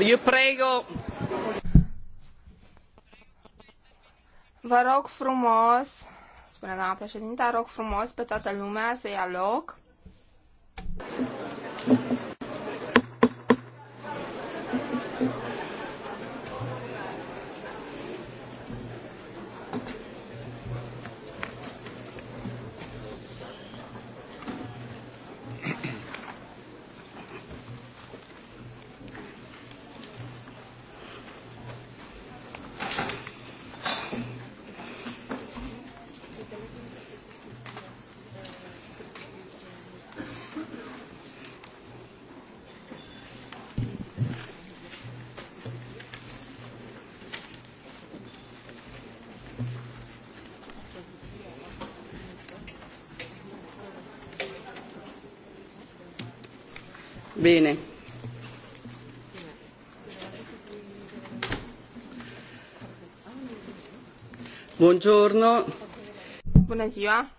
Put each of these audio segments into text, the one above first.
Eu prego. Vă rog frumos, spune doamna președinte, rog frumos pe toată lumea să ia loc. Bine. Buongiorno. Bună ziua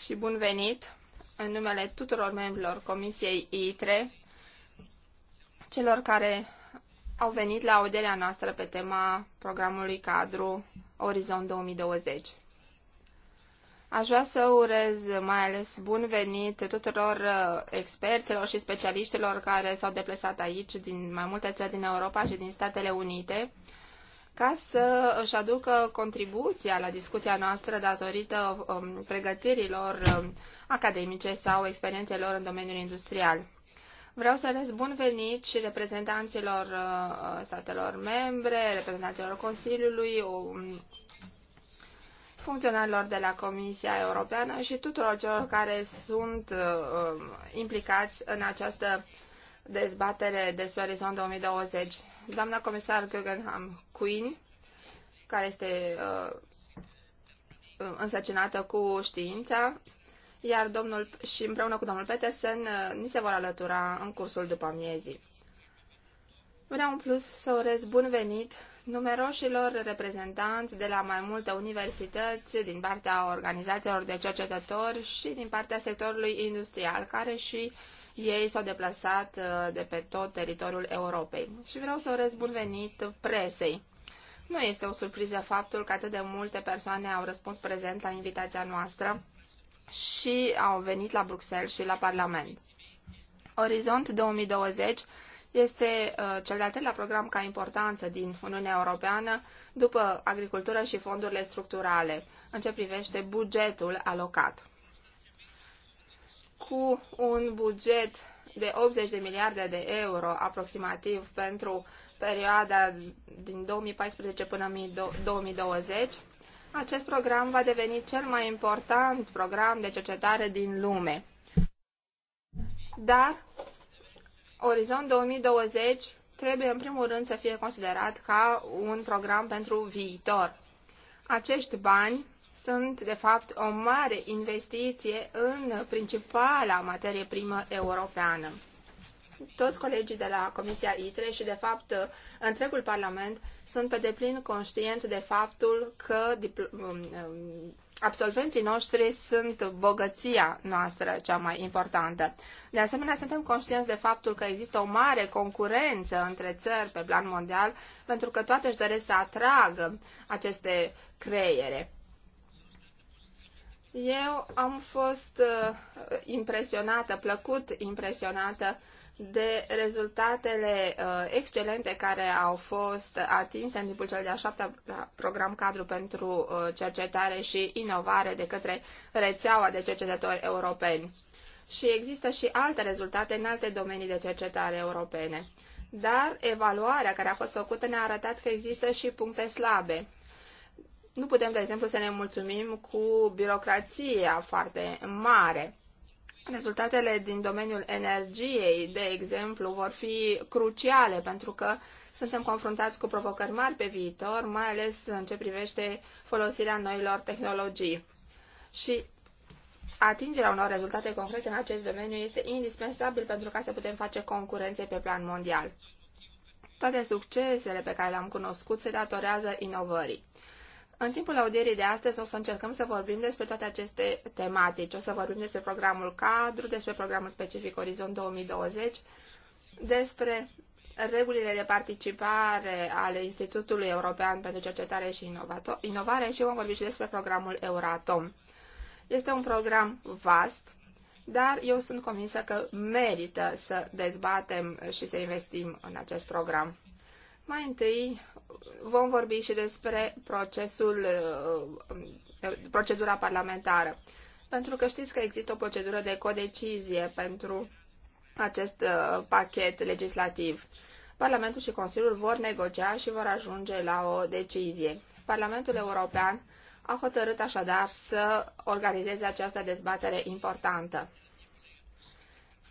și bun venit în numele tuturor membrilor Comisiei ITRE, celor care au venit la audierea noastră pe tema programului cadru Orizont 2020. Aș vrea să urez mai ales bun venit tuturor uh, experților și specialiștilor care s-au deplasat aici din mai multe țări din Europa și din Statele Unite ca să își aducă contribuția la discuția noastră datorită um, pregătirilor um, academice sau experiențelor în domeniul industrial. Vreau să urez bun venit și reprezentanților uh, statelor membre, reprezentanților Consiliului, um, funcționarilor de la Comisia Europeană și tuturor celor care sunt uh, implicați în această dezbatere despre Orizont 2020. Doamna comisar Guggenham Queen, care este uh, însăcinată cu știința, iar domnul și împreună cu domnul Petersen uh, ni se vor alătura în cursul după amiezii. Vreau în plus să urez bun venit numeroșilor reprezentanți de la mai multe universități, din partea organizațiilor de cercetători și din partea sectorului industrial, care și ei s-au deplasat uh, de pe tot teritoriul Europei. Și vreau să urez bun venit presei. Nu este o surpriză faptul că atât de multe persoane au răspuns prezent la invitația noastră și au venit la Bruxelles și la Parlament. Orizont 2020 este uh, cel de-al treilea program ca importanță din Uniunea Europeană după agricultură și fondurile structurale în ce privește bugetul alocat. Cu un buget de 80 de miliarde de euro aproximativ pentru perioada din 2014 până 2020, acest program va deveni cel mai important program de cercetare din lume. Dar Orizont 2020 trebuie în primul rând să fie considerat ca un program pentru viitor. Acești bani sunt, de fapt, o mare investiție în principala materie primă europeană toți colegii de la Comisia ITRE și, de fapt, întregul Parlament sunt pe deplin conștienți de faptul că um, um, absolvenții noștri sunt bogăția noastră cea mai importantă. De asemenea, suntem conștienți de faptul că există o mare concurență între țări pe plan mondial, pentru că toate își doresc să atragă aceste creiere. Eu am fost uh, impresionată, plăcut impresionată de rezultatele uh, excelente care au fost atinse în timpul cel de-a șaptea program cadru pentru uh, cercetare și inovare de către rețeaua de cercetători europeni. Și există și alte rezultate în alte domenii de cercetare europene. Dar evaluarea care a fost făcută ne-a arătat că există și puncte slabe. Nu putem, de exemplu, să ne mulțumim cu birocrația foarte mare Rezultatele din domeniul energiei, de exemplu, vor fi cruciale pentru că suntem confruntați cu provocări mari pe viitor, mai ales în ce privește folosirea noilor tehnologii. Și atingerea unor rezultate concrete în acest domeniu este indispensabil pentru ca să putem face concurențe pe plan mondial. Toate succesele pe care le-am cunoscut se datorează inovării. În timpul audierii de astăzi o să încercăm să vorbim despre toate aceste tematici. O să vorbim despre programul cadru, despre programul specific Orizont 2020, despre regulile de participare ale Institutului European pentru Cercetare și Inovato Inovare și vom vorbi și despre programul Euratom. Este un program vast, dar eu sunt convinsă că merită să dezbatem și să investim în acest program. Mai întâi vom vorbi și despre procesul, uh, um, procedura parlamentară. Pentru că știți că există o procedură de codecizie pentru acest uh, pachet legislativ. Parlamentul și Consiliul vor negocia și vor ajunge la o decizie. Parlamentul European a hotărât așadar să organizeze această dezbatere importantă.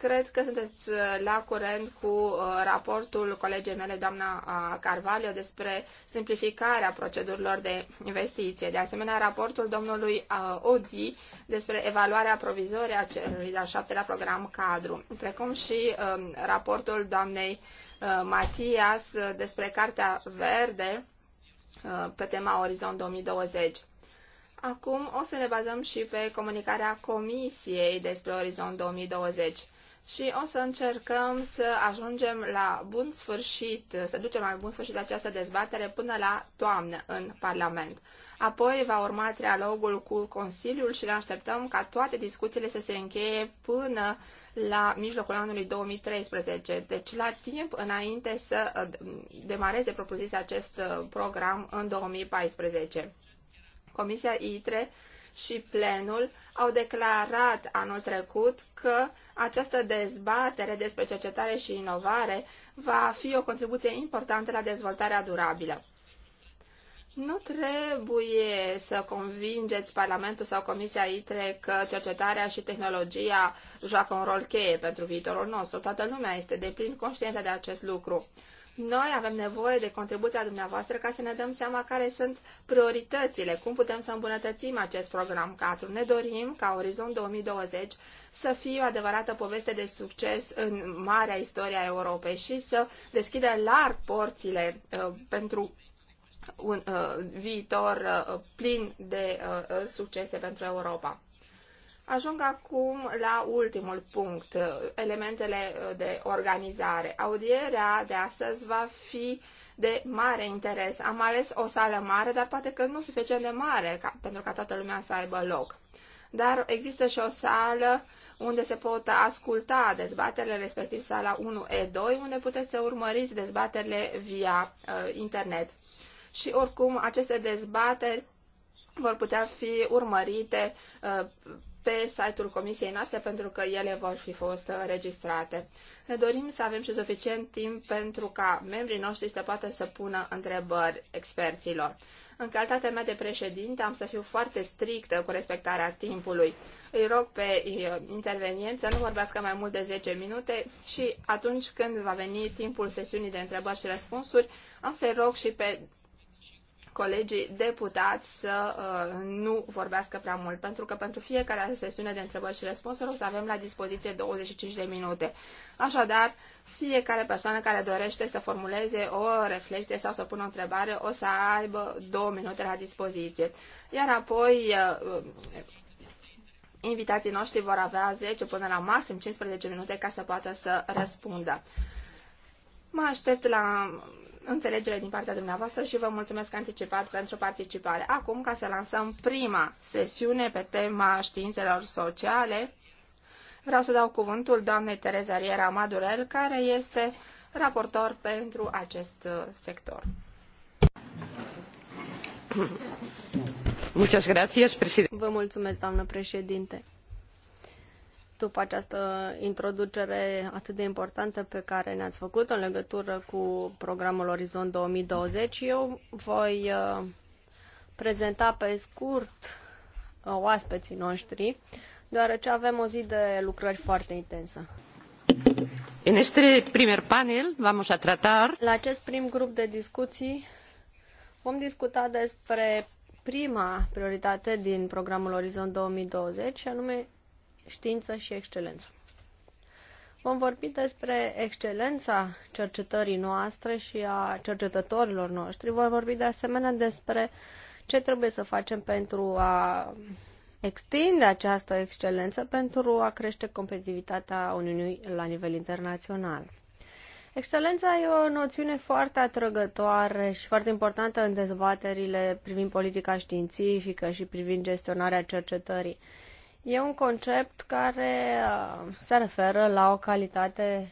Cred că sunteți uh, la curent cu uh, raportul colegei mele, doamna uh, Carvalho, despre simplificarea procedurilor de investiție. De asemenea, raportul domnului Odi despre evaluarea provizorie a celui de-al șaptelea program cadru, precum și um, raportul doamnei Matias despre Cartea Verde pe tema Orizont 2020. Acum o să ne bazăm și pe comunicarea Comisiei despre Orizont 2020 și o să încercăm să ajungem la bun sfârșit, să ducem la bun sfârșit această dezbatere până la toamnă în Parlament. Apoi va urma trialogul cu Consiliul și ne așteptăm ca toate discuțiile să se încheie până la mijlocul anului 2013, deci la timp înainte să uh, demareze propriu acest uh, program în 2014. Comisia ITRE și plenul au declarat anul trecut că această dezbatere despre cercetare și inovare va fi o contribuție importantă la dezvoltarea durabilă. Nu trebuie să convingeți Parlamentul sau Comisia ITRE că cercetarea și tehnologia joacă un rol cheie pentru viitorul nostru. Toată lumea este de plin conștientă de acest lucru. Noi avem nevoie de contribuția dumneavoastră ca să ne dăm seama care sunt prioritățile, cum putem să îmbunătățim acest program cadru. Ne dorim ca Orizont 2020 să fie o adevărată poveste de succes în marea istoria Europei și să deschidă larg porțile uh, pentru un uh, viitor uh, plin de uh, succese pentru Europa. Ajung acum la ultimul punct, elementele uh, de organizare. Audierea de astăzi va fi de mare interes. Am ales o sală mare, dar poate că nu suficient de mare ca, pentru ca toată lumea să aibă loc. Dar există și o sală unde se pot asculta dezbaterile, respectiv sala 1E2, unde puteți să urmăriți dezbaterile via uh, internet. Și oricum, aceste dezbateri vor putea fi urmărite uh, pe site-ul comisiei noastre pentru că ele vor fi fost înregistrate. Ne dorim să avem și suficient timp pentru ca membrii noștri să poată să pună întrebări experților. În calitatea mea de președinte am să fiu foarte strictă cu respectarea timpului. Îi rog pe eh, intervenient să nu vorbească mai mult de 10 minute și atunci când va veni timpul sesiunii de întrebări și răspunsuri, am să-i rog și pe colegii deputați să uh, nu vorbească prea mult, pentru că pentru fiecare sesiune de întrebări și răspunsuri o să avem la dispoziție 25 de minute. Așadar, fiecare persoană care dorește să formuleze o reflecție sau să pună o întrebare o să aibă două minute la dispoziție. Iar apoi, uh, uh invitații noștri vor avea 10 până la maxim 15 minute ca să poată să răspundă. Mă aștept la înțelegere din partea dumneavoastră și vă mulțumesc anticipat pentru participare. Acum, ca să lansăm prima sesiune pe tema științelor sociale, vreau să dau cuvântul doamnei Tereza Riera Madurel, care este raportor pentru acest uh, sector. Vă mulțumesc, doamnă președinte după această introducere atât de importantă pe care ne-ați făcut-o în legătură cu programul Orizont 2020. Eu voi uh, prezenta pe scurt uh, oaspeții noștri, deoarece avem o zi de lucrări foarte intensă. În este primer panel vom a tratar... La acest prim grup de discuții vom discuta despre prima prioritate din programul Orizont 2020, și anume știință și excelență. Vom vorbi despre excelența cercetării noastre și a cercetătorilor noștri. Vom vorbi de asemenea despre ce trebuie să facem pentru a extinde această excelență pentru a crește competitivitatea Uniunii la nivel internațional. Excelența e o noțiune foarte atrăgătoare și foarte importantă în dezbaterile privind politica științifică și privind gestionarea cercetării. E un concept care uh, se referă la o calitate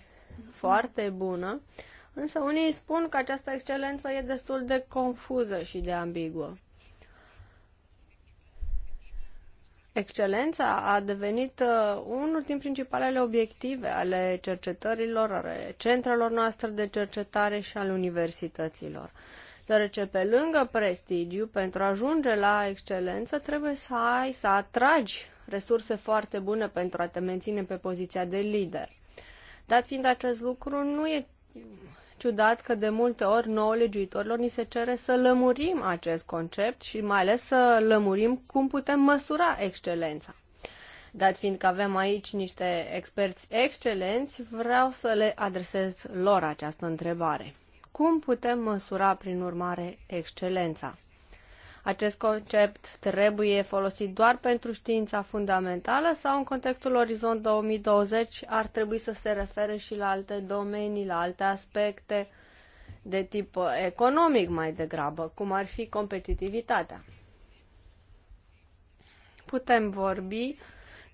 foarte bună, însă unii spun că această excelență e destul de confuză și de ambiguă. Excelența a devenit uh, unul din principalele obiective ale cercetărilor, ale centrelor noastre de cercetare și al universităților. Deoarece pe lângă prestigiu, pentru a ajunge la excelență, trebuie să ai, să atragi resurse foarte bune pentru a te menține pe poziția de lider. Dat fiind acest lucru, nu e ciudat că de multe ori nouă legiuitorilor ni se cere să lămurim acest concept și mai ales să lămurim cum putem măsura excelența. Dat fiind că avem aici niște experți excelenți, vreau să le adresez lor această întrebare. Cum putem măsura, prin urmare, excelența? Acest concept trebuie folosit doar pentru știința fundamentală sau în contextul Orizont 2020 ar trebui să se refere și la alte domenii, la alte aspecte de tip economic mai degrabă, cum ar fi competitivitatea. Putem vorbi uh,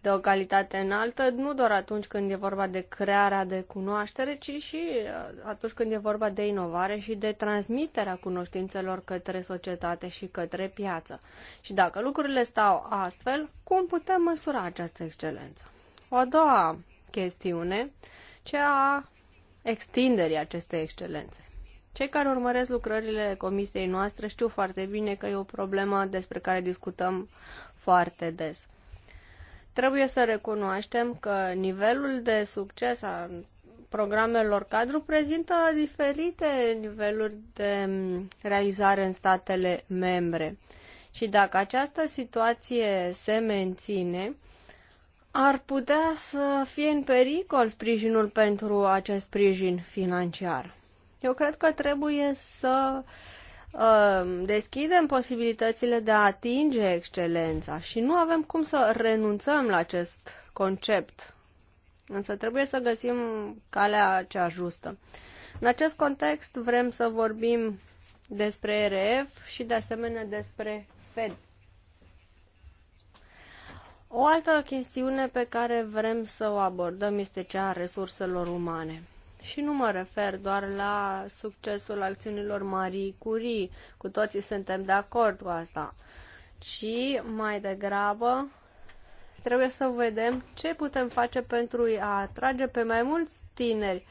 de o calitate înaltă, nu doar atunci când e vorba de crearea de cunoaștere, ci și uh, atunci când e vorba de inovare și de transmiterea cunoștințelor către societate și către piață. Și dacă lucrurile stau astfel, cum putem măsura această excelență? O a doua chestiune, cea a extinderii acestei excelențe. Cei care urmăresc lucrările comisiei noastre știu foarte bine că e o problemă despre care discutăm foarte des. Trebuie să recunoaștem că nivelul de succes al programelor cadru prezintă diferite niveluri de realizare în statele membre. Și dacă această situație se menține, ar putea să fie în pericol sprijinul pentru acest sprijin financiar. Eu cred că trebuie să uh, Ehm, deschidem posibilitățile de a atinge excelența și nu avem cum să renunțăm la acest concept. Însă trebuie să găsim calea cea justă. În acest context vrem să vorbim despre RF și de asemenea despre Fed. O altă chestiune pe care vrem să o abordăm este cea a resurselor umane. Și nu mă refer doar la succesul acțiunilor Marie Curie, cu toții suntem de acord cu asta, ci mai degrabă trebuie să vedem ce putem face pentru a atrage pe mai mulți tineri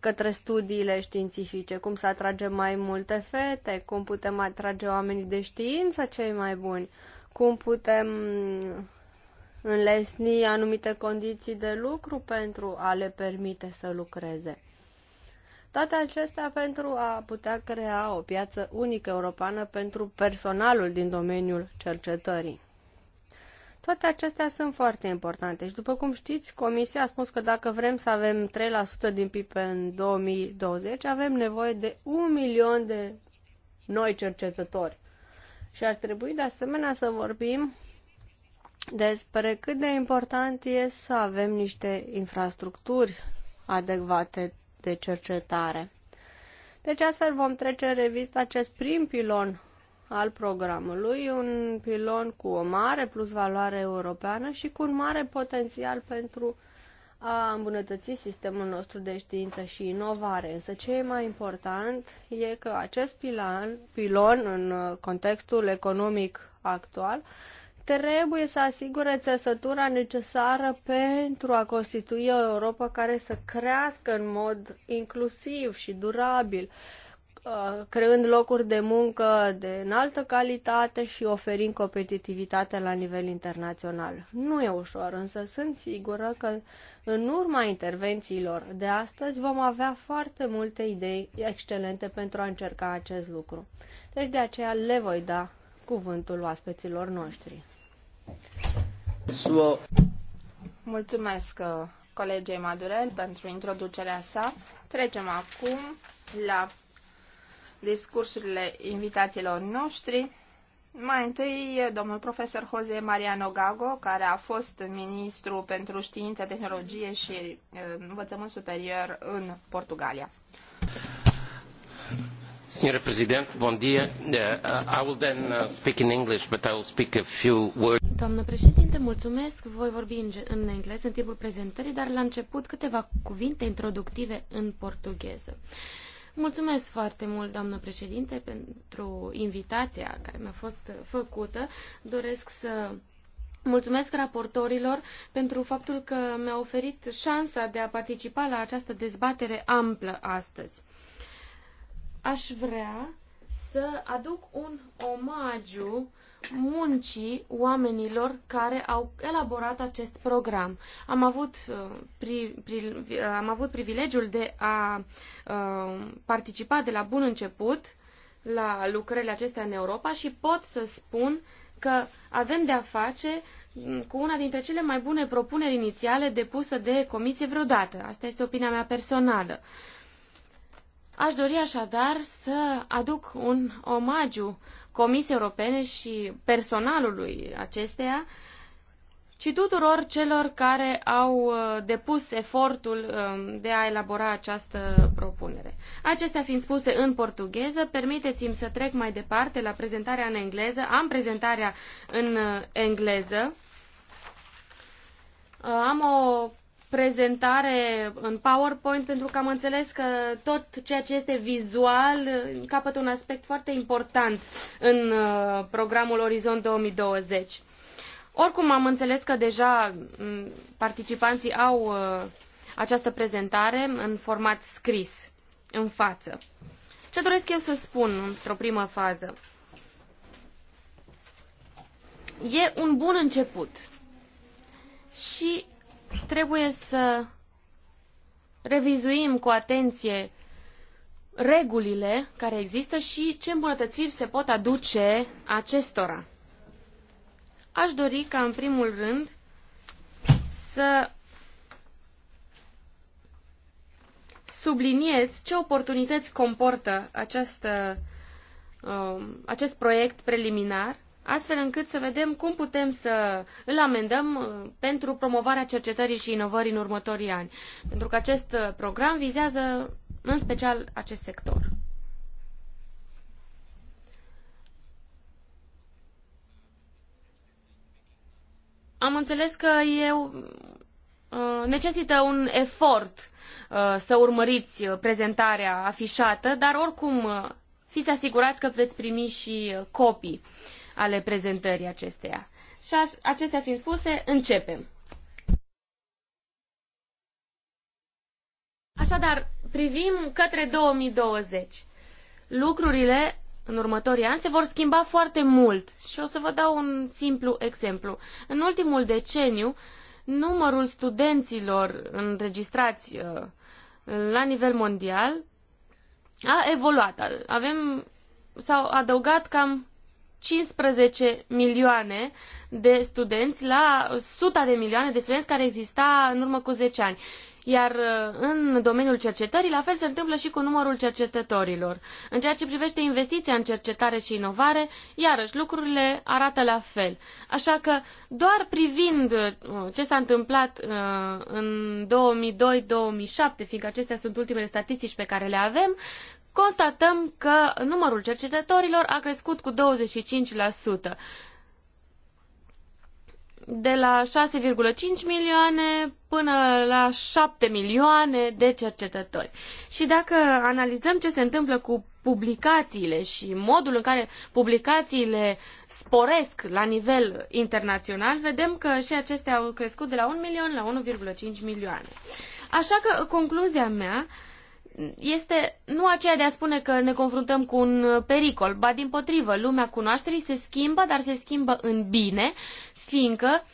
către studiile științifice, cum să atragem mai multe fete, cum putem atrage oamenii de știință cei mai buni, cum putem înlesni anumite condiții de lucru pentru a le permite să lucreze. Toate acestea pentru a putea crea o piață unică europeană pentru personalul din domeniul cercetării. Toate acestea sunt foarte importante și, după cum știți, Comisia a spus că dacă vrem să avem 3% din PIB în 2020, avem nevoie de un milion de noi cercetători. Și ar trebui, de asemenea, să vorbim despre cât de important e să avem niște infrastructuri adecvate de cercetare. Deci astfel vom trece în revistă acest prim pilon al programului, un pilon cu o mare plus valoare europeană și cu un mare potențial pentru a îmbunătăți sistemul nostru de știință și inovare. Însă ce e mai important e că acest pilon, pilon în contextul economic actual, trebuie să asigure țesătura necesară pentru a constitui o Europa care să crească în mod inclusiv și durabil, uh, creând locuri de muncă de înaltă calitate și oferind competitivitate la nivel internațional. Nu e ușor, însă sunt sigură că în urma intervențiilor de astăzi vom avea foarte multe idei excelente pentru a încerca acest lucru. Deci de aceea le voi da cuvântul oaspeților noștri. Suo. Mulțumesc uh, colegei Madurel pentru introducerea sa. Trecem acum la discursurile invitațiilor noștri. Mai întâi, domnul profesor Jose Mariano Gago, care a fost ministru pentru știință, tehnologie și uh, învățământ superior în Portugalia. Senhora Presidente, bom dia. Uh, I will then uh, speak in English, but I will speak a few words. Doamnă președinte, mulțumesc. Voi vorbi în, în engleză în timpul prezentării, dar la început câteva cuvinte introductive în portugheză. Mulțumesc foarte mult, doamnă președinte, pentru invitația care mi-a fost făcută. Doresc să Mulțumesc raportorilor pentru faptul că mi-a oferit șansa de a participa la această dezbatere amplă astăzi aș vrea să aduc un omagiu muncii oamenilor care au elaborat acest program. Am avut, uh, pri, pri, uh, am avut privilegiul de a uh, participa de la bun început la lucrările acestea în Europa și pot să spun că avem de-a face mm, cu una dintre cele mai bune propuneri inițiale depusă de comisie vreodată. Asta este opinia mea personală. Uh, Aș dori așadar să aduc un omagiu Comisiei Europene și personalului acesteia și tuturor celor care au uh, depus efortul um, de a elabora această propunere. Acestea fiind spuse în portugheză, permiteți-mi să trec mai departe la prezentarea în engleză. Am prezentarea în uh, engleză. Uh, am o prezentare în PowerPoint pentru că am înțeles că tot ceea ce este vizual capătă un aspect foarte important în uh, programul Orizont 2020. Oricum am înțeles că deja mm, participanții au uh, această prezentare în format scris, în față. Ce doresc eu să spun într-o primă fază? E un bun început. Și Trebuie să revizuim cu atenție regulile care există și ce îmbunătățiri se pot aduce acestora. Aș dori ca, în primul rând, să subliniez ce oportunități comportă această, um, acest proiect preliminar astfel încât să vedem cum putem să îl amendăm uh, pentru promovarea cercetării și inovării în următorii ani. Pentru că acest uh, program vizează în special acest sector. Am înțeles că eu uh, necesită un efort să urmăriți prezentarea afișată, dar oricum fiți asigurați că veți primi și copii ale prezentării acesteia. Și acestea fiind spuse, începem. Așadar, privim către 2020. Lucrurile în următorii ani se vor schimba foarte mult și o să vă dau un simplu exemplu. În ultimul deceniu, numărul studenților înregistrați uh, la nivel mondial a evoluat. Avem, s-au adăugat cam 15 milioane de studenți la suta de milioane de studenți care exista în urmă cu 10 ani. Iar uh, în domeniul cercetării, la fel se întâmplă și cu numărul cercetătorilor. În ceea ce privește investiția în cercetare și inovare, iarăși lucrurile arată la fel. Așa că doar privind uh, ce s-a întâmplat uh, în 2002-2007, fiindcă acestea sunt ultimele statistici pe care le avem, constatăm că numărul cercetătorilor a crescut cu 25%. De la 6,5 milioane până la 7 milioane de cercetători. Și dacă analizăm ce se întâmplă cu publicațiile și modul în care publicațiile sporesc la nivel internațional, vedem că și acestea au crescut de la 1 milion la 1,5 milioane. Așa că concluzia mea uh, este nu aceea de a spune că ne confruntăm cu un uh, pericol, ba din potrivă, lumea cunoașterii se schimbă, dar se schimbă în bine, fiindcă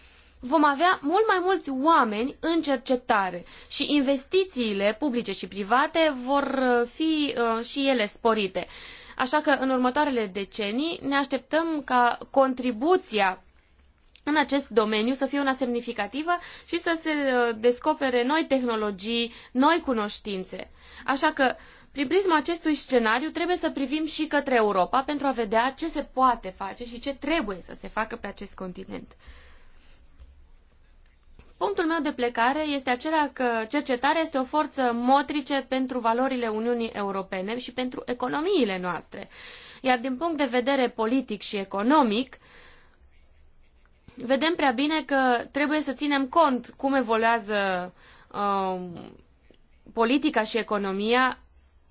vom avea mult mai mulți oameni în cercetare și investițiile publice și private vor uh, fi uh, și ele sporite. Așa că în următoarele decenii ne așteptăm ca contribuția în acest domeniu să fie una semnificativă și să se uh, descopere noi tehnologii, noi cunoștințe. Așa că, prin prisma acestui scenariu, trebuie să privim și către Europa pentru a vedea ce se poate face și ce trebuie să se facă pe acest continent. Punctul meu de plecare este acela că cercetarea este o forță motrice pentru valorile Uniunii Europene și pentru economiile noastre. Iar din punct de vedere politic și economic, vedem prea bine că trebuie să ținem cont cum evoluează um, politica și economia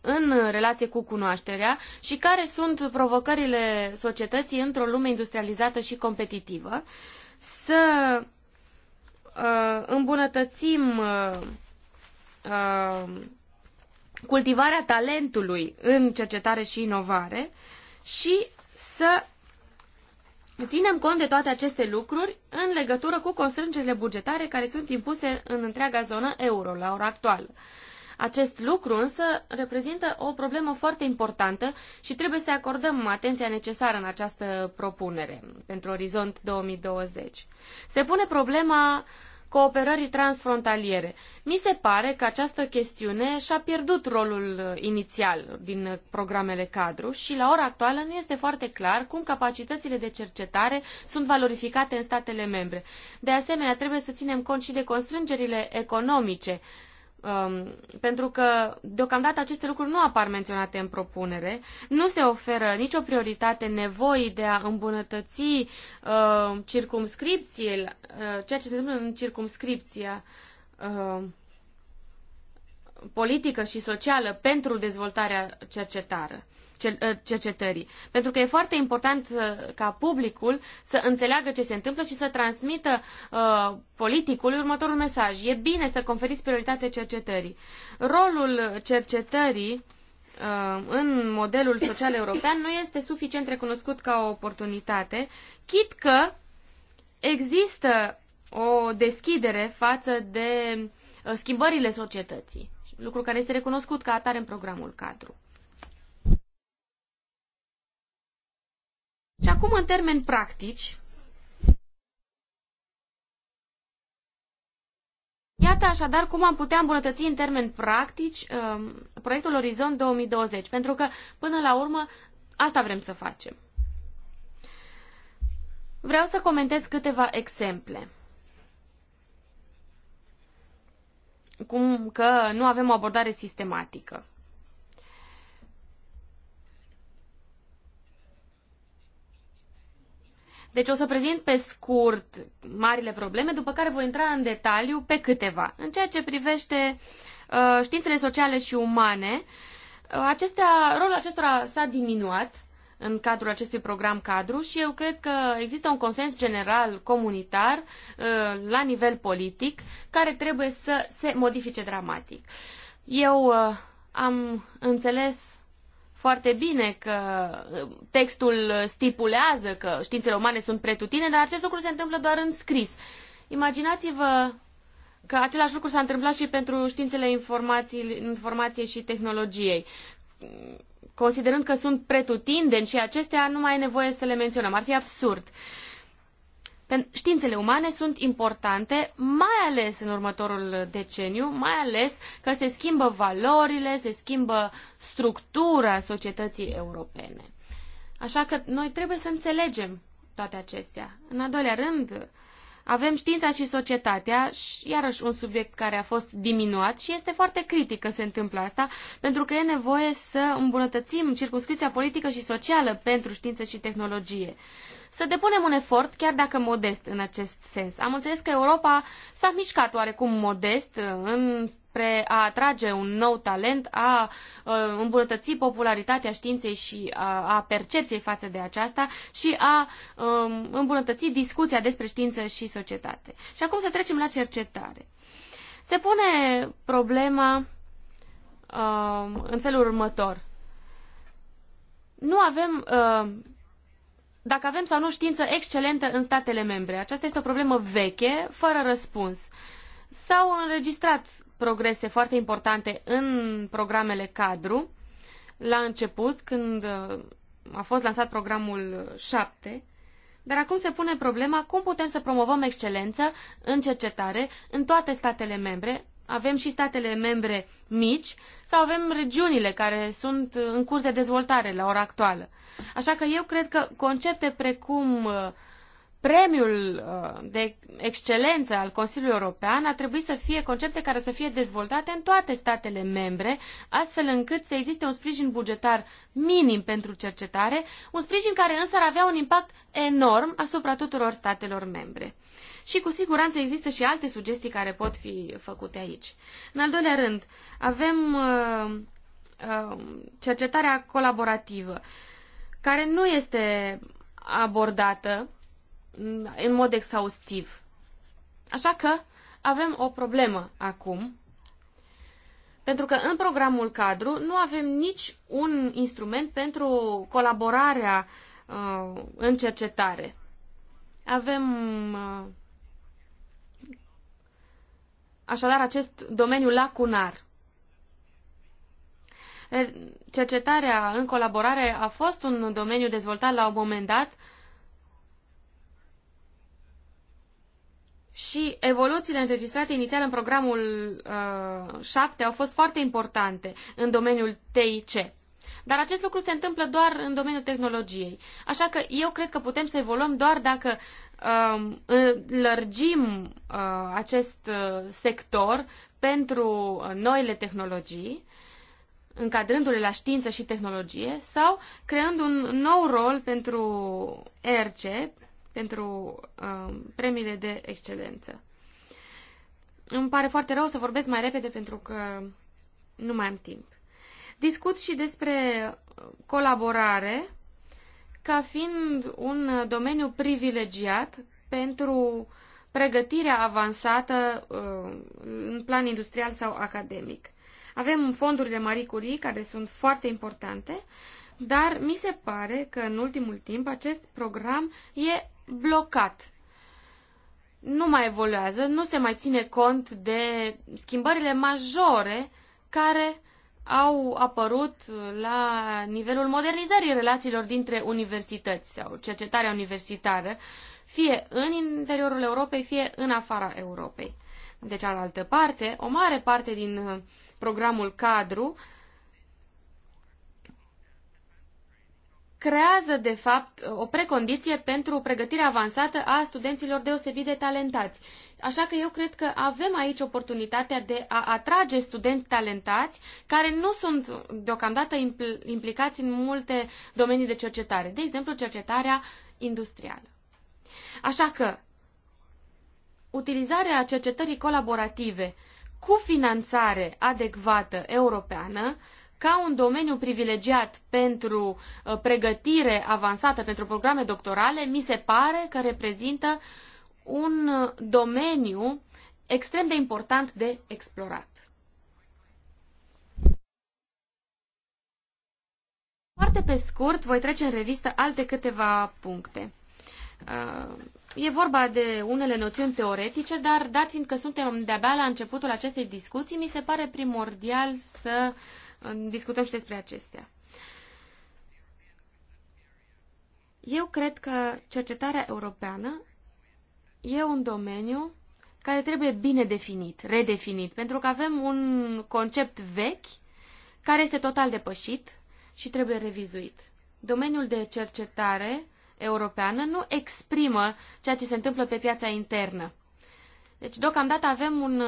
în relație cu cunoașterea și care sunt provocările societății într-o lume industrializată și competitivă, să uh, îmbunătățim uh, uh, cultivarea talentului în cercetare și inovare și să ținem cont de toate aceste lucruri în legătură cu constrângerile bugetare care sunt impuse în întreaga zonă euro la ora actuală. Uh, acest lucru însă reprezintă o problemă foarte importantă și trebuie să acordăm atenția necesară în această propunere pentru Orizont 2020. Se pune problema cooperării transfrontaliere. Mi se pare că această chestiune și-a pierdut rolul uh, inițial din programele cadru și la ora actuală nu este foarte clar cum capacitățile de cercetare sunt valorificate în statele membre. De asemenea, trebuie să ținem cont și de constrângerile economice Um, pentru că deocamdată aceste lucruri nu apar menționate în propunere, nu se oferă nicio prioritate nevoii de a îmbunătăți uh, circumscripțiile, uh, ceea ce se întâmplă în circumscripția uh, politică și socială pentru dezvoltarea cercetară. Uh, cercetării. Pentru că e foarte important uh, ca publicul să înțeleagă ce se întâmplă și să transmită uh, politicului următorul mesaj. E bine să conferiți prioritate cercetării. Rolul cercetării uh, în modelul social european nu este suficient recunoscut ca o oportunitate, chit că există o deschidere față de schimbările societății, lucru care este recunoscut ca atare în programul cadru. Și acum, în termeni practici, Iată așadar cum am putea îmbunătăți în termeni practici um, proiectul Orizont 2020, pentru că, până la urmă, asta vrem să facem. Vreau să comentez câteva exemple. Cum că nu avem o abordare sistematică. Deci o să prezint pe scurt marile probleme, după care voi intra în detaliu pe câteva. În ceea ce privește uh, științele sociale și umane, uh, acestea, rolul acestora s-a diminuat în cadrul acestui program cadru și eu cred că există un consens general comunitar uh, la nivel politic care trebuie să se modifice dramatic. Eu uh, am înțeles foarte bine că uh, textul stipulează că științele umane sunt pretutine, dar acest lucru se întâmplă doar în scris. Imaginați-vă că același lucru s-a întâmplat și pentru științele informației și tehnologiei. Considerând că sunt pretutindeni și acestea, nu mai e nevoie să le menționăm. Ar fi absurd. Uh, Științele umane sunt importante, mai ales în următorul deceniu, mai ales că se schimbă valorile, se schimbă structura societății europene. Așa că noi trebuie să înțelegem toate acestea. În al doilea rând, avem știința și societatea, și iarăși un subiect care a fost diminuat și este foarte critic că se întâmplă asta, pentru că e nevoie să îmbunătățim circunscripția politică și socială pentru știință și tehnologie să depunem un efort, chiar dacă modest, în acest sens. Am înțeles că Europa s-a mișcat oarecum modest uh, spre a atrage un nou talent, a uh, îmbunătăți popularitatea științei și a percepției față de aceasta și a um, îmbunătăți discuția despre știință și societate. Și acum să trecem la cercetare. Se pune problema um, în felul următor. Nu avem uh, dacă avem sau nu știință excelentă în statele membre. Aceasta este o problemă veche, fără răspuns. S-au înregistrat progrese foarte importante în programele cadru. La început, când uh, a fost lansat programul 7, dar acum se pune problema cum putem să promovăm excelență în cercetare în toate statele membre, avem și statele membre mici sau avem regiunile care sunt în curs de dezvoltare la ora actuală. Așa că eu cred că concepte precum uh, premiul uh, de excelență al Consiliului European ar trebui să fie concepte care să fie dezvoltate în toate statele membre, astfel încât să existe un sprijin bugetar minim pentru cercetare, un sprijin care însă ar avea un impact enorm asupra tuturor statelor membre. Și cu siguranță există și alte sugestii care pot fi făcute aici. În al doilea rând, avem uh, uh, cercetarea colaborativă, care nu este abordată în mod exhaustiv. Așa că avem o problemă acum, pentru că în programul cadru nu avem nici un instrument pentru colaborarea uh, în cercetare. Avem uh, Așadar, acest domeniu lacunar. Er, cercetarea în colaborare a fost un domeniu dezvoltat la un moment dat și evoluțiile înregistrate inițial în programul uh, au fost foarte importante în domeniul TIC. Dar acest lucru se întâmplă doar în domeniul tehnologiei. Așa că eu cred că putem să evoluăm doar dacă Um, lărgim uh, acest uh, sector pentru uh, noile tehnologii, încadrându-le la știință și tehnologie, sau creând un nou rol pentru ERC, pentru um, premiile de excelență. Îmi pare foarte rău să vorbesc mai repede pentru că nu mai am timp. Discut și despre colaborare ca fiind un domeniu privilegiat pentru pregătirea avansată uh, în plan industrial sau academic. Avem fondurile Marie Curie, care sunt foarte importante, dar mi se pare că în ultimul timp acest program e blocat. Nu mai evoluează, nu se mai ține cont de schimbările majore care au apărut la nivelul modernizării relațiilor dintre universități sau cercetarea universitară, fie în interiorul Europei, fie în afara Europei. De cealaltă parte, o mare parte din uh, programul cadru creează, de fapt, o precondiție pentru pregătirea avansată a studenților deosebit de talentați. Așa că eu cred că avem aici oportunitatea de a atrage studenți talentați care nu sunt deocamdată impl- implicați în multe domenii de cercetare, de exemplu cercetarea industrială. Așa că utilizarea cercetării colaborative cu finanțare adecvată europeană ca un domeniu privilegiat pentru uh, pregătire avansată pentru programe doctorale, mi se pare că reprezintă uh, un uh, domeniu extrem de important de explorat. Foarte pe scurt, voi trece în revistă alte câteva puncte. Uh, e vorba de unele noțiuni teoretice, dar dat fiindcă suntem de-abia la începutul acestei discuții, mi se pare primordial să uh, discutăm și despre acestea. Eu cred că cercetarea europeană e un domeniu care trebuie bine definit, redefinit, pentru că avem un concept vechi care este total depășit și trebuie revizuit. Domeniul de cercetare europeană nu exprimă ceea ce se întâmplă pe piața internă. Deci, deocamdată avem un,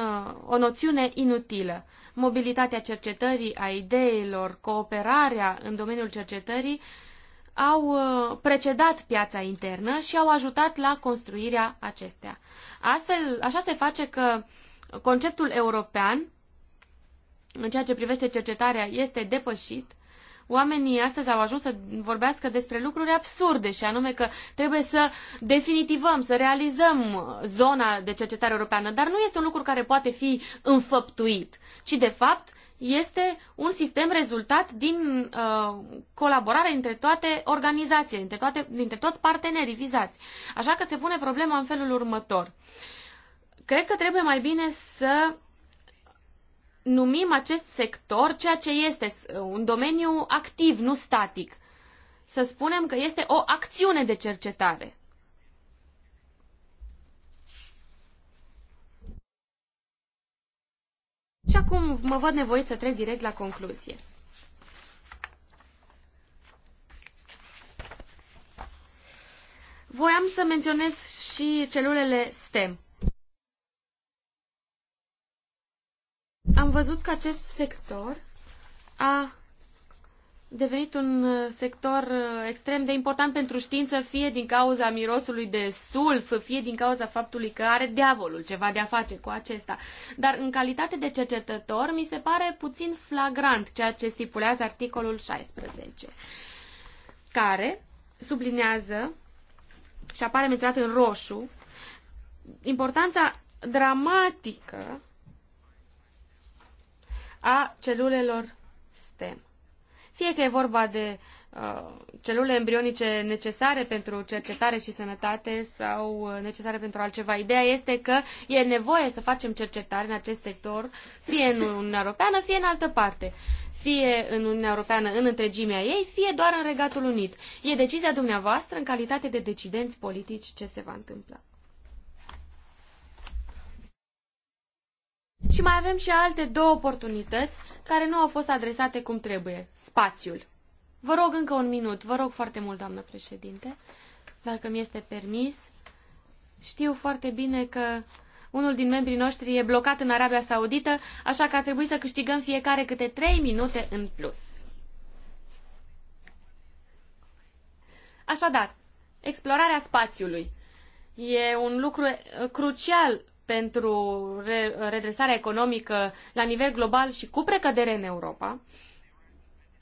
o noțiune inutilă. Mobilitatea cercetării, a ideilor, cooperarea în domeniul cercetării au uh, precedat piața internă și au ajutat la construirea acestea. Astfel, așa se face că conceptul european, în ceea ce privește cercetarea, este depășit. Oamenii astăzi au ajuns să vorbească despre lucruri absurde și anume că trebuie să definitivăm, să realizăm zona de cercetare europeană, dar nu este un lucru care poate fi înfăptuit, ci de fapt este un sistem rezultat din uh, colaborare între toate organizațiile, dintre, toate, dintre toți partenerii vizați. Așa că se pune problema în felul următor. Cred că trebuie mai bine să numim acest sector ceea ce este un domeniu activ, nu static. Să spunem că este o acțiune de cercetare. Și acum mă văd nevoit să trec direct la concluzie. Voiam să menționez și celulele STEM. Am văzut că acest sector a devenit un uh, sector uh, extrem de important pentru știință, fie din cauza mirosului de sulf, fie din cauza faptului că are diavolul ceva de a face cu acesta. Dar în calitate de cercetător, mi se pare puțin flagrant ceea ce stipulează articolul 16, care sublinează și apare menționat în roșu importanța dramatică a celulelor STEM fie că e vorba de uh, celule embrionice necesare pentru cercetare și sănătate sau uh, necesare pentru altceva. Ideea este că e nevoie să facem cercetare în acest sector, fie în Uniunea Europeană, fie în altă parte fie în Uniunea Europeană în întregimea ei, fie doar în Regatul Unit. E decizia dumneavoastră în calitate de decidenți politici ce se va întâmpla. Și mai avem și alte două oportunități care nu au fost adresate cum trebuie. Spațiul. Vă rog încă un minut, vă rog foarte mult, doamnă președinte, dacă mi este permis. Știu foarte bine că unul din membrii noștri e blocat în Arabia Saudită, așa că a trebuit să câștigăm fiecare câte trei minute în plus. Așadar, explorarea spațiului e un lucru crucial pentru redresarea economică la nivel global și cu precădere în Europa.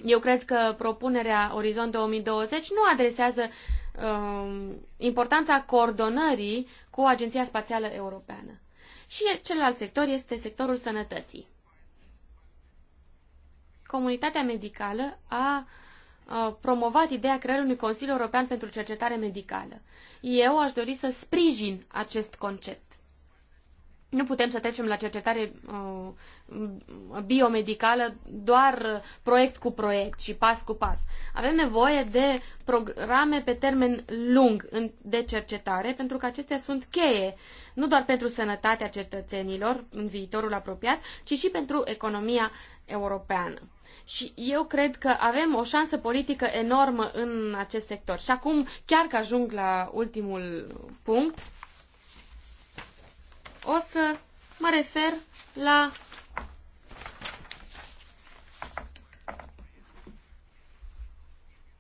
Eu cred că propunerea Orizont 2020 nu adresează um, importanța coordonării cu Agenția Spațială Europeană. Și celălalt sector este sectorul sănătății. Comunitatea medicală a promovat ideea creării unui Consiliu European pentru Cercetare Medicală. Eu aș dori să sprijin acest concept. Nu putem să trecem la cercetare uh, biomedicală doar proiect cu proiect și pas cu pas. Avem nevoie de programe pe termen lung de cercetare, pentru că acestea sunt cheie, nu doar pentru sănătatea cetățenilor în viitorul apropiat, ci și pentru economia europeană. Și eu cred că avem o șansă politică enormă în acest sector. Și acum, chiar că ajung la ultimul punct, o să mă refer la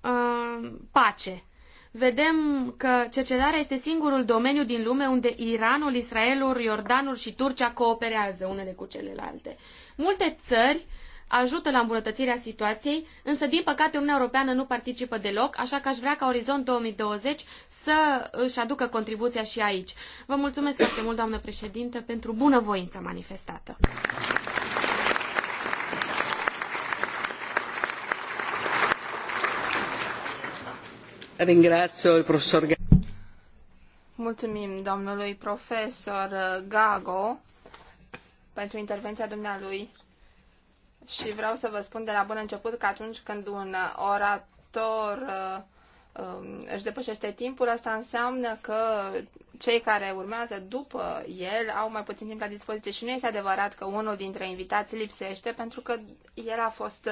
uh, pace. Vedem că cercetarea este singurul domeniu din lume unde Iranul, Israelul, Iordanul și Turcia cooperează unele cu celelalte. Multe țări ajută la îmbunătățirea situației, însă din păcate Uniunea Europeană nu participă deloc, așa că aș vrea ca Orizont 2020 să își aducă contribuția și aici. Vă mulțumesc foarte mult, doamnă președintă, pentru bunăvoința manifestată. Mulțumim domnului profesor Gago pentru intervenția dumnealui și vreau să vă spun de la bun început că atunci când un orator uh, um, își depășește timpul, asta înseamnă că cei care urmează după el au mai puțin timp la dispoziție și nu este adevărat că unul dintre invitați lipsește pentru că el a fost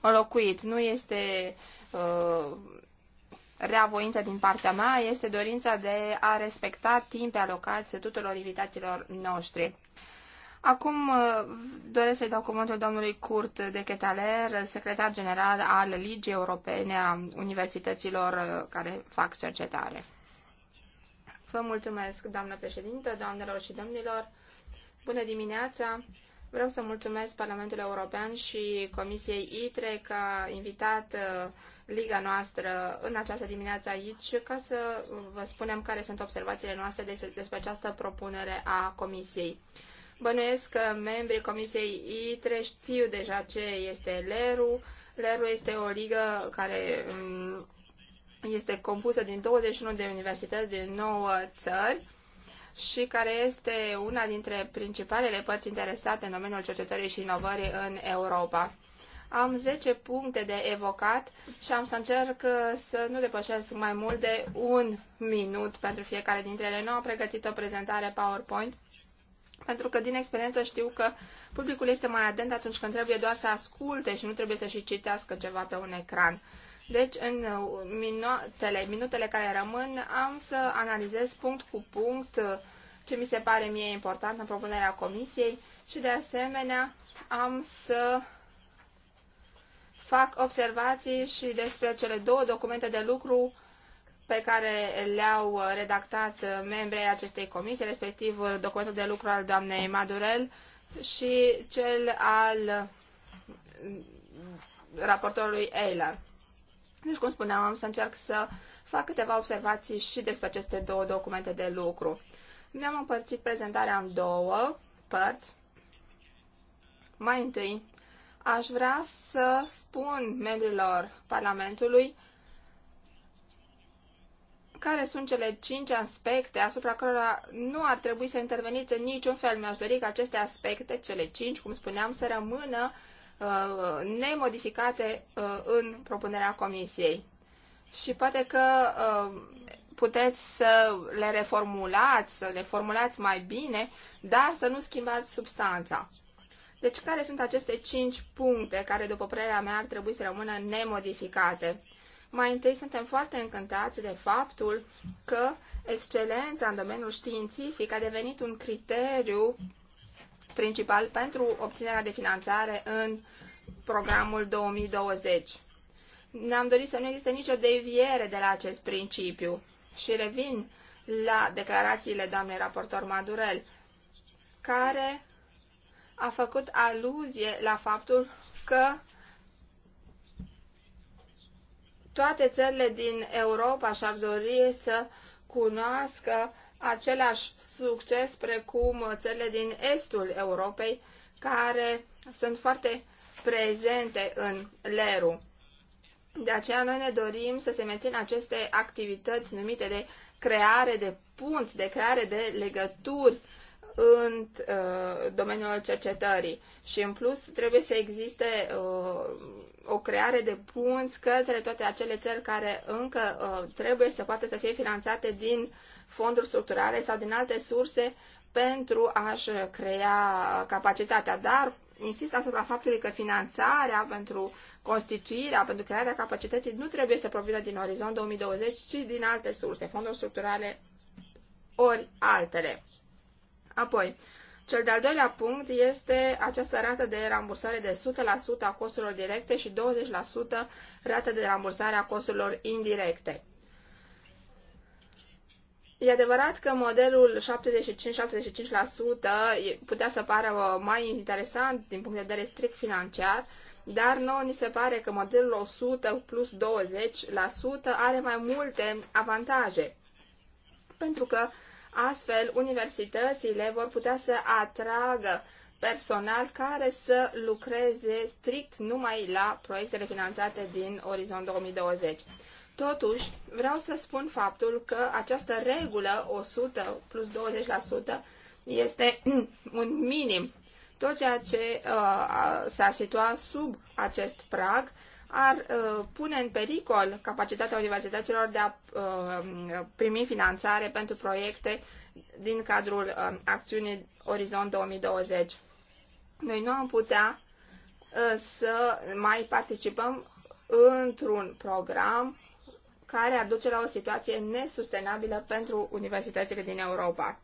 înlocuit. Nu este uh, rea din partea mea, este dorința de a respecta timp alocați tuturor invitaților noștri. Acum uh, doresc să-i dau cuvântul domnului Kurt de Chetaler, secretar general al Ligii Europene a Universităților uh, care fac cercetare. Vă mulțumesc, doamnă președintă, doamnelor și domnilor. Bună dimineața! Vreau să mulțumesc Parlamentul European și Comisiei ITRE că a invitat uh, Liga noastră în această dimineață aici ca să vă spunem care sunt observațiile noastre despre această propunere a Comisiei. Bănuiesc că membrii Comisiei ITRE știu deja ce este LERU. LERU este o ligă care mm, este compusă din 21 de universități din 9 țări și care este una dintre principalele părți interesate în domeniul cercetării și inovării în Europa. Am 10 puncte de evocat și am să încerc uh, să nu depășesc mai mult de un minut pentru fiecare dintre ele. Nu am pregătit o prezentare PowerPoint pentru că din experiență știu că publicul este mai atent atunci când trebuie doar să asculte și nu trebuie să și citească ceva pe un ecran. Deci, în uh, minutele, minutele care rămân, am să analizez punct cu punct uh, ce mi se pare mie important în propunerea comisiei și, de asemenea, am să fac observații și despre cele două documente de lucru pe care le-au redactat membrii acestei comisii, respectiv documentul de lucru al doamnei Madurel și cel al raportorului Eilar. Deci, cum spuneam, am să încerc să fac câteva observații și despre aceste două documente de lucru. Mi-am împărțit prezentarea în două părți. Mai întâi, aș vrea să spun membrilor Parlamentului care sunt cele cinci aspecte asupra cărora nu ar trebui să interveniți în niciun fel. Mi-aș dori ca aceste aspecte, cele cinci, cum spuneam, să rămână uh, nemodificate uh, în propunerea comisiei. Și poate că uh, puteți să le reformulați, să le formulați mai bine, dar să nu schimbați substanța. Deci care sunt aceste cinci puncte care, după părerea mea, ar trebui să rămână nemodificate? Mai întâi suntem foarte încântați de faptul că excelența în domeniul științific a devenit un criteriu principal pentru obținerea de finanțare în programul 2020. Ne-am dorit să nu existe nicio deviere de la acest principiu și revin la declarațiile doamnei raportor Madurel, care a făcut aluzie la faptul că toate țările din Europa și-ar dori să cunoască același succes precum țările din estul Europei, care sunt foarte prezente în LERU. De aceea noi ne dorim să se mențină aceste activități numite de creare de punți, de creare de legături în uh, domeniul cercetării și în plus trebuie să existe uh, o creare de punți către toate acele țări care încă uh, trebuie să poată să fie finanțate din fonduri structurale sau din alte surse pentru a-și crea capacitatea, dar insist asupra faptului că finanțarea pentru constituirea, pentru crearea capacității nu trebuie să provină din orizont 2020, ci din alte surse, fonduri structurale ori altele. Apoi, cel de-al doilea punct este această rată de rambursare de 100% a costurilor directe și 20% rată de rambursare a costurilor indirecte. E adevărat că modelul 75-75% putea să pară mai interesant din punct de vedere strict financiar, dar nouă ni se pare că modelul 100 plus 20% are mai multe avantaje. Pentru că Astfel, universitățile vor putea să atragă personal care să lucreze strict numai la proiectele finanțate din Orizont 2020. Totuși, vreau să spun faptul că această regulă 100 plus 20% este un minim. Tot ceea ce uh, s-a situat sub acest prag ar uh, pune în pericol capacitatea universităților de a uh, primi finanțare pentru proiecte din cadrul uh, acțiunii Orizont 2020. Noi nu am putea uh, să mai participăm într-un program care ar duce la o situație nesustenabilă pentru universitățile din Europa.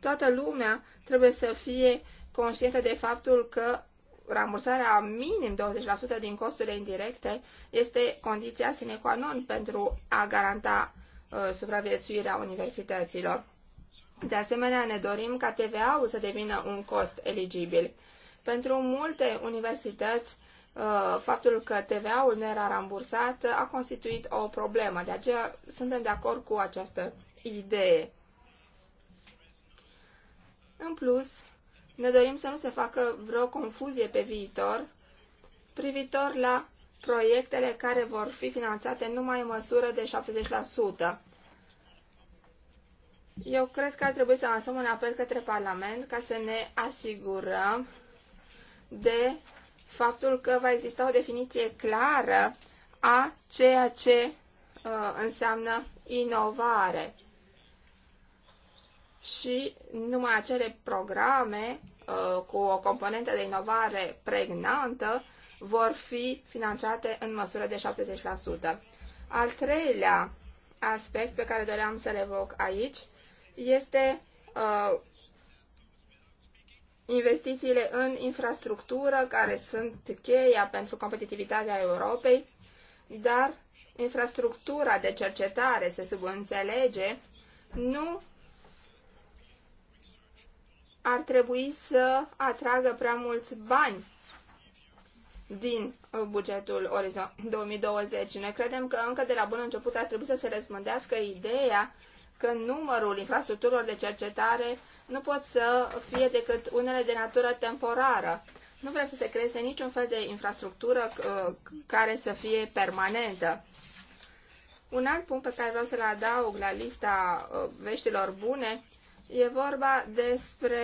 Toată lumea trebuie să fie conștientă de faptul că rambursarea minim 20% din costurile indirecte este condiția sine qua non pentru a garanta uh, supraviețuirea universităților. De asemenea, ne dorim ca TVA-ul să devină un cost eligibil. Pentru multe universități, uh, faptul că TVA-ul nu era rambursat a constituit o problemă. De aceea suntem de acord cu această idee. În plus, ne dorim să nu se facă vreo confuzie pe viitor privitor la proiectele care vor fi finanțate numai în măsură de 70%. Eu cred că ar trebui să lansăm un apel către Parlament ca să ne asigurăm de faptul că va exista o definiție clară a ceea ce uh, înseamnă inovare și numai acele programe uh, cu o componentă de inovare pregnantă vor fi finanțate în măsură de 70%. Al treilea aspect pe care doream să-l evoc aici este uh, investițiile în infrastructură, care sunt cheia pentru competitivitatea Europei, dar infrastructura de cercetare, se subînțelege, nu ar trebui să atragă prea mulți bani din uh, bugetul Orizont 2020. Noi credem că încă de la bun început ar trebui să se răzmândească ideea că numărul infrastructurilor de cercetare nu pot să fie decât unele de natură temporară. Nu vrem să se creeze niciun fel de infrastructură uh, care să fie permanentă. Un alt punct pe care vreau să-l adaug la lista uh, veștilor bune E vorba despre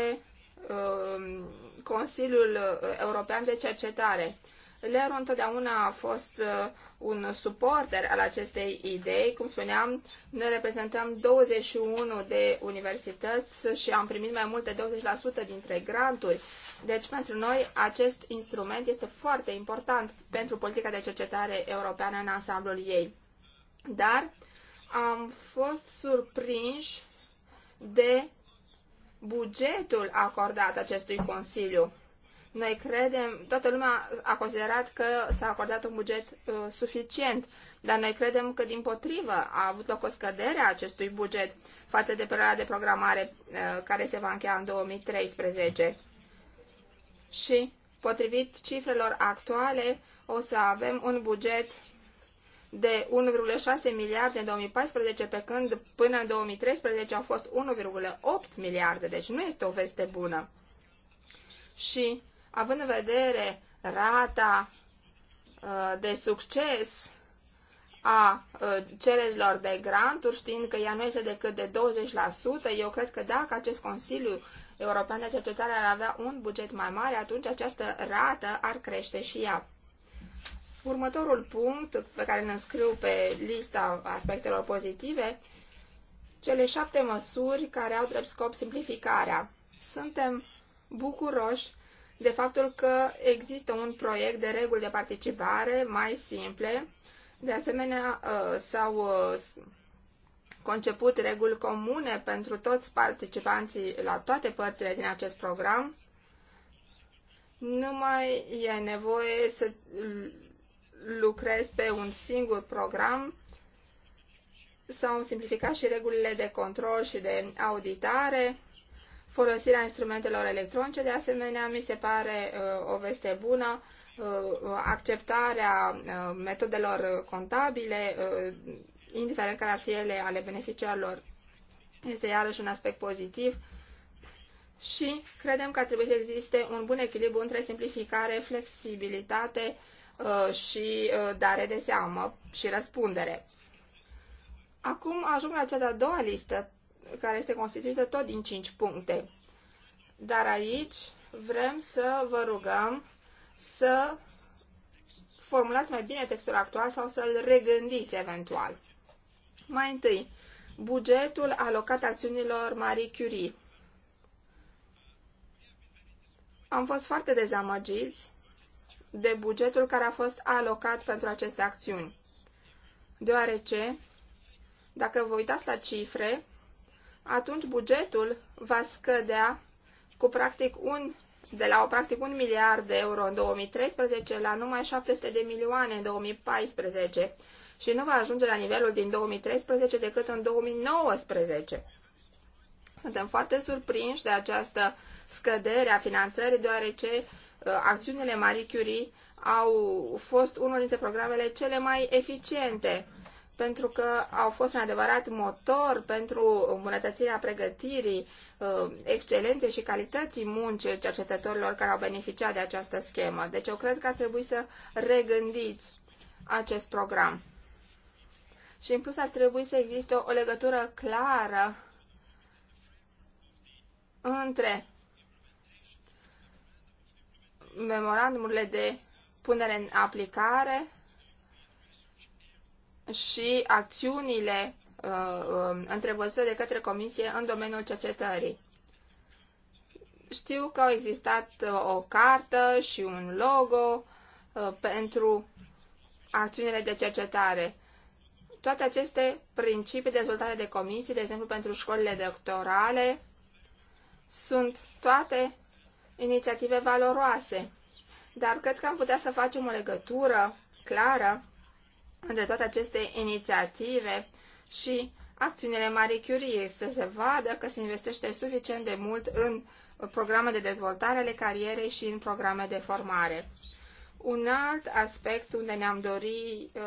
um, Consiliul European de Cercetare. Lero întotdeauna a fost uh, un suporter al acestei idei. Cum spuneam, ne reprezentăm 21 de universități și am primit mai mult de 20% dintre granturi. Deci, pentru noi, acest instrument este foarte important pentru politica de cercetare europeană în ansamblul ei. Dar am fost surprinși de bugetul acordat acestui Consiliu. Noi credem, toată lumea a considerat că s-a acordat un buget uh, suficient, dar noi credem că, din potrivă, a avut loc o scădere a acestui buget față de perioada de programare uh, care se va încheia în 2013. Și, potrivit cifrelor actuale, o să avem un buget de 1,6 miliarde în 2014, pe când până în 2013 au fost 1,8 miliarde, deci nu este o veste bună. Și având în vedere rata uh, de succes a uh, cererilor de granturi, știind că ea nu este decât de 20%, eu cred că dacă acest Consiliu European de Cercetare ar avea un buget mai mare, atunci această rată ar crește și ea. Următorul punct pe care ne înscriu pe lista aspectelor pozitive, cele șapte măsuri care au drept scop simplificarea. Suntem bucuroși de faptul că există un proiect de reguli de participare mai simple. De asemenea, uh, s-au uh, conceput reguli comune pentru toți participanții la toate părțile din acest program. Nu mai e nevoie să lucrez pe un singur program, s-au simplificat și regulile de control și de auditare, folosirea instrumentelor electronice, de asemenea, mi se pare uh, o veste bună, uh, acceptarea uh, metodelor contabile, uh, indiferent care ar fi ele ale beneficiarilor, este iarăși un aspect pozitiv și credem că ar trebui să existe un bun echilibru între simplificare, flexibilitate Uh, și uh, dare de seamă și răspundere. Acum ajung la cea de-a doua listă, care este constituită tot din 5 puncte. Dar aici vrem să vă rugăm să formulați mai bine textul actual sau să-l regândiți eventual. Mai întâi, bugetul alocat acțiunilor Marie Curie. Am fost foarte dezamăgiți de bugetul care a fost alocat pentru aceste acțiuni. Deoarece, dacă vă uitați la cifre, atunci bugetul va scădea cu practic un, de la o practic un miliard de euro în 2013 la numai 700 de milioane în 2014 și nu va ajunge la nivelul din 2013 decât în 2019. Suntem foarte surprinși de această scădere a finanțării, deoarece Uh, acțiunile Marie Curie au fost unul dintre programele cele mai eficiente, pentru că au fost un adevărat motor pentru îmbunătățirea pregătirii, uh, excelenței și calității muncii cercetătorilor care au beneficiat de această schemă. Deci eu cred că ar trebui să regândiți acest program. Și în plus ar trebui să existe o, o legătură clară între memorandumurile de punere în aplicare și acțiunile uh, um, întrevăzute de către Comisie în domeniul cercetării. Știu că au existat uh, o cartă și un logo uh, pentru acțiunile de cercetare. Toate aceste principii dezvoltate de comisii, de exemplu pentru școlile doctorale, sunt toate inițiative valoroase, dar cred că am putea să facem o legătură clară între toate aceste inițiative și acțiunile Marie Curie, să se vadă că se investește suficient de mult în programe de dezvoltare ale carierei și în programe de formare. Un alt aspect unde ne-am dorit uh,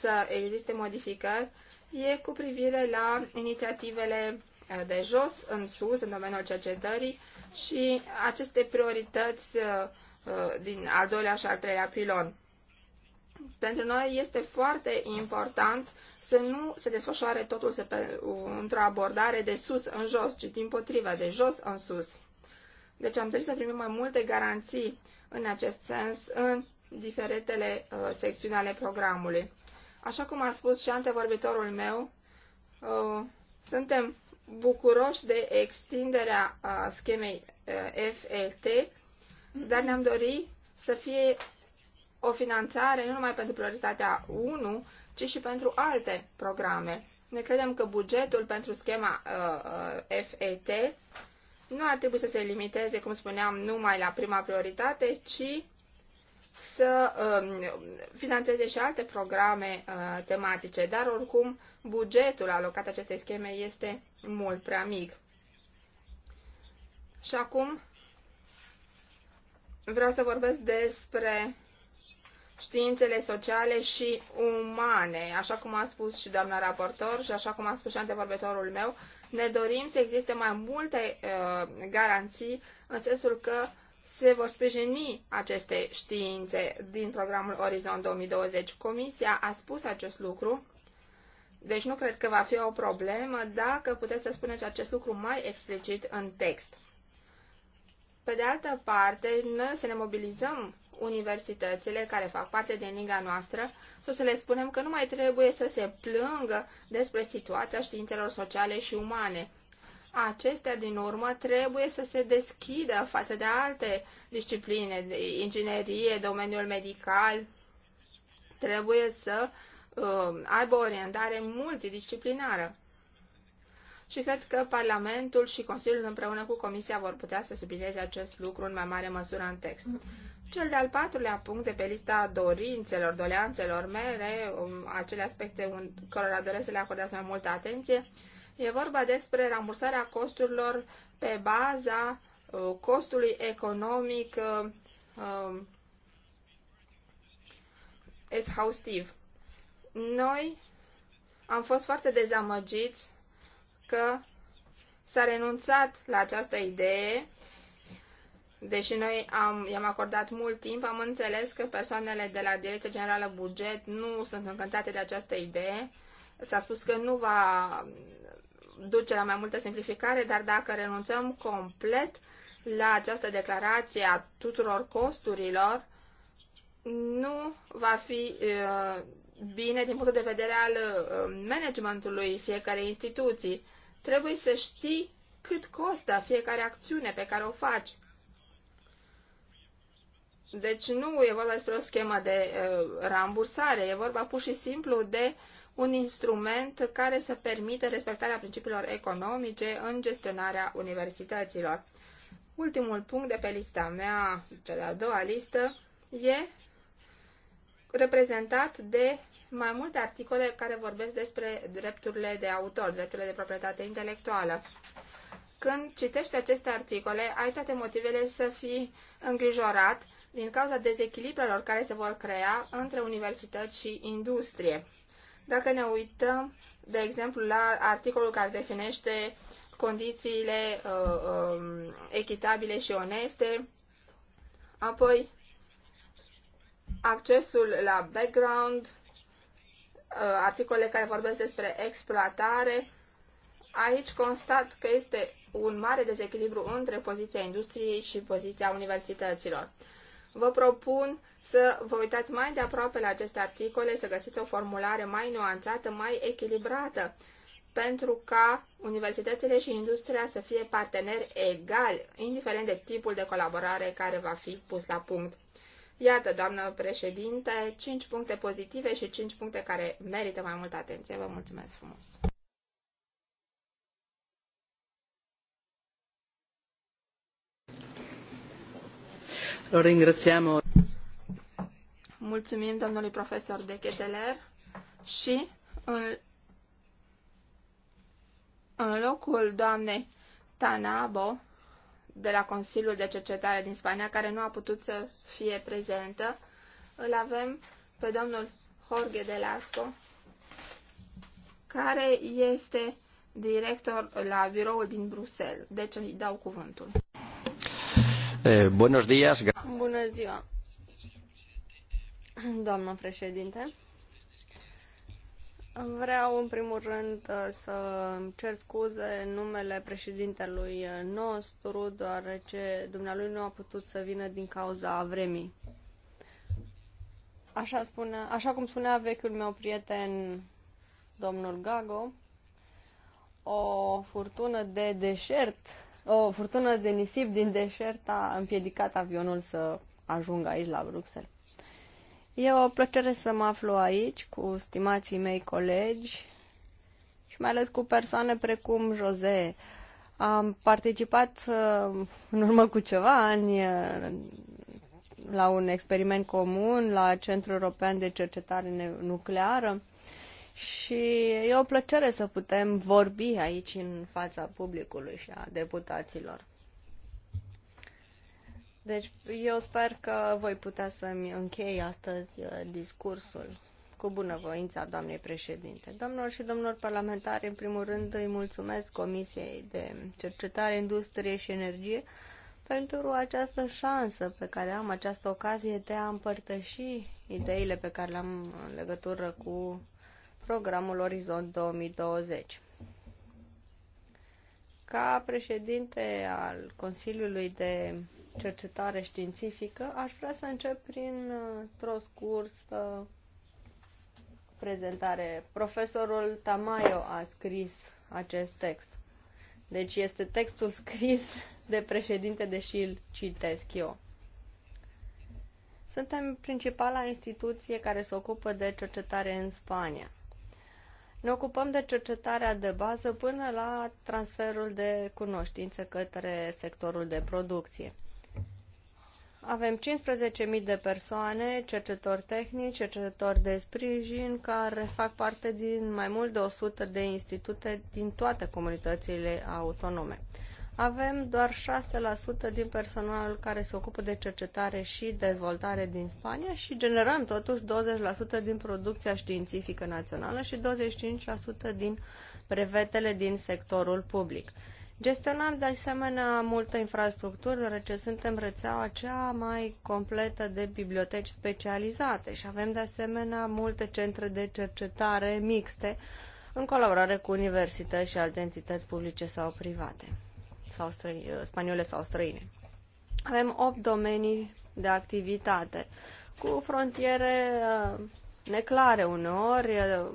să existe modificări e cu privire la inițiativele uh, de jos în sus, în domeniul cercetării, și aceste priorități uh, uh, din al doilea și al treilea pilon. Pentru noi este foarte important să nu se desfășoare totul uh, într-o abordare de sus în jos, ci din potriva, de jos în sus. Deci am trebuit să primim mai multe garanții în acest sens în diferitele uh, secțiuni ale programului. Așa cum a spus și antevorbitorul meu, uh, suntem bucuroși de extinderea schemei FET, dar ne-am dorit să fie o finanțare nu numai pentru prioritatea 1, ci și pentru alte programe. Ne credem că bugetul pentru schema FET nu ar trebui să se limiteze, cum spuneam, numai la prima prioritate, ci să um, financeze și alte programe uh, tematice, dar oricum bugetul alocat acestei scheme este mult prea mic. Și acum vreau să vorbesc despre științele sociale și umane. Așa cum a spus și doamna raportor și așa cum a spus și antevorbitorul meu, ne dorim să existe mai multe uh, garanții în sensul că se vor sprijini aceste științe din programul Orizont 2020. Comisia a spus acest lucru deci nu cred că va fi o problemă dacă puteți să spuneți acest lucru mai explicit în text. Pe de altă parte, noi să ne mobilizăm universitățile care fac parte din liga noastră și să le spunem că nu mai trebuie să se plângă despre situația științelor sociale și umane. Acestea, din urmă, trebuie să se deschidă față de alte discipline, de inginerie, domeniul medical. Trebuie să uh, Um, aibă o orientare multidisciplinară. Și cred că Parlamentul și Consiliul împreună cu Comisia vor putea să sublinieze acest lucru în mai mare măsură în text. Cel de-al patrulea punct de pe lista dorințelor, doleanțelor mele, um, acele aspecte în cărora doresc să le acordați mai multă atenție, e vorba despre rambursarea costurilor pe baza uh, costului economic uh, um, exhaustiv. Noi am fost foarte dezamăgiți că s-a renunțat la această idee, deși noi am, i-am acordat mult timp, am înțeles că persoanele de la Direcția Generală Buget nu sunt încântate de această idee. S-a spus că nu va duce la mai multă simplificare, dar dacă renunțăm complet la această declarație a tuturor costurilor, nu va fi uh, bine din punctul de vedere al uh, managementului fiecarei instituții. Trebuie să știi cât costă fiecare acțiune pe care o faci. Deci nu e vorba despre o schemă de uh, rambursare, e vorba pur și simplu de un instrument care să permite respectarea principiilor economice în gestionarea universităților. Ultimul punct de pe lista mea, cea de-a doua listă, e reprezentat de mai multe articole care vorbesc despre drepturile de autor, drepturile de proprietate intelectuală. Când citești aceste articole, ai toate motivele să fii îngrijorat din cauza dezechilibrelor care se vor crea între universități și industrie. Dacă ne uităm, de exemplu, la articolul care definește condițiile uh, uh, echitabile și oneste, apoi accesul la background, uh, articole care vorbesc despre exploatare. Aici constat că este un mare dezechilibru între poziția industriei și poziția universităților. Vă propun să vă uitați mai de aproape la aceste articole, să găsiți o formulare mai nuanțată, mai echilibrată, pentru ca universitățile și industria să fie parteneri egali, indiferent de tipul de colaborare care va fi pus la punct. Iată, doamnă președinte, 5 puncte pozitive și 5 puncte care merită mai multă atenție. Vă mulțumesc frumos! Ringrațiamo. Mulțumim domnului profesor de Cheteler și în, în locul doamnei Tanabo de la Consiliul de Cercetare din Spania, care nu a putut să fie prezentă. Îl avem pe domnul Jorge de Lasco, care este director la biroul din Bruxelles. Deci îi dau cuvântul. Eh, buenos días. Bună ziua, doamnă președinte. Vreau, în primul rând, uh, să cer scuze în numele președintelui nostru, deoarece dumnealui nu a putut să vină din cauza vremii. Așa, spune, așa cum spunea vechiul meu prieten, domnul Gago, o furtună de deșert, o furtună de nisip din deșert a împiedicat avionul să ajungă aici la Bruxelles. E o plăcere să mă aflu aici cu stimații mei colegi și mai ales cu persoane precum Jose. Am participat uh, în urmă cu ceva ani uh, la un experiment comun la Centrul European de Cercetare Nucleară și e o plăcere să putem vorbi aici în fața publicului și a deputaților. Deci eu sper că voi putea să-mi închei astăzi uh, discursul cu bunăvoința doamnei președinte. Domnilor și domnilor parlamentari, în primul rând îi mulțumesc Comisiei de Cercetare, Industrie și Energie pentru această șansă pe care am, această ocazie de a împărtăși ideile pe care le-am în legătură cu programul Orizont 2020. Ca președinte al Consiliului de cercetare științifică, aș vrea să încep prin uh, o scursă prezentare. Profesorul Tamayo a scris acest text. Deci este textul scris de președinte, deși îl citesc eu. Suntem principala instituție care se ocupă de cercetare în Spania. Ne ocupăm de cercetarea de bază până la transferul de cunoștințe către sectorul de producție. Avem 15.000 de persoane, cercetori tehnici, cercetători de sprijin, care fac parte din mai mult de 100 de institute din toate comunitățile autonome. Avem doar 6% din personalul care se ocupă de cercetare și dezvoltare din Spania și generăm totuși 20% din producția științifică națională și 25% din brevetele din sectorul public. Gestionăm de asemenea multă infrastructură, deoarece suntem rețeaua cea mai completă de biblioteci specializate și avem de asemenea multe centre de cercetare mixte în colaborare cu universități și alte entități publice sau private, sau străine, spaniole sau străine. Avem 8 domenii de activitate, cu frontiere uh, neclare uneori, uh,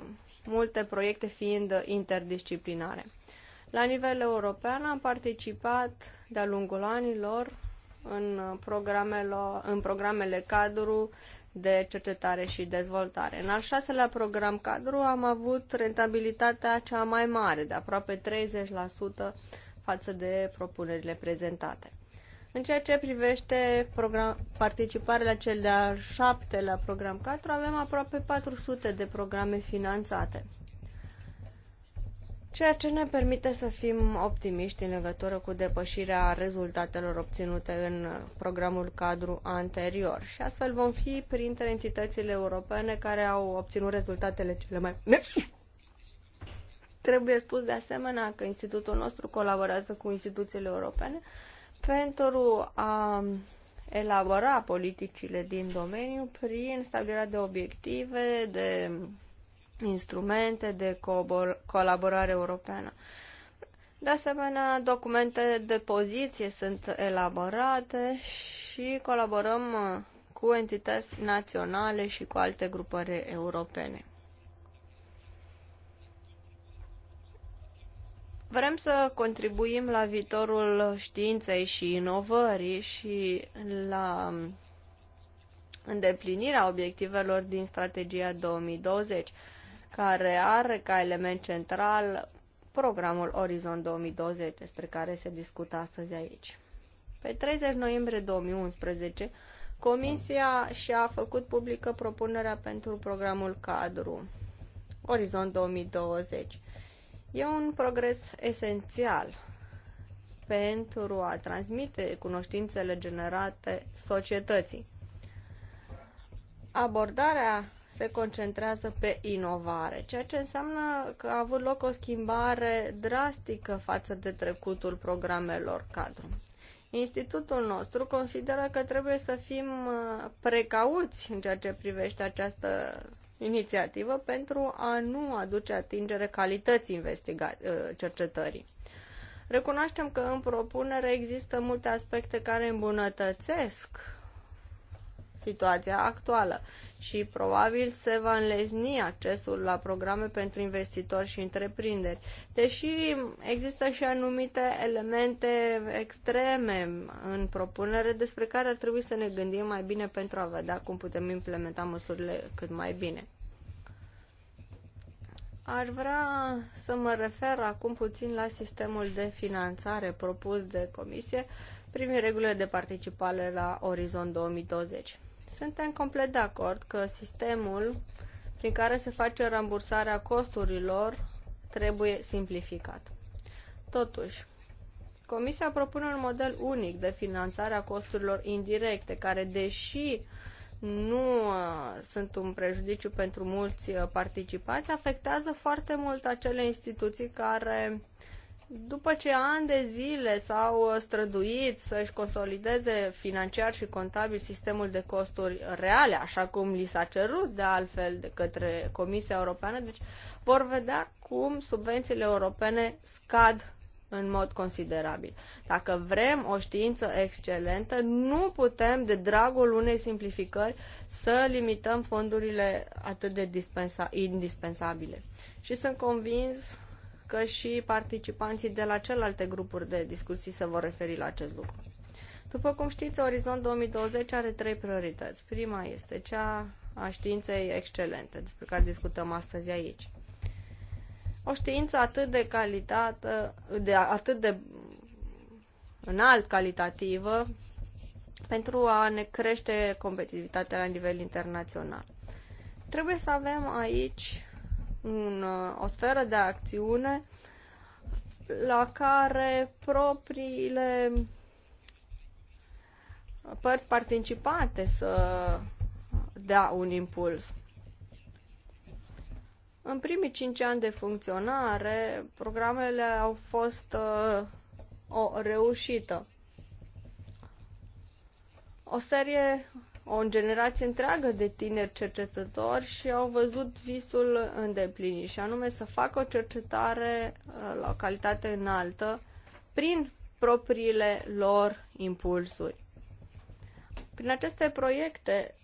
multe proiecte fiind interdisciplinare. La nivel european am participat de-a lungul anilor în, în programele cadru de cercetare și dezvoltare. În al șaselea program cadru am avut rentabilitatea cea mai mare, de aproape 30% față de propunerile prezentate. În ceea ce privește program, participarea la cel de-al șaptelea program 4, avem aproape 400 de programe finanțate ceea ce ne permite să fim optimiști în legătură cu depășirea rezultatelor obținute în programul cadru anterior și astfel vom fi printre entitățile europene care au obținut rezultatele cele mai Trebuie spus de asemenea că institutul nostru colaborează cu instituțiile europene pentru a elabora politicile din domeniu prin stabilirea de obiective, de instrumente de colaborare europeană. De asemenea, documente de poziție sunt elaborate și colaborăm uh, cu entități naționale și cu alte grupări europene. Vrem să contribuim la viitorul științei și inovării și la um, îndeplinirea obiectivelor din strategia 2020 care are ca element central programul Orizont 2020, despre care se discută astăzi aici. Pe 30 noiembrie 2011, Comisia și-a făcut publică propunerea pentru programul cadru Orizont 2020. E un progres esențial pentru a transmite cunoștințele generate societății. Abordarea se concentrează pe inovare, ceea ce înseamnă că a avut loc o schimbare drastică față de trecutul programelor cadru. Institutul nostru consideră că trebuie să fim uh, precauți în ceea ce privește această inițiativă pentru a nu aduce atingere calității uh, cercetării. Recunoaștem că în propunere există multe aspecte care îmbunătățesc situația actuală și probabil se va înlezni accesul la programe pentru investitori și întreprinderi. Deși există și anumite elemente extreme în propunere despre care ar trebui să ne gândim mai bine pentru a vedea cum putem implementa măsurile cât mai bine. Aș vrea să mă refer acum puțin la sistemul de finanțare propus de comisie privind regulile de participare la Orizont 2020. Suntem complet de acord că sistemul prin care se face rambursarea costurilor trebuie simplificat. Totuși, Comisia propune un model unic de finanțare a costurilor indirecte, care, deși nu uh, sunt un prejudiciu pentru mulți uh, participanți, afectează foarte mult acele instituții care după ce ani de zile s-au străduit să-și consolideze financiar și contabil sistemul de costuri reale, așa cum li s-a cerut de altfel de către Comisia Europeană, deci vor vedea cum subvențiile europene scad în mod considerabil. Dacă vrem o știință excelentă, nu putem, de dragul unei simplificări, să limităm fondurile atât de indispensabile. Și sunt convins că și participanții de la celelalte grupuri de discuții se vor referi la acest lucru. După cum știți, Orizont 2020 are trei priorități. Prima este cea a științei excelente, despre care discutăm astăzi aici. O știință atât de calitate, de, atât de înalt calitativă, pentru a ne crește competitivitatea la nivel internațional. Trebuie să avem aici un, uh, o sferă de acțiune la care propriile părți participate să dea un impuls. În primii cinci ani de funcționare, programele au fost uh, o reușită. O serie o generație întreagă de tineri cercetători și au văzut visul îndeplinit și anume să facă o cercetare uh, la o calitate înaltă prin propriile lor impulsuri. Prin aceste proiecte,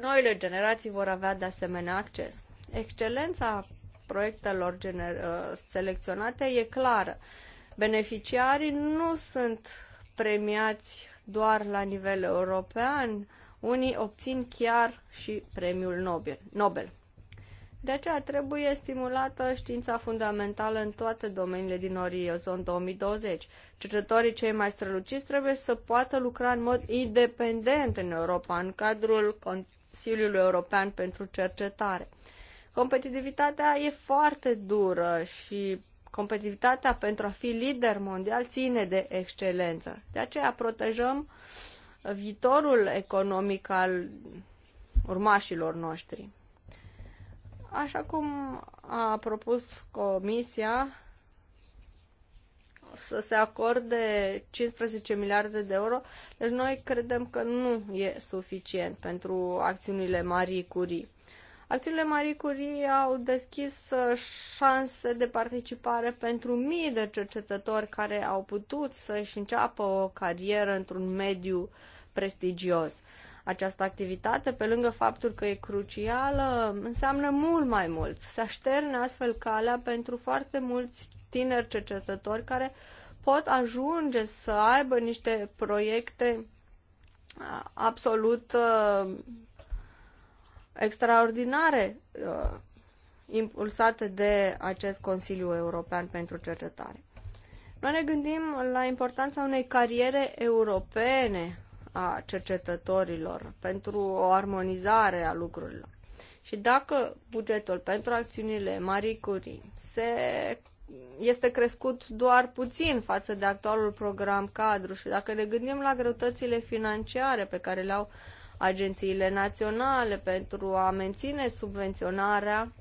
noile generații vor avea de asemenea acces. Excelența proiectelor gener- uh, selecționate e clară. Beneficiarii nu sunt premiați doar la nivel european, unii obțin chiar și premiul Nobel. Nobel. De aceea trebuie stimulată știința fundamentală în toate domeniile din Orizont 2020. Cercetătorii cei mai străluciți trebuie să poată lucra în mod independent în Europa, în cadrul Consiliului European pentru Cercetare. Competitivitatea e foarte dură și competitivitatea pentru a fi lider mondial ține de excelență. De aceea protejăm uh, viitorul economic al urmașilor noștri. Așa cum a propus Comisia să se acorde 15 miliarde de euro, deci noi credem că nu e suficient pentru acțiunile Marie Curie. Acțiunile Marie Curie au deschis uh, șanse de participare pentru mii de cercetători care au putut să-și înceapă o carieră într-un mediu uh, prestigios. Această activitate, pe lângă faptul că e crucială, înseamnă mult mai mult. Se așterne astfel calea pentru foarte mulți tineri cercetători care pot ajunge să aibă niște proiecte absolut uh, extraordinare uh, impulsate de acest Consiliu European pentru Cercetare. Noi ne gândim la importanța unei cariere europene a cercetătorilor, pentru o armonizare a lucrurilor. Și dacă bugetul pentru acțiunile Marie Curie se este crescut doar puțin față de actualul program cadru și dacă ne gândim la greutățile financiare pe care le au agențiile naționale pentru a menține subvenționarea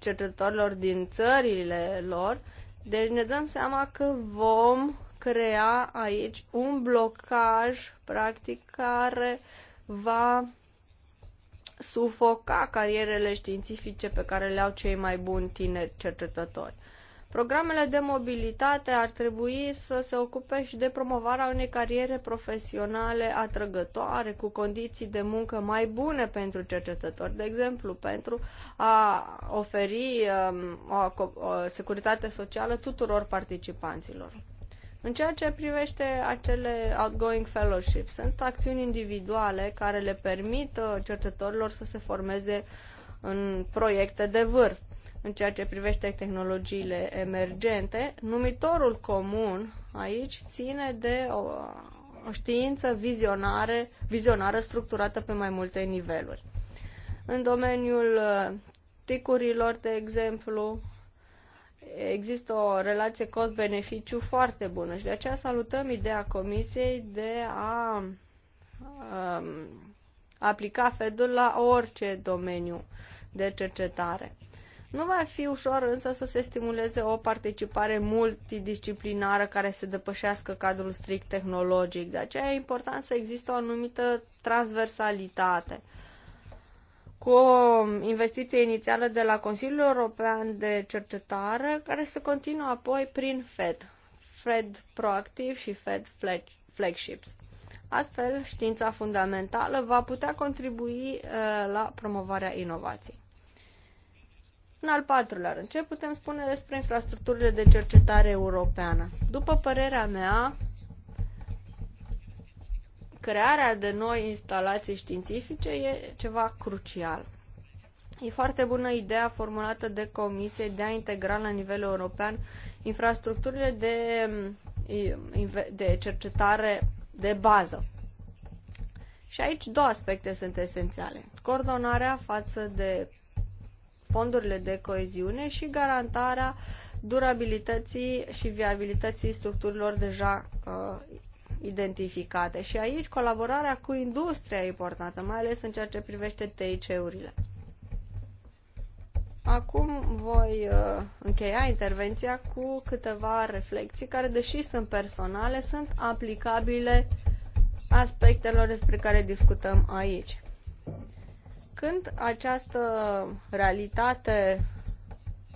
cercetătorilor din țările lor, deci ne dăm seama că vom crea aici un blocaj, practic, care va sufoca carierele științifice pe care le au cei mai buni tineri cercetători. Programele de mobilitate ar trebui să se ocupe și de promovarea unei cariere profesionale atrăgătoare, cu condiții de muncă mai bune pentru cercetători, de exemplu, pentru a oferi um, o, o securitate socială tuturor participanților. În ceea ce privește acele outgoing fellowships, sunt acțiuni individuale care le permit uh, cercetătorilor să se formeze în proiecte de vârf. În ceea ce privește tehnologiile emergente, numitorul comun aici ține de o, o știință vizionare, vizionară structurată pe mai multe niveluri. În domeniul uh, ticurilor, de exemplu, există o relație cost-beneficiu foarte bună și de aceea salutăm ideea Comisiei de a um, aplica FED-ul la orice domeniu de cercetare. Nu va fi ușor însă să se stimuleze o participare multidisciplinară care să depășească cadrul strict tehnologic. De aceea e important să există o anumită transversalitate cu o investiție inițială de la Consiliul European de Cercetare, care se continuă apoi prin FED, FED Proactive și FED Flagships. Astfel, știința fundamentală va putea contribui uh, la promovarea inovației. În al patrulea rând, ce putem spune despre infrastructurile de cercetare europeană? După părerea mea, crearea de noi instalații științifice e ceva crucial. E foarte bună ideea formulată de comisie de a integra la nivel european infrastructurile de, mm, de cercetare de bază. Și aici două aspecte sunt esențiale. Coordonarea față de fondurile de coeziune și garantarea durabilității și viabilității structurilor deja uh, identificate și aici colaborarea cu industria e importantă, mai ales în ceea ce privește TIC-urile. Acum voi uh, încheia intervenția cu câteva reflexii care, deși sunt personale, sunt aplicabile aspectelor despre care discutăm aici. Când această realitate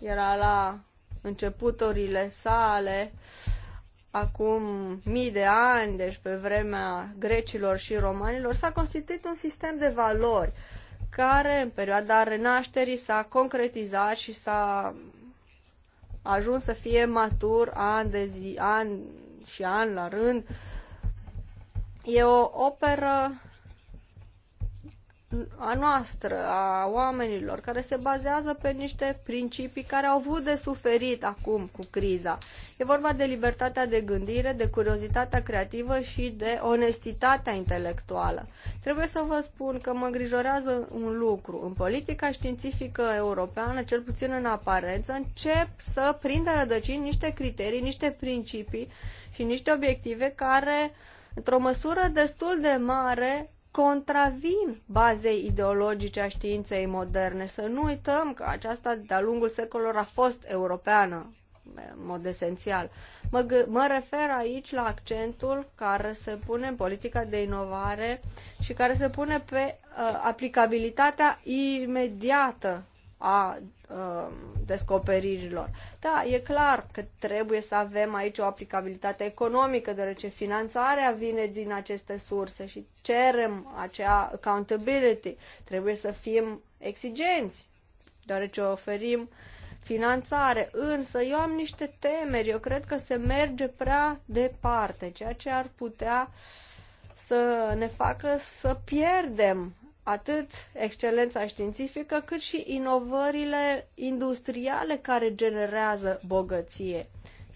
era la începuturile sale, uh, acum mii de ani, deci pe vremea grecilor și romanilor, s-a constituit un sistem de valori care în perioada renașterii s-a concretizat și s-a ajuns să fie matur an de zi, an și an la rând. E o operă a noastră, a oamenilor, care se bazează pe niște principii care au avut de suferit acum cu criza. E vorba de libertatea de gândire, de curiozitatea creativă și de onestitatea intelectuală. Trebuie să vă spun că mă îngrijorează un lucru. În politica științifică europeană, cel puțin în aparență, încep să prindă rădăcini niște criterii, niște principii și niște obiective care într-o măsură destul de mare contravin bazei ideologice a științei moderne. Să nu uităm că aceasta de-a lungul secolor a fost europeană, în mod esențial. Mă, mă refer aici la accentul care se pune în politica de inovare și care se pune pe uh, aplicabilitatea imediată a Um, descoperirilor. Da, e clar că trebuie să avem aici o aplicabilitate economică, deoarece finanțarea vine din aceste surse și cerem acea accountability. Trebuie să fim exigenți, deoarece oferim finanțare. Însă eu am niște temeri, eu cred că se merge prea departe, ceea ce ar putea să ne facă să pierdem atât excelența științifică, cât și inovările industriale care generează bogăție.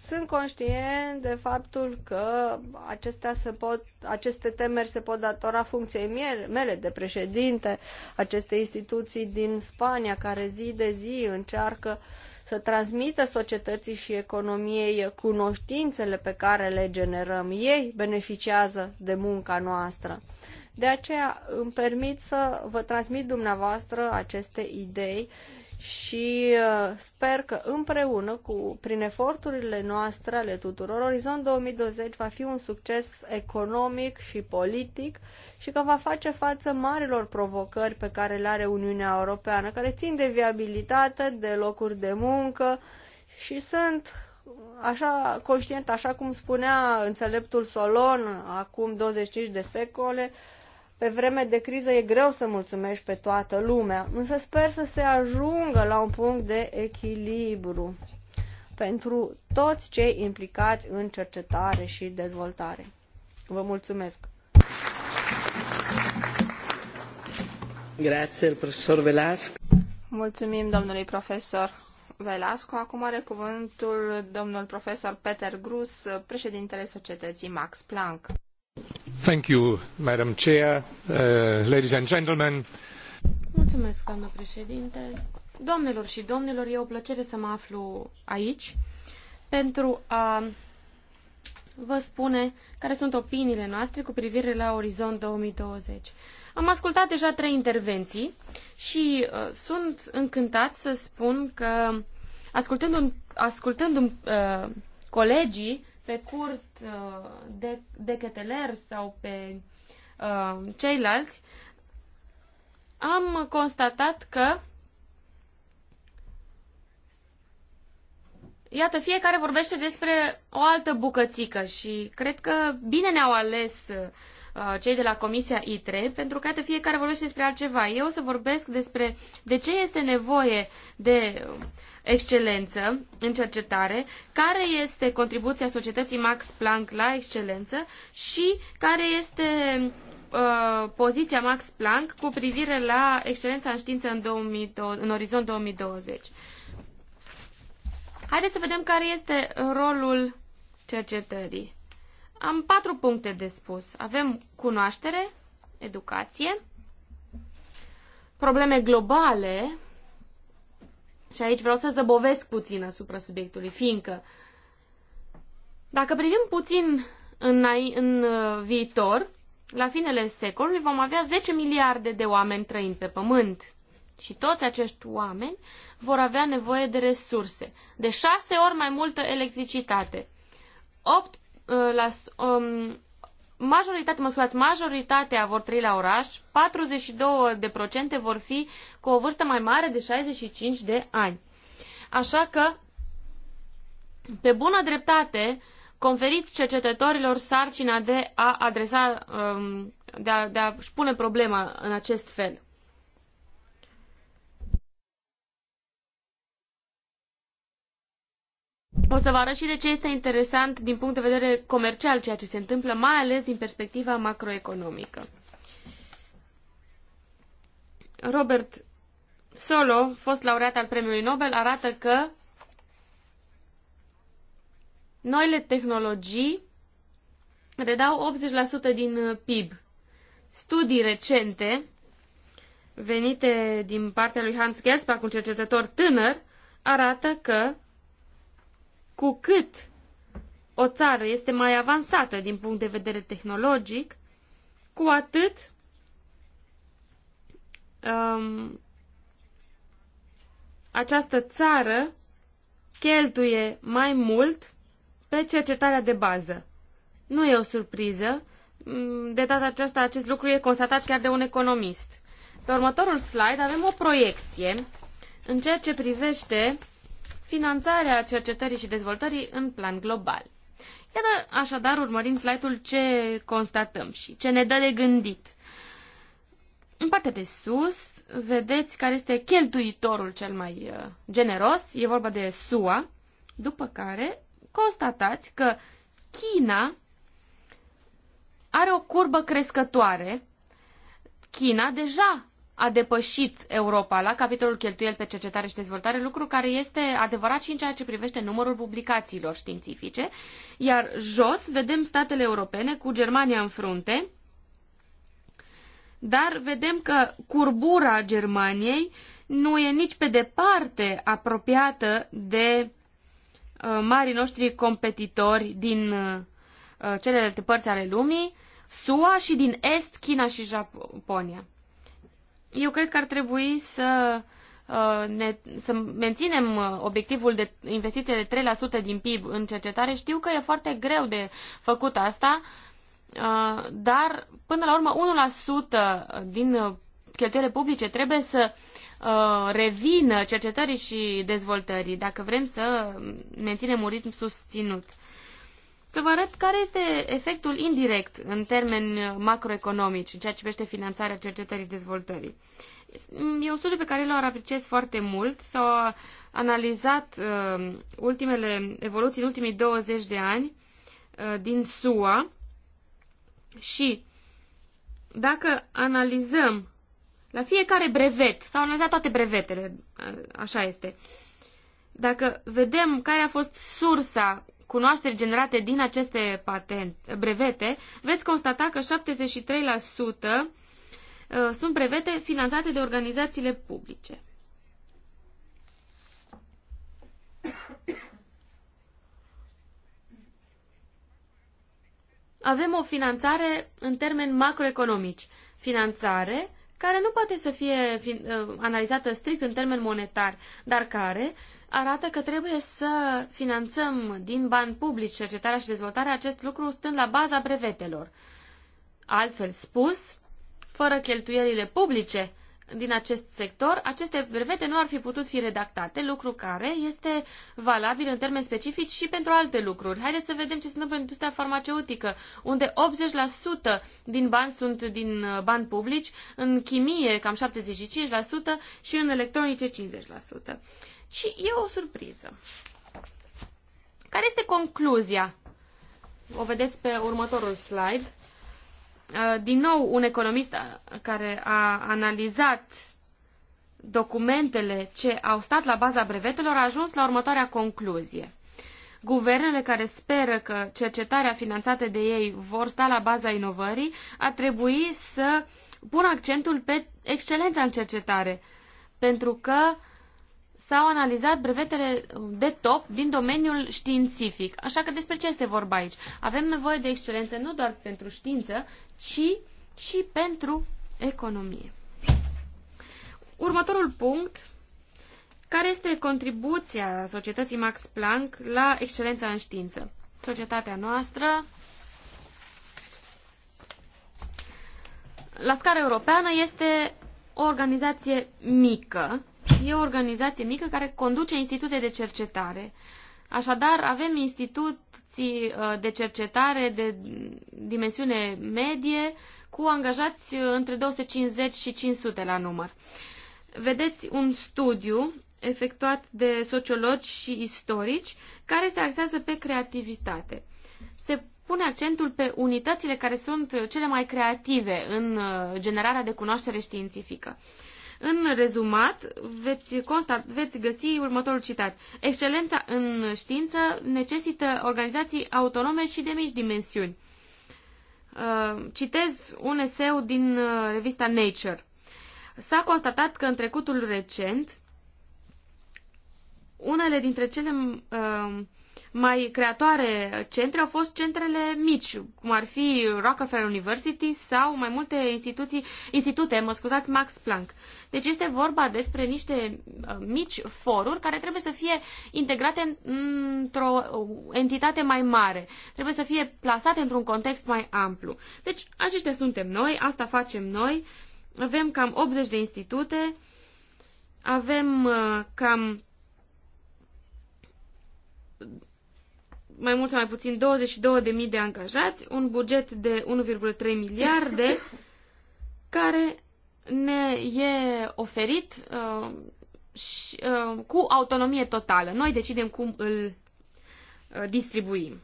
Sunt conștient de faptul că acestea se pot, aceste temeri se pot datora funcției mele, de președinte acestei instituții din Spania, care zi de zi încearcă uh, să transmită societății și economiei cunoștințele pe care le generăm. Ei beneficiază de munca noastră. De aceea îmi permit să vă transmit dumneavoastră aceste idei și uh, sper că împreună cu, prin eforturile noastre ale tuturor, Orizont 2020 va fi un succes economic și politic și că va face față marilor provocări pe care le are Uniunea Europeană, care țin de viabilitate, de locuri de muncă și sunt așa conștient, așa cum spunea înțeleptul Solon acum 25 de secole, pe vreme de criză e greu să mulțumești pe toată lumea, însă sper să se ajungă la un punct de echilibru pentru toți cei implicați în cercetare și dezvoltare. Vă mulțumesc! Grazie, profesor Velasco. Mulțumim domnului profesor Velasco. Acum are cuvântul domnul profesor Peter Grus, președintele societății Max Planck. Thank you, Madam Chair, uh, ladies and gentlemen. Mulțumesc, Doamnelor și domnilor, e o plăcere să mă aflu aici pentru a vă spune care sunt opiniile noastre cu privire la Orizont 2020. Am ascultat deja trei intervenții și uh, sunt încântat să spun că ascultându-mi, ascultându-mi uh, colegii pe Curt, uh, de, de Cheteler sau pe uh, ceilalți, am constatat că Iată, fiecare vorbește despre o altă bucățică și cred că bine ne-au ales uh, cei de la Comisia ITRE, pentru că iată, fiecare vorbește despre altceva. Eu o să vorbesc despre de ce este nevoie de excelență în cercetare, care este contribuția societății Max Planck la excelență și care este uh, poziția Max Planck cu privire la excelența în știință în, 2020, în orizont 2020. Haideți să vedem care este rolul cercetării. Am patru puncte de spus. Avem cunoaștere, educație, probleme globale și aici vreau să zăbovesc puțin asupra subiectului, fiindcă dacă privim puțin în, în uh, viitor, la finele secolului vom avea 10 miliarde de oameni trăind pe pământ. Și toți acești oameni vor avea nevoie de resurse, de șase ori mai multă electricitate, 8, uh, la, um, majoritatea, mă scuzați, majoritatea vor trăi la oraș, 42% vor fi cu o vârstă mai mare de 65 de ani. Așa că, pe bună dreptate, conferiți cercetătorilor sarcina de a adresa, um, de a, de a-și pune problema în acest fel. O să vă arăt și de ce este interesant din punct de vedere comercial ceea ce se întâmplă, mai ales din perspectiva macroeconomică. Robert Solo, fost laureat al premiului Nobel, arată că noile tehnologii redau 80% din PIB. Studii recente venite din partea lui Hans Gelsbach, un cercetător tânăr, arată că cu cât o țară este mai avansată din punct de vedere tehnologic, cu atât um, această țară cheltuie mai mult pe cercetarea de bază. Nu e o surpriză. Mm, de data aceasta, acest lucru e constatat chiar de un economist. Pe următorul slide avem o proiecție în ceea ce privește finanțarea cercetării și dezvoltării în plan global. Iată, așadar, urmărind slide-ul, ce constatăm și ce ne dă de gândit. În partea de sus, vedeți care este cheltuitorul cel mai uh, generos, e vorba de SUA, după care constatați că China are o curbă crescătoare. China deja a depășit Europa la capitolul cheltuieli pe cercetare și dezvoltare, lucru care este adevărat și în ceea ce privește numărul publicațiilor științifice, iar jos vedem statele europene cu Germania în frunte, dar vedem că curbura Germaniei nu e nici pe departe apropiată de uh, marii noștri competitori din uh, celelalte părți ale lumii, SUA și din Est, China și Japonia. Eu cred că ar trebui să, uh, ne, să menținem uh, obiectivul de investiție de 3% din PIB în cercetare. Știu că e foarte greu de făcut asta, uh, dar până la urmă 1% din cheltuielile publice trebuie să revină cercetării și dezvoltării dacă vrem să menținem un ritm susținut să vă arăt care este efectul indirect în termeni macroeconomici în ceea ce privește finanțarea cercetării dezvoltării. E un studiu pe care l-au apreciez foarte mult. S-au analizat uh, ultimele evoluții în ultimii 20 de ani uh, din SUA și dacă analizăm la fiecare brevet, s-au analizat toate brevetele, uh, așa este, dacă vedem care a fost sursa cunoașteri generate din aceste patent, brevete, veți constata că 73% uh, sunt brevete finanțate de organizațiile publice. Avem o finanțare în termeni macroeconomici. Finanțare care nu poate să fie uh, analizată strict în termeni monetari, dar care arată că trebuie să finanțăm din bani publici cercetarea și dezvoltarea acest lucru stând la baza brevetelor. Altfel spus, fără cheltuielile publice din acest sector, aceste brevete nu ar fi putut fi redactate, lucru care este valabil în termeni specifici și pentru alte lucruri. Haideți să vedem ce se întâmplă în industria farmaceutică, unde 80% din bani sunt din uh, bani publici, în chimie cam 75% și în electronice 50%. Și e o surpriză. Care este concluzia? O vedeți pe următorul slide. Uh, din nou, un economist uh, care a analizat documentele ce au stat la baza brevetelor a ajuns la următoarea concluzie. Guvernele care speră că cercetarea finanțată de ei vor sta la baza inovării ar trebui să pună accentul pe excelența în cercetare, pentru că uh, s-au analizat brevetele um, de top din domeniul științific. Așa că despre ce este vorba aici? Avem nevoie de excelență nu doar pentru știință, ci și pentru economie. Următorul punct, care este contribuția societății Max Planck la excelența în știință? Societatea noastră, la scară europeană, este o organizație mică E o organizație mică care conduce institute de cercetare. Așadar, avem instituții uh, de cercetare de dimensiune medie cu angajați între 250 și 500 la număr. Vedeți un studiu efectuat de sociologi și istorici care se axează pe creativitate. Se pune accentul pe unitățile care sunt cele mai creative în uh, generarea de cunoaștere științifică. În rezumat, veți, constat, veți găsi următorul citat. Excelența în știință necesită organizații autonome și de mici dimensiuni. Uh, citez un eseu din uh, revista Nature. S-a constatat că în trecutul recent, unele dintre cele uh, mai creatoare centre au fost centrele mici, cum ar fi Rockefeller University sau mai multe instituții, institute, mă scuzați, Max Planck. Deci este vorba despre niște uh, mici foruri care trebuie să fie integrate într-o uh, entitate mai mare, trebuie să fie plasate într-un context mai amplu. Deci aceștia suntem noi, asta facem noi, avem cam 80 de institute, avem uh, cam mai mult sau mai puțin 22.000 de angajați, un buget de 1,3 miliarde care ne e oferit uh, și, uh, cu autonomie totală. Noi decidem cum îl uh, distribuim.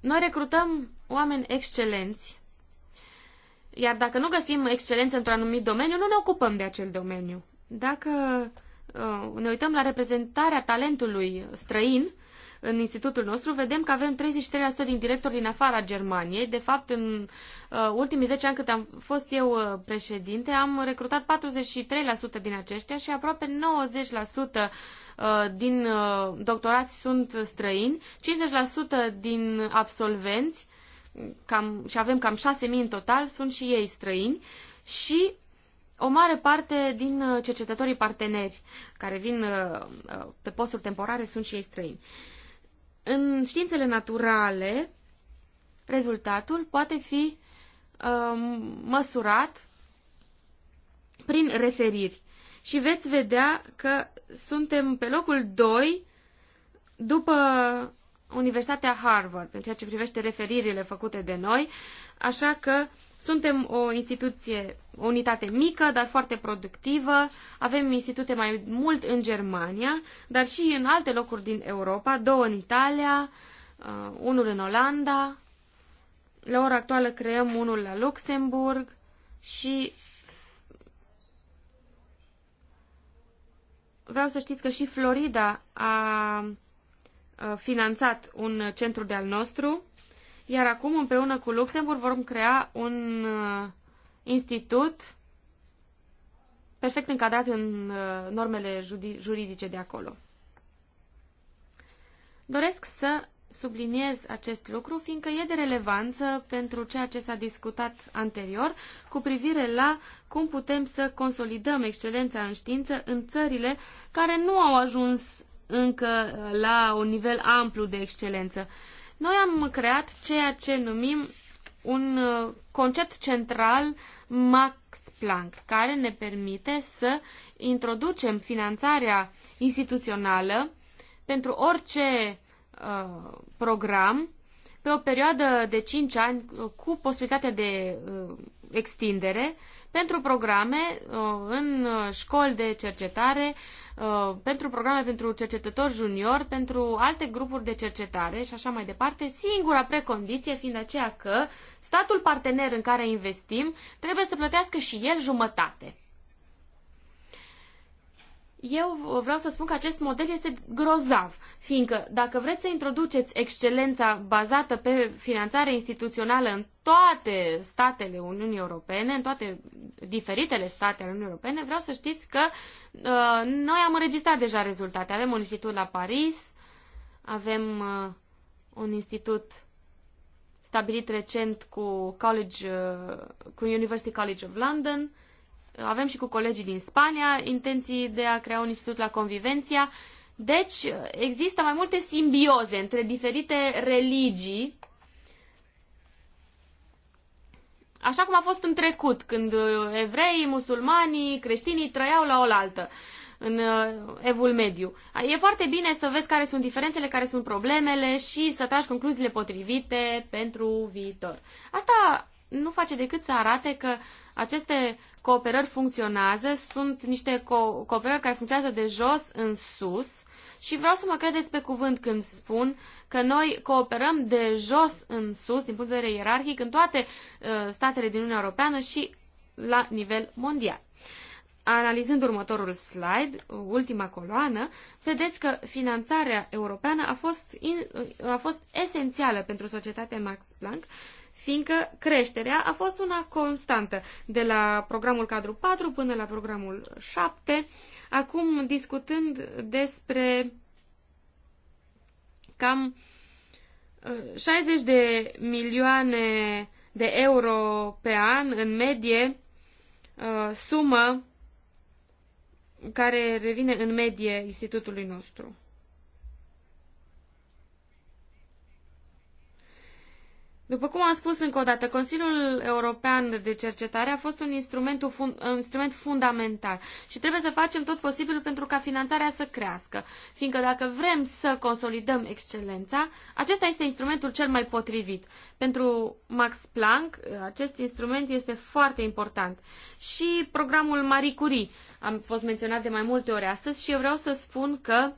Noi recrutăm oameni excelenți, iar dacă nu găsim excelență într-un anumit domeniu, nu ne ocupăm de acel domeniu. Dacă uh, ne uităm la reprezentarea talentului străin în institutul nostru, vedem că avem 33% din directori din afara Germaniei. De fapt, în uh, ultimii 10 ani cât am fost eu uh, președinte, am recrutat 43% din aceștia și aproape 90% din doctorați sunt străini, 50% din absolvenți, cam, și avem cam 6.000 în total, sunt și ei străini și o mare parte din uh, cercetătorii parteneri care vin uh, uh, pe posturi temporare sunt și ei străini. În științele naturale, rezultatul poate fi um, măsurat prin referiri. Și veți vedea că suntem pe locul 2 după Universitatea Harvard, în ceea ce privește referirile făcute de noi. Așa că suntem o instituție, o unitate mică, dar foarte productivă. Avem institute mai mult în Germania, dar și în alte locuri din Europa, două în Italia, uh, unul în Olanda. La ora actuală creăm unul la Luxemburg și vreau să știți că și Florida a finanțat un centru de-al nostru iar acum, împreună cu Luxemburg, vom crea un uh, institut perfect încadrat în uh, normele juridice de acolo. Doresc să subliniez acest lucru, fiindcă e de relevanță pentru ceea ce s-a discutat anterior cu privire la cum putem să consolidăm excelența în știință în țările care nu au ajuns încă la un nivel amplu de excelență. Noi am creat ceea ce numim un uh, concept central Max Planck, care ne permite să introducem finanțarea instituțională pentru orice uh, program pe o perioadă de 5 ani cu posibilitatea de uh, extindere pentru programe uh, în uh, școli de cercetare, Uh, pentru programe pentru cercetători junior, pentru alte grupuri de cercetare și așa mai departe, singura precondiție fiind aceea că statul partener în care investim trebuie să plătească și el jumătate. Eu vreau să spun că acest model este grozav, fiindcă dacă vreți să introduceți excelența bazată pe finanțare instituțională în toate statele Uniunii Europene, în toate diferitele state ale Uniunii Europene, vreau să știți că uh, noi am înregistrat deja rezultate. Avem un institut la Paris, avem uh, un institut stabilit recent cu, College, uh, cu University College of London, uh, avem și cu colegii din Spania intenții de a crea un institut la Convivenția. Deci există mai multe simbioze între diferite religii, așa cum a fost în trecut, când evrei, musulmanii, creștinii trăiau la oaltă în uh, evul mediu. E foarte bine să vezi care sunt diferențele, care sunt problemele și să tragi concluziile potrivite pentru viitor. Asta nu face decât să arate că aceste cooperări funcționează, sunt niște co- cooperări care funcționează de jos în sus și vreau să mă credeți pe cuvânt când spun că noi cooperăm de jos în sus, din punct de vedere ierarhic, în toate uh, statele din Uniunea Europeană și la nivel mondial. Analizând următorul slide, ultima coloană, vedeți că finanțarea europeană a fost, in, a fost esențială pentru societatea Max Planck fiindcă creșterea a fost una constantă, de la programul cadru 4 până la programul 7, acum discutând despre cam 60 uh, de milioane de euro pe an, în medie, uh, sumă care revine în medie institutului nostru. După cum am spus încă o dată, Consiliul European de Cercetare a fost un instrument, un instrument fundamental și trebuie să facem tot posibilul pentru ca finanțarea să crească, fiindcă dacă vrem să consolidăm excelența, acesta este instrumentul cel mai potrivit. Pentru Max Planck, acest instrument este foarte important. Și programul Marie Curie a fost menționat de mai multe ori astăzi și eu vreau să spun că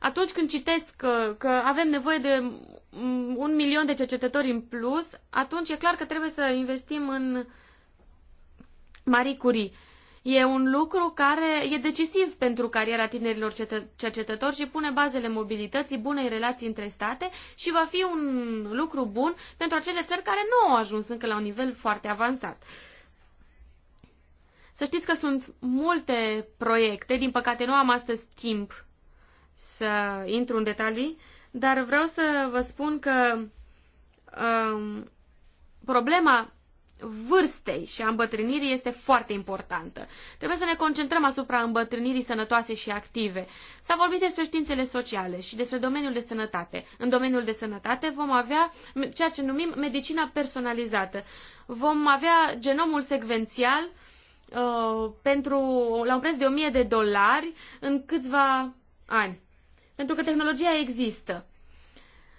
atunci când citesc că, că avem nevoie de un milion de cercetători în plus, atunci e clar că trebuie să investim în Marie Curie. E un lucru care e decisiv pentru cariera tinerilor cercetători și pune bazele mobilității, bunei relații între state și va fi un lucru bun pentru acele țări care nu au ajuns încă la un nivel foarte avansat. Să știți că sunt multe proiecte, din păcate nu am astăzi timp să intru în detalii, dar vreau să vă spun că um, problema vârstei și a îmbătrânirii este foarte importantă. Trebuie să ne concentrăm asupra îmbătrânirii sănătoase și active. S-a vorbit despre științele sociale și despre domeniul de sănătate. În domeniul de sănătate vom avea ceea ce numim medicina personalizată. Vom avea genomul secvențial uh, pentru la un preț de 1000 de dolari în câțiva ani. Pentru că tehnologia există.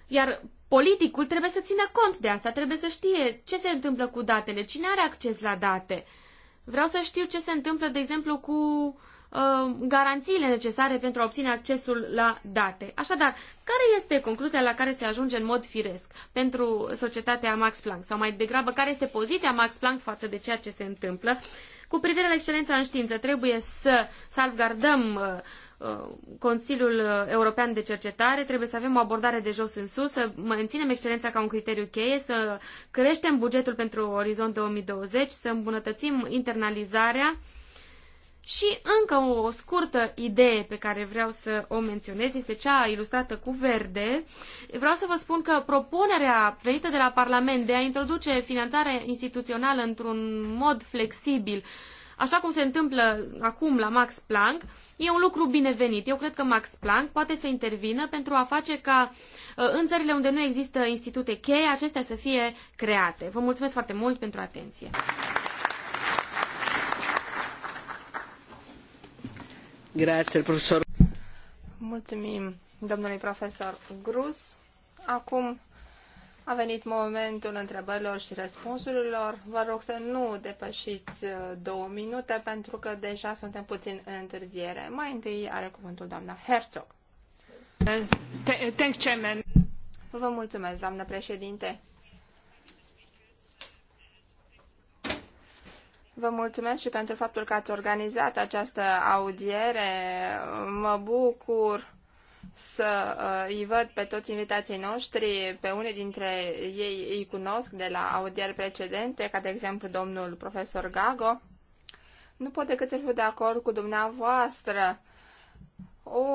Iar politicul trebuie să țină cont de asta, trebuie să știe ce se întâmplă cu datele, cine are acces la date. Vreau să știu ce se întâmplă, de exemplu, cu uh, garanțiile necesare pentru a obține accesul la date. Așadar, care este concluzia la care se ajunge în mod firesc pentru societatea Max Planck? Sau mai degrabă, care este poziția Max Planck față de ceea ce se întâmplă? Cu privire la excelența în știință, trebuie să salvgardăm uh, Uh, Consiliul European de Cercetare, trebuie să avem o abordare de jos în sus, să menținem excelența ca un criteriu cheie, să creștem bugetul pentru Orizont 2020, să îmbunătățim internalizarea și încă o scurtă idee pe care vreau să o menționez este cea ilustrată cu verde. Vreau să vă spun că propunerea venită de la Parlament de a introduce finanțarea instituțională într-un mod flexibil uh, așa cum se întâmplă acum la Max Planck, e un lucru binevenit. Eu cred că Max Planck poate să intervină pentru a face ca uh, în țările unde nu există institute cheie, acestea să fie create. Vă mulțumesc foarte mult pentru atenție. Grazie, profesor. Mulțumim, domnului profesor Grus. Acum a venit momentul întrebărilor și răspunsurilor. Vă rog să nu depășiți uh, două minute pentru că deja suntem puțin în întârziere. Mai întâi are cuvântul doamna Herzog. Thanks, Chairman. Vă mulțumesc, doamnă președinte. Vă mulțumesc și pentru faptul că ați organizat această audiere. Mă bucur să uh, îi văd pe toți invitații noștri, pe unii dintre ei îi cunosc de la audieri precedente, ca de exemplu domnul profesor Gago. Nu pot decât să fiu de acord cu dumneavoastră. O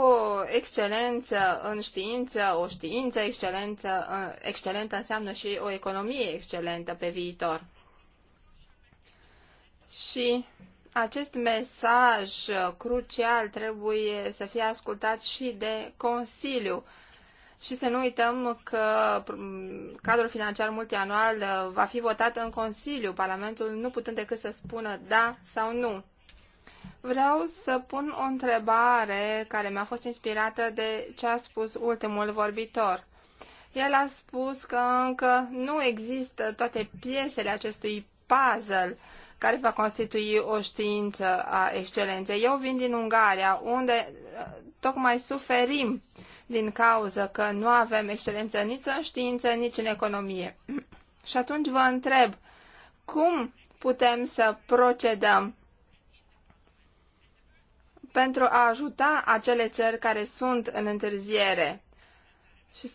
excelență în știință, o știință excelentă, uh, excelentă înseamnă și o economie excelentă pe viitor. Și acest mesaj crucial trebuie să fie ascultat și de Consiliu. Și să nu uităm că cadrul financiar multianual uh, va fi votat în Consiliu, Parlamentul nu putând decât să spună da sau nu. Vreau să pun o întrebare care mi-a fost inspirată de ce a spus ultimul vorbitor. El a spus că încă nu există toate piesele acestui puzzle care va constitui o știință a excelenței. Eu vin din Ungaria, unde uh, tocmai suferim din cauza că nu avem excelență nici în știință, nici în economie. Și atunci vă întreb, cum putem să procedăm pentru a ajuta acele țări care sunt în întârziere? Și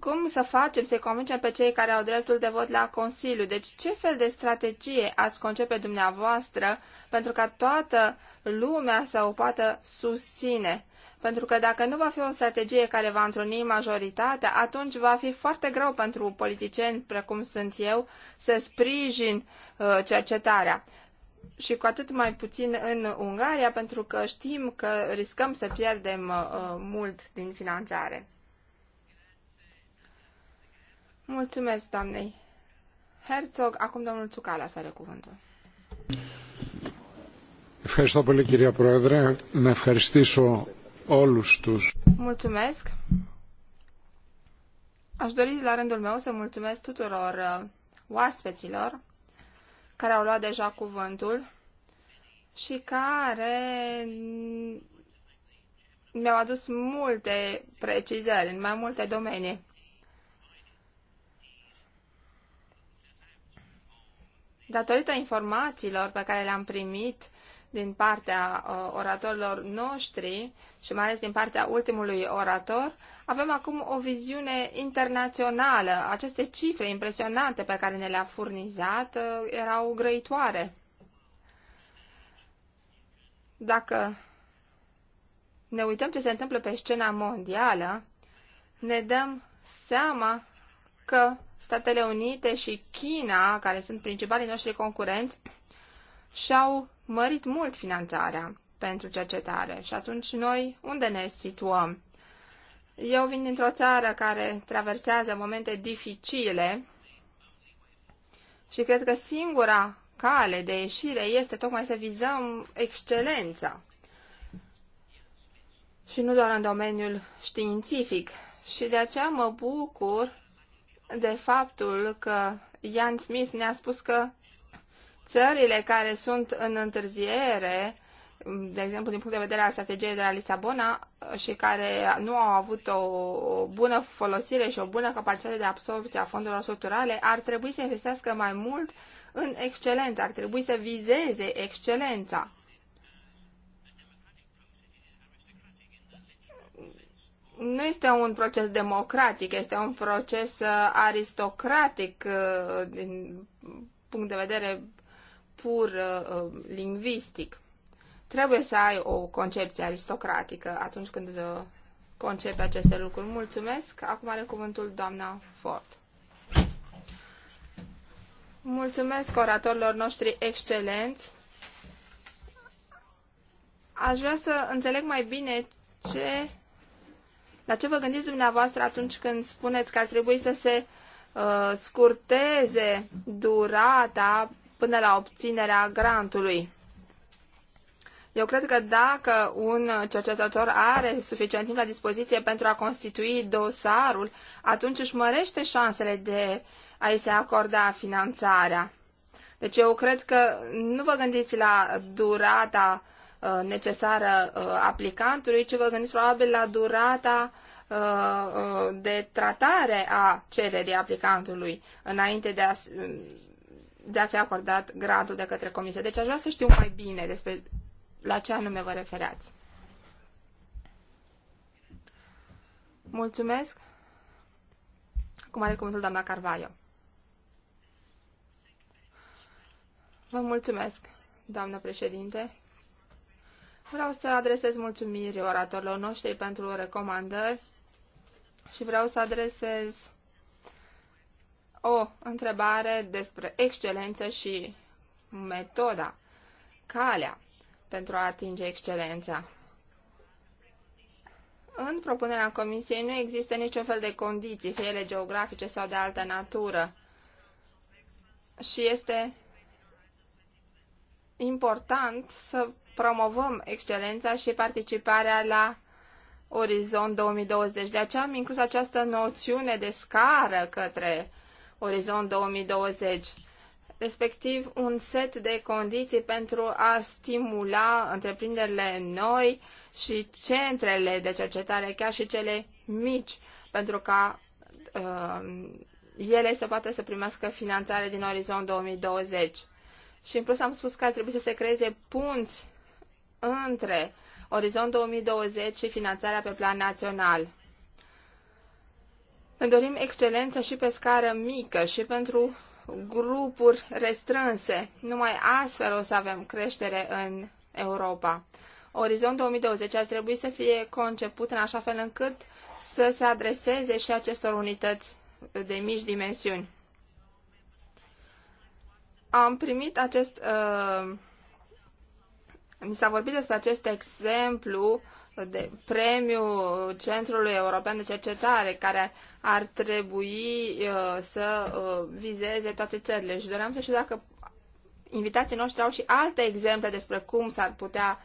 cum să facem să-i convingem pe cei care au dreptul de vot la Consiliu? Deci ce fel de strategie ați concepe dumneavoastră pentru ca toată lumea să o poată susține? Pentru că dacă nu va fi o strategie care va întruni majoritatea, atunci va fi foarte greu pentru politicieni, precum sunt eu, să sprijin uh, cercetarea. Și cu atât mai puțin în Ungaria, pentru că știm că riscăm să pierdem uh, uh mult din finanțare. Mulțumesc, doamnei Herzog. Acum domnul Tsukala să are cuvântul. Ευχαριστώ πολύ κυρία Πρόεδρε. Να ευχαριστήσω όλους τους. Mulțumesc. Aș dori la rândul meu să mulțumesc tuturor uh, oaspeților care au luat deja cuvântul și care mi-au adus multe precizări în mai multe domenii. Datorită informațiilor pe care le-am primit din partea uh, oratorilor noștri și mai ales din partea ultimului orator, avem acum o viziune internațională. Aceste cifre impresionante pe care ne le-a furnizat uh, erau grăitoare. Dacă ne uităm ce se întâmplă pe scena mondială, ne dăm seama că Statele Unite și China, care sunt principalii noștri concurenți, și-au mărit mult finanțarea pentru cercetare. Și atunci noi unde ne situăm? Eu vin dintr-o țară care traversează momente dificile și cred că singura cale de ieșire este tocmai să vizăm excelența. Și nu doar în domeniul științific. Și de aceea mă bucur de faptul că Ian Smith ne-a spus că țările care sunt în întârziere, de exemplu din punct de vedere al strategiei de la Lisabona și care nu au avut o, o bună folosire și o bună capacitate de absorbție a fondurilor structurale, ar trebui să investească mai mult în excelență, ar trebui să vizeze excelența. nu este un proces democratic, este un proces uh, aristocratic uh, din punct de vedere pur uh, lingvistic. Trebuie să ai o concepție aristocratică atunci când concepe aceste lucruri. Mulțumesc. Acum are cuvântul doamna Ford. Mulțumesc oratorilor noștri excelenți. Aș vrea să înțeleg mai bine ce la ce vă gândiți dumneavoastră atunci când spuneți că ar trebui să se uh, scurteze durata până la obținerea grantului? Eu cred că dacă un cercetător are suficient timp la dispoziție pentru a constitui dosarul, atunci își mărește șansele de a-i se acorda finanțarea. Deci eu cred că nu vă gândiți la durata Uh, necesară uh, aplicantului, ci vă gândiți probabil la durata uh, de tratare a cererii aplicantului înainte de a, de a fi acordat gradul de către comisie. Deci aș vrea să știu mai bine despre la ce anume vă refereați. Mulțumesc. Acum are cuvântul doamna Carvaio. Vă mulțumesc, doamnă președinte. Vreau să adresez mulțumiri oratorilor noștri pentru recomandări și vreau să adresez o întrebare despre excelență și metoda, calea pentru a atinge excelența. În propunerea Comisiei nu există niciun fel de condiții, fie ele geografice sau de altă natură. Și este important să promovăm excelența și participarea la Orizont 2020. De aceea am inclus această noțiune de scară către Orizont 2020, respectiv un set de condiții pentru a stimula întreprinderile noi și centrele de cercetare, chiar și cele mici, pentru ca uh, ele să poată să primească finanțare din Orizont 2020. Și în plus am spus că ar trebui să se creeze punți între Orizont 2020 și finanțarea pe plan național. Ne dorim excelență și pe scară mică și pentru grupuri restrânse. Numai astfel o să avem creștere în Europa. Orizont 2020 ar trebui să fie conceput în așa fel încât să se adreseze și acestor unități de mici dimensiuni. Am primit acest uh, mi s-a vorbit despre acest exemplu de premiu Centrului European de Cercetare, care ar trebui uh, să uh, vizeze toate țările. Și doream să știu dacă invitații noștri au și alte exemple despre cum s-ar putea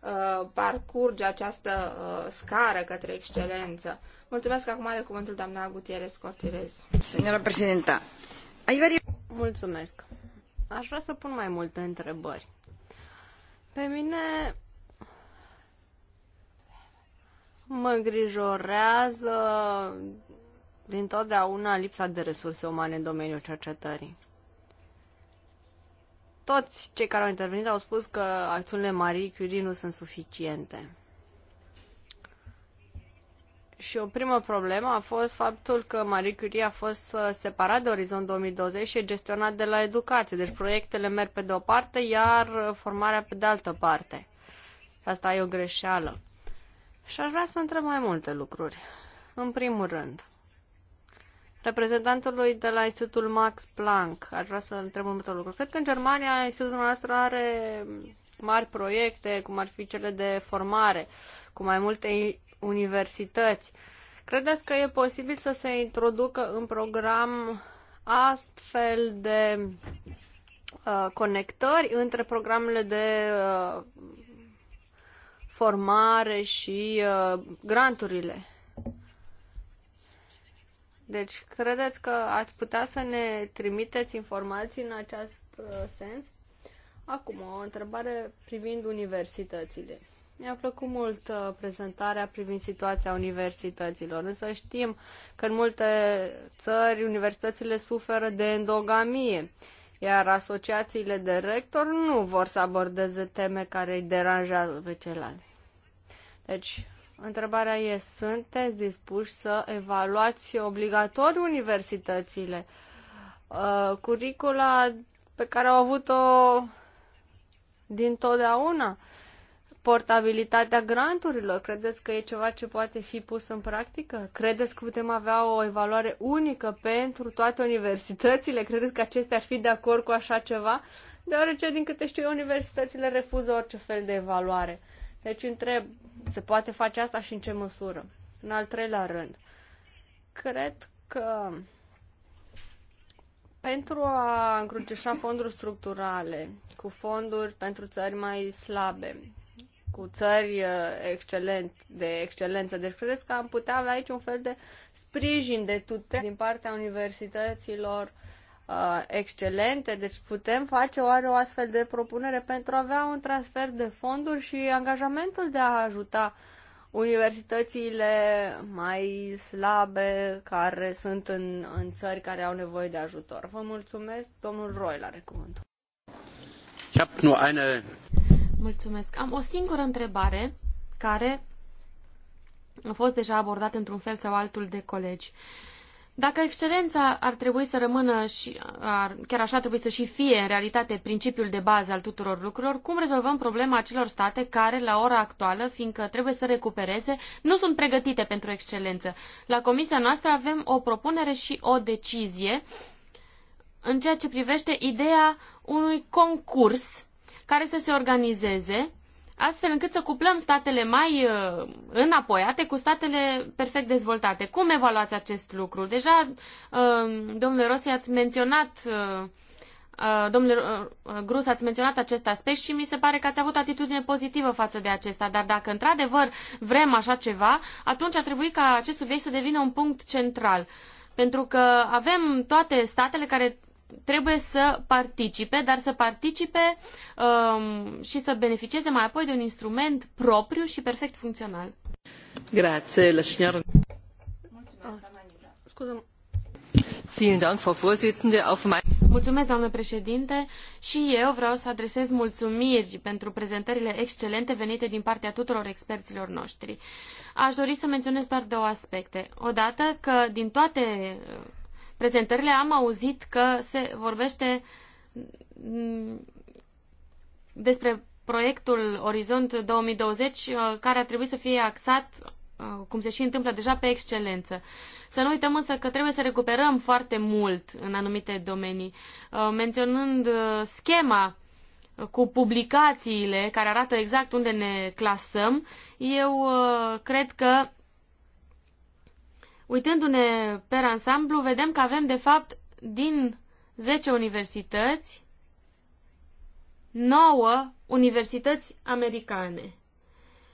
uh, parcurge această uh, scară către excelență. Mulțumesc, acum are cuvântul doamna Gutierrez Cortirez. Senora președinta, ai Mulțumesc. Aș vrea să pun mai multe întrebări. Pe mine mă îngrijorează din totdeauna lipsa de resurse umane în domeniul cercetării. Toți cei care au intervenit au spus că acțiunile Marie Curie nu sunt suficiente. Și o primă problemă a fost faptul că Marie Curie a fost uh, separat de Orizont 2020 și e gestionat de la educație. Deci proiectele merg pe de o parte, iar uh, formarea pe de altă parte. Asta e o greșeală. Și aș vrea să întreb mai multe lucruri. În primul rând, reprezentantului de la Institutul Max Planck, aș vrea să întreb multe lucruri. Cred că în Germania institutul nostru are mari proiecte, cum ar fi cele de formare, cu mai multe universități. Credeți că e posibil să se introducă în program astfel de uh, conectări între programele de uh, formare și uh, granturile? Deci, credeți că ați putea să ne trimiteți informații în acest uh, sens? Acum, o întrebare privind universitățile. Mi-a plăcut mult uh, prezentarea privind situația universităților, însă știm că în multe țări universitățile suferă de endogamie, iar asociațiile de rector nu vor să abordeze teme care îi deranjează pe ceilalți. Deci, întrebarea e, sunteți dispuși să evaluați obligatoriu universitățile uh, curicula pe care au avut-o din totdeauna? portabilitatea granturilor? Credeți că e ceva ce poate fi pus în practică? Credeți că putem avea o evaluare unică pentru toate universitățile? Credeți că acestea ar fi de acord cu așa ceva? Deoarece, din câte știu, universitățile refuză orice fel de evaluare. Deci întreb, se poate face asta și în ce măsură? În al treilea rând, cred că pentru a încrucișa fonduri structurale cu fonduri pentru țări mai slabe, cu țări uh, excelent, de excelență. Deci credeți că am putea avea aici un fel de sprijin de tute din partea universităților uh, excelente? Deci putem face oare o astfel de propunere pentru a avea un transfer de fonduri și angajamentul de a ajuta universitățile mai slabe care sunt în, în țări care au nevoie de ajutor. Vă mulțumesc, domnul Roy, la cuvântul. Mulțumesc. Am o singură întrebare care a fost deja abordată într-un fel sau altul de colegi. Dacă excelența ar trebui să rămână și ar, chiar așa trebuie să și fie în realitate principiul de bază al tuturor lucrurilor, cum rezolvăm problema acelor state care la ora actuală, fiindcă trebuie să recupereze, nu sunt pregătite pentru excelență? La comisia noastră avem o propunere și o decizie în ceea ce privește ideea unui concurs care să se organizeze astfel încât să cuplăm statele mai uh, înapoiate cu statele perfect dezvoltate. Cum evaluați acest lucru? Deja, uh, domnule Rossi, ați menționat uh, domnule Grus, ați menționat acest aspect și mi se pare că ați avut atitudine pozitivă față de acesta, dar dacă într-adevăr vrem așa ceva, atunci ar trebui ca acest subiect să devină un punct central. Pentru că avem toate statele care trebuie să participe, dar să participe um, și să beneficieze mai apoi de un instrument propriu și perfect funcțional. Grazie, la signora. Mulțumesc, scuză Mulțumesc, doamnă președinte, și eu vreau să adresez mulțumiri pentru prezentările excelente venite din partea tuturor experților noștri. Aș dori să menționez doar două aspecte. Odată că din toate prezentările am auzit că se vorbește mm, despre proiectul Orizont 2020 uh, care ar trebui să fie axat, uh, cum se și întâmplă deja, pe excelență. Să nu uităm însă că trebuie să recuperăm foarte mult în anumite domenii. Uh, menționând schema cu publicațiile care arată exact unde ne clasăm, eu cred că Uitându-ne pe ansamblu, vedem că avem, de fapt, din 10 universități, 9 universități americane.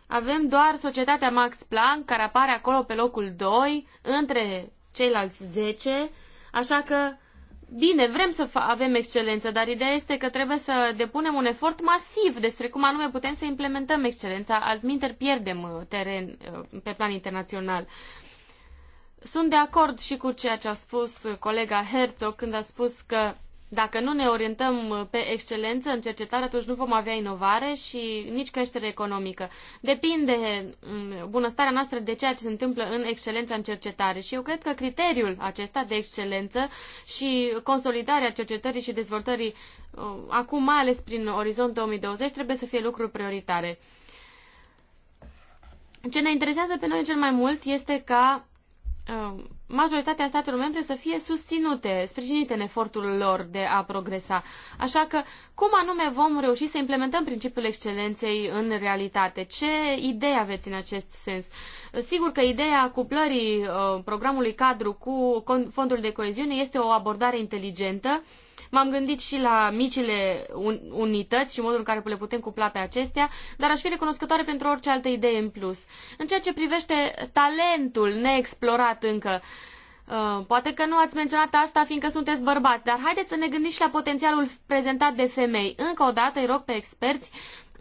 Avem doar societatea Max Planck, care apare acolo pe locul 2, între ceilalți 10, așa că, bine, vrem să avem excelență, dar ideea este că trebuie să depunem un efort masiv despre cum anume putem să implementăm excelența, altminteri pierdem uh, teren uh, pe plan internațional. Sunt de acord și cu ceea ce a spus colega Herzog când a spus că dacă nu ne orientăm pe excelență în cercetare, atunci nu vom avea inovare și nici creștere economică. Depinde mm, bunăstarea noastră de ceea ce se întâmplă în excelența în cercetare și eu cred că criteriul acesta de excelență și consolidarea cercetării și dezvoltării, mm, acum mai ales prin Orizont 2020, trebuie să fie lucruri prioritare. Ce ne interesează pe noi cel mai mult este ca Uh, majoritatea statelor membre să fie susținute, sprijinite în efortul lor de a progresa. Așa că, cum anume vom reuși să implementăm principiul excelenței în realitate? Ce idei aveți în acest sens? Uh, sigur că ideea cuplării uh, programului cadru cu fondul de coeziune este o abordare inteligentă, uh, M-am gândit și la micile unități și modul în care le putem cupla pe acestea, dar aș fi recunoscătoare pentru orice altă idee în plus. În ceea ce privește talentul neexplorat încă, Uh, poate că nu ați menționat asta fiindcă sunteți bărbați, dar haideți să ne gândim și la potențialul prezentat de femei. Încă o dată îi rog pe experți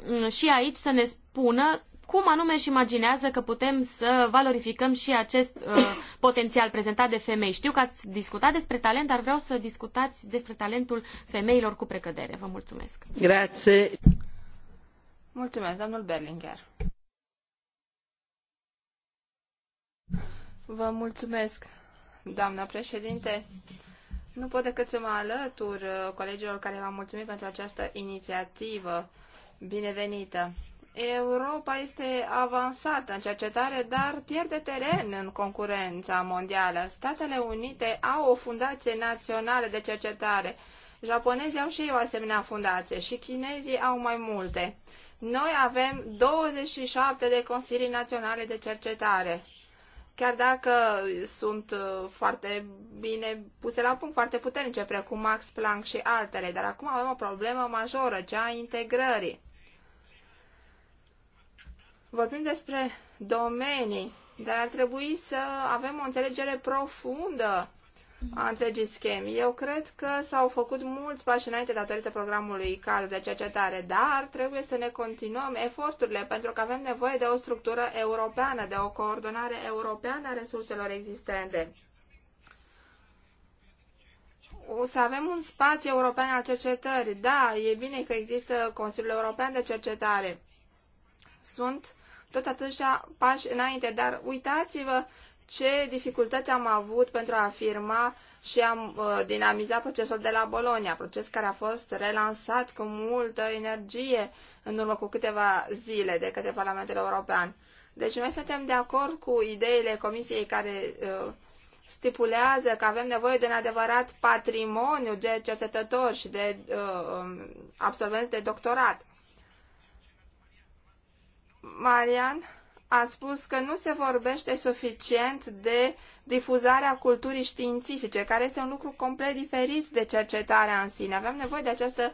uh, și aici să ne spună cum anume își imaginează că putem să valorificăm și acest uh, potențial prezentat de femei. Știu că ați discutat despre talent, dar vreau să discutați despre talentul femeilor cu precădere. Vă mulțumesc. Grație. Mulțumesc, domnul Berlinger. Vă mulțumesc, doamna președinte. Nu pot decât să mă alătur uh, colegilor care v am mulțumit pentru această inițiativă binevenită. Europa este avansată în cercetare, dar pierde teren în concurența mondială. Statele Unite au o fundație națională de cercetare. Japonezii au și ei o asemenea fundație și chinezii au mai multe. Noi avem 27 de consilii naționale de cercetare. Chiar dacă sunt uh, foarte bine puse la punct, foarte puternice, precum Max Planck și altele, dar acum avem o problemă majoră, cea a integrării vorbim despre domenii, dar ar trebui să avem o înțelegere profundă a întregii scheme. Eu cred că s-au făcut mulți pași înainte datorită programului cadru de cercetare, dar trebuie să ne continuăm eforturile pentru că avem nevoie de o structură europeană, de o coordonare europeană a resurselor existente. O să avem un spațiu european al cercetării. Da, e bine că există Consiliul European de Cercetare. Sunt tot atâția pași înainte, dar uitați-vă ce dificultăți am avut pentru a afirma și uh, dinamiza procesul de la Bologna, proces care a fost relansat cu multă energie în urmă cu câteva zile de către Parlamentul European. Deci noi suntem de acord cu ideile Comisiei care uh, stipulează că avem nevoie de un adevărat patrimoniu de cercetători și de uh, um, absolvenți de doctorat. Marian a spus că nu se vorbește suficient de difuzarea culturii științifice, care este un lucru complet diferit de cercetarea în sine. Avem nevoie de această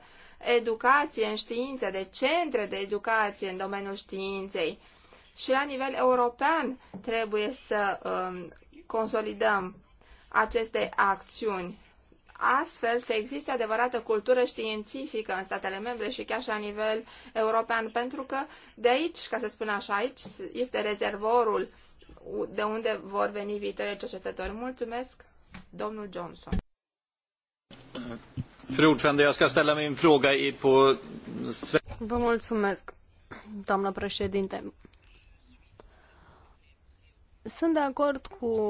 educație în știință, de centre de educație în domeniul științei. Și la nivel european trebuie să um, consolidăm aceste acțiuni astfel să existe adevărată cultură științifică în statele membre și chiar și la nivel european, pentru că de aici, ca să spun așa, aici este rezervorul de unde vor veni viitorii cercetători. Mulțumesc, domnul Johnson. Vă mulțumesc, doamnă președinte. Sunt de acord cu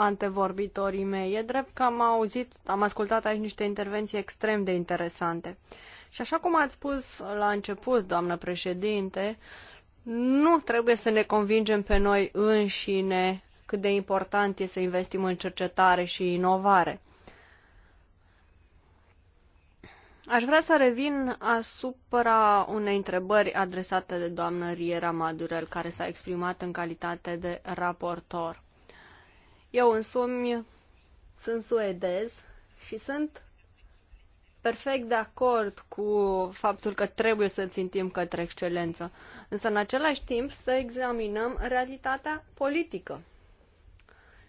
antevorbitorii mei. E drept că am auzit, am ascultat aici niște intervenții extrem de interesante. Și așa cum ați spus la început, doamnă președinte, nu trebuie să ne convingem pe noi înșine cât de important e să investim în cercetare și inovare. Aș vrea să revin asupra unei întrebări adresate de doamnă Riera Madurel, care s-a exprimat în calitate de raportor. Eu însumi sunt suedez și sunt perfect de acord cu faptul că trebuie să țintim către excelență, însă în același timp să examinăm realitatea politică.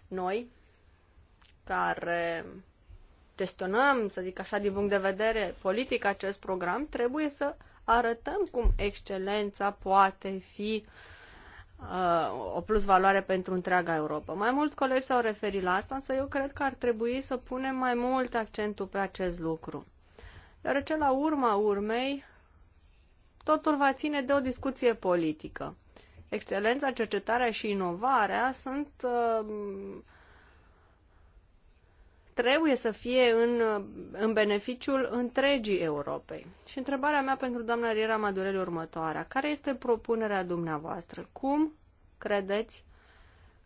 Noi, care gestionăm, să zic așa, din punct de vedere politic acest program, trebuie să arătăm cum excelența poate fi uh, Uh, o plusvaloare pentru întreaga Europa. Mai mulți colegi s-au referit la asta, însă eu cred că ar trebui să punem mai mult accentul pe acest lucru. Deoarece, la urma urmei, totul va ține de o discuție politică. Excelența, cercetarea și inovarea sunt uh, trebuie să fie în, în beneficiul întregii Europei. Și întrebarea mea pentru doamna Riera Madurel următoarea. Care este propunerea dumneavoastră? Cum credeți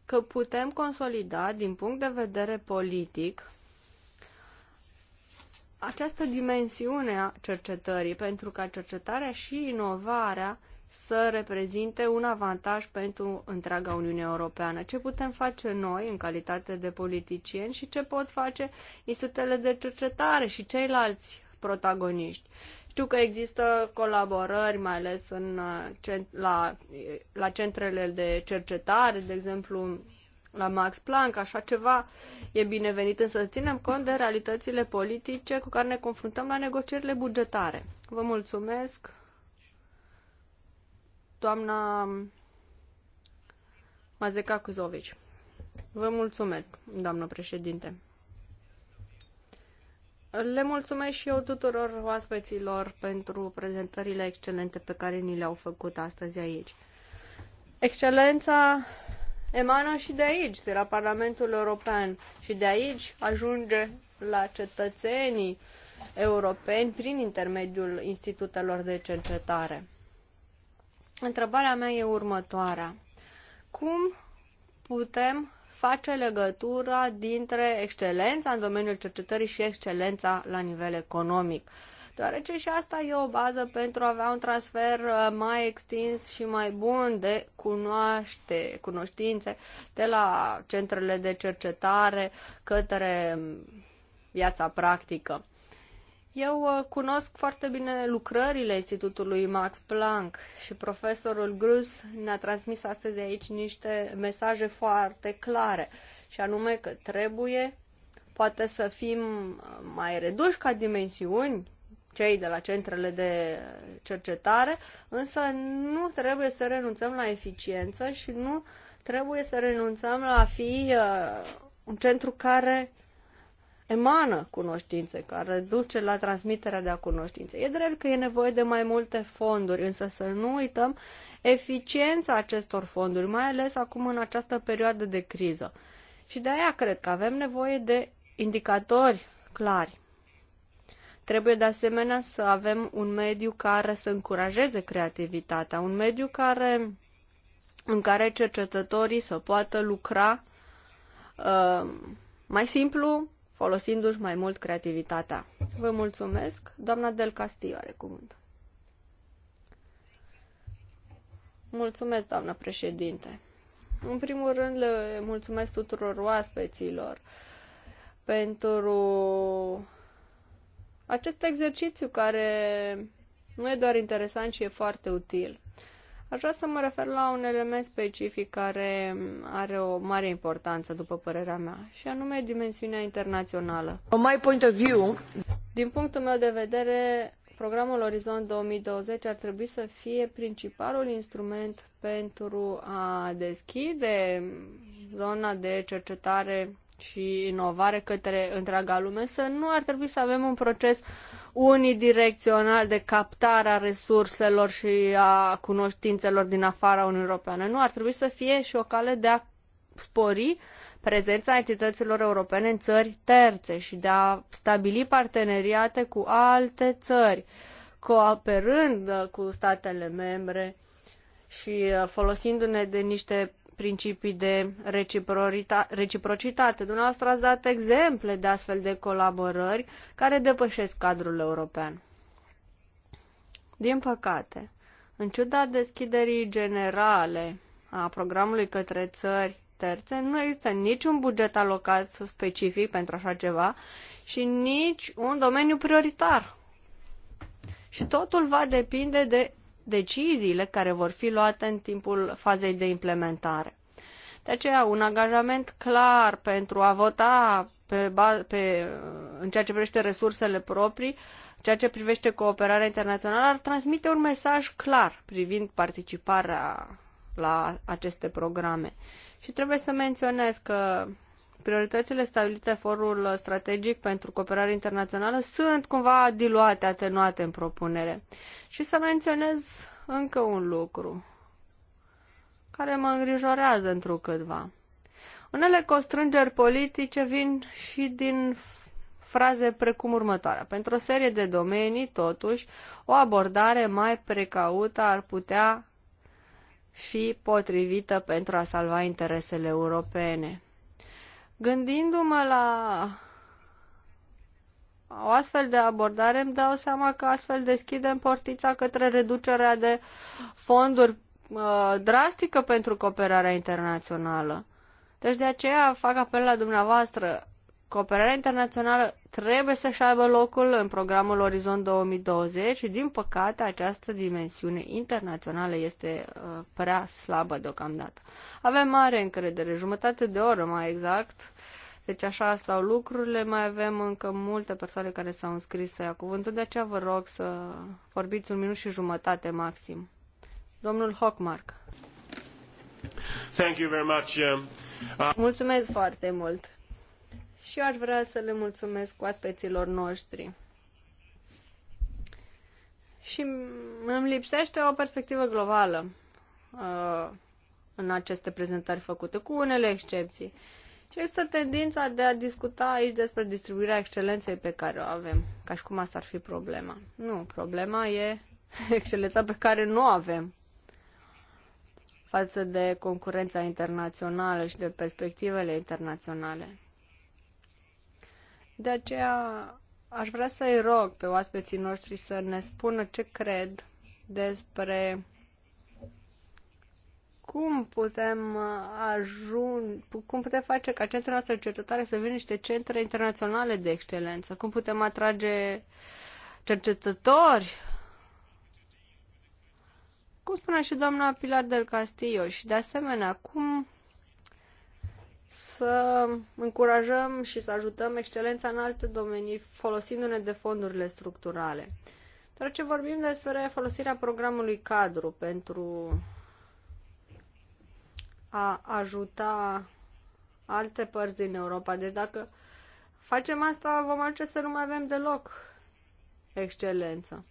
că putem consolida din punct de vedere politic această dimensiune a cercetării, pentru ca cercetarea și inovarea să reprezinte un avantaj pentru întreaga Uniune Europeană. Ce putem face noi în calitate de politicieni și ce pot face institutele de cercetare și ceilalți protagoniști. Știu că există colaborări, mai ales în, uh, la, uh, la centrele de cercetare, de exemplu la Max Planck, așa ceva e binevenit, însă ținem cont de realitățile politice cu care ne confruntăm la negocierile bugetare. Vă mulțumesc! doamna Mazeca Cuzovici. Vă mulțumesc, doamnă președinte. Le mulțumesc și eu tuturor oaspeților pentru prezentările excelente pe care ni le-au făcut astăzi aici. Excelența emană și de aici, de la Parlamentul European și de aici ajunge la cetățenii europeni prin intermediul institutelor de cercetare. Întrebarea mea e următoarea. Cum putem face legătura dintre excelența în domeniul cercetării și excelența la nivel economic? Deoarece și asta e o bază pentru a avea un transfer uh, mai extins și mai bun de cunoaște, cunoștințe de la centrele de cercetare către mm, viața practică. Eu uh, cunosc foarte bine lucrările Institutului Max Planck și profesorul Grus ne-a transmis astăzi aici niște mesaje foarte clare, și anume că trebuie poate să fim uh, mai reduși ca dimensiuni, cei de la centrele de cercetare, însă nu trebuie să renunțăm la eficiență și nu trebuie să renunțăm la a fi uh, un centru care emană cunoștințe, care duce la transmiterea de a cunoștințe. E drept că e nevoie de mai multe fonduri, însă să nu uităm eficiența acestor fonduri, mai ales acum în această perioadă de criză. Și de aia cred că avem nevoie de indicatori clari. Trebuie de asemenea să avem un mediu care să încurajeze creativitatea, un mediu care, în care cercetătorii să poată lucra uh, mai simplu folosindu-și mai mult creativitatea. Vă mulțumesc. Doamna Del Castillo are cuvânt. Mulțumesc, doamnă președinte. În primul rând, le mulțumesc tuturor oaspeților pentru acest exercițiu care nu e doar interesant, ci e foarte util. Aș vrea să mă refer la un element specific care are o mare importanță, după părerea mea, și anume dimensiunea internațională. From my point of view... Din punctul meu de vedere, programul Orizont 2020 ar trebui să fie principalul instrument pentru a deschide zona de cercetare și inovare către întreaga lume, să nu ar trebui să avem un proces uh, unidirecțional de captare a resurselor și a cunoștințelor din afara Uniunii Europene. Nu, ar trebui să fie și o cale de a spori prezența entităților europene în țări terțe și de a stabili parteneriate cu alte țări, cooperând cu statele membre și folosindu-ne de niște principii de reciprocitate. Dumneavoastră ați dat exemple de astfel de colaborări care depășesc cadrul european. Din păcate, în ciuda deschiderii generale a programului către țări terțe, nu există niciun buget alocat specific pentru așa ceva și nici un domeniu prioritar. Și totul va depinde de deciziile care vor fi luate în timpul fazei de implementare. De aceea, un angajament clar pentru a vota pe, pe, în ceea ce privește resursele proprii, în ceea ce privește cooperarea internațională, ar transmite un mesaj clar privind participarea la aceste programe. Și trebuie să menționez că prioritățile stabilite forul strategic pentru cooperare internațională sunt cumva diluate, atenuate în propunere. Și să menționez încă un lucru care mă îngrijorează întrucâtva. Unele constrângeri politice vin și din fraze precum următoarea. Pentru o serie de domenii, totuși, o abordare mai precaută ar putea fi potrivită pentru a salva interesele europene. Gândindu-mă la o astfel de abordare, îmi dau seama că astfel deschidem portița către reducerea de fonduri uh, drastică pentru cooperarea internațională. Deci de aceea fac apel la dumneavoastră, Cooperarea internațională trebuie să-și aibă locul în programul Orizont 2020 și, din păcate, această dimensiune internațională este uh, prea slabă deocamdată. Avem mare încredere, jumătate de oră mai exact, deci așa stau lucrurile, mai avem încă multe persoane care s-au înscris să ia cuvântul, de aceea vă rog să vorbiți un minut și jumătate maxim. Domnul Hockmark. Thank you very much. Um, uh, Mulțumesc foarte mult și eu aș vrea să le mulțumesc oaspeților noștri. Și îmi lipsește o perspectivă globală uh, în aceste prezentări făcute, cu unele excepții. Și este tendința de a discuta aici despre distribuirea excelenței pe care o avem, ca și cum asta ar fi problema. Nu, problema e excelența pe care nu o avem față de concurența internațională și de perspectivele internaționale. De aceea aș vrea să-i rog pe oaspeții noștri să ne spună ce cred despre cum putem ajunge, cum putem face ca centrul noastre de cercetare să vină niște centre internaționale de excelență, cum putem atrage cercetători. Cum spunea și doamna Pilar del Castillo și de asemenea, cum să încurajăm și să ajutăm excelența în alte domenii folosindu-ne de fondurile structurale. Dar ce vorbim despre folosirea programului cadru pentru a ajuta alte părți din Europa. Deci dacă facem asta, vom ajunge să nu mai avem deloc excelență.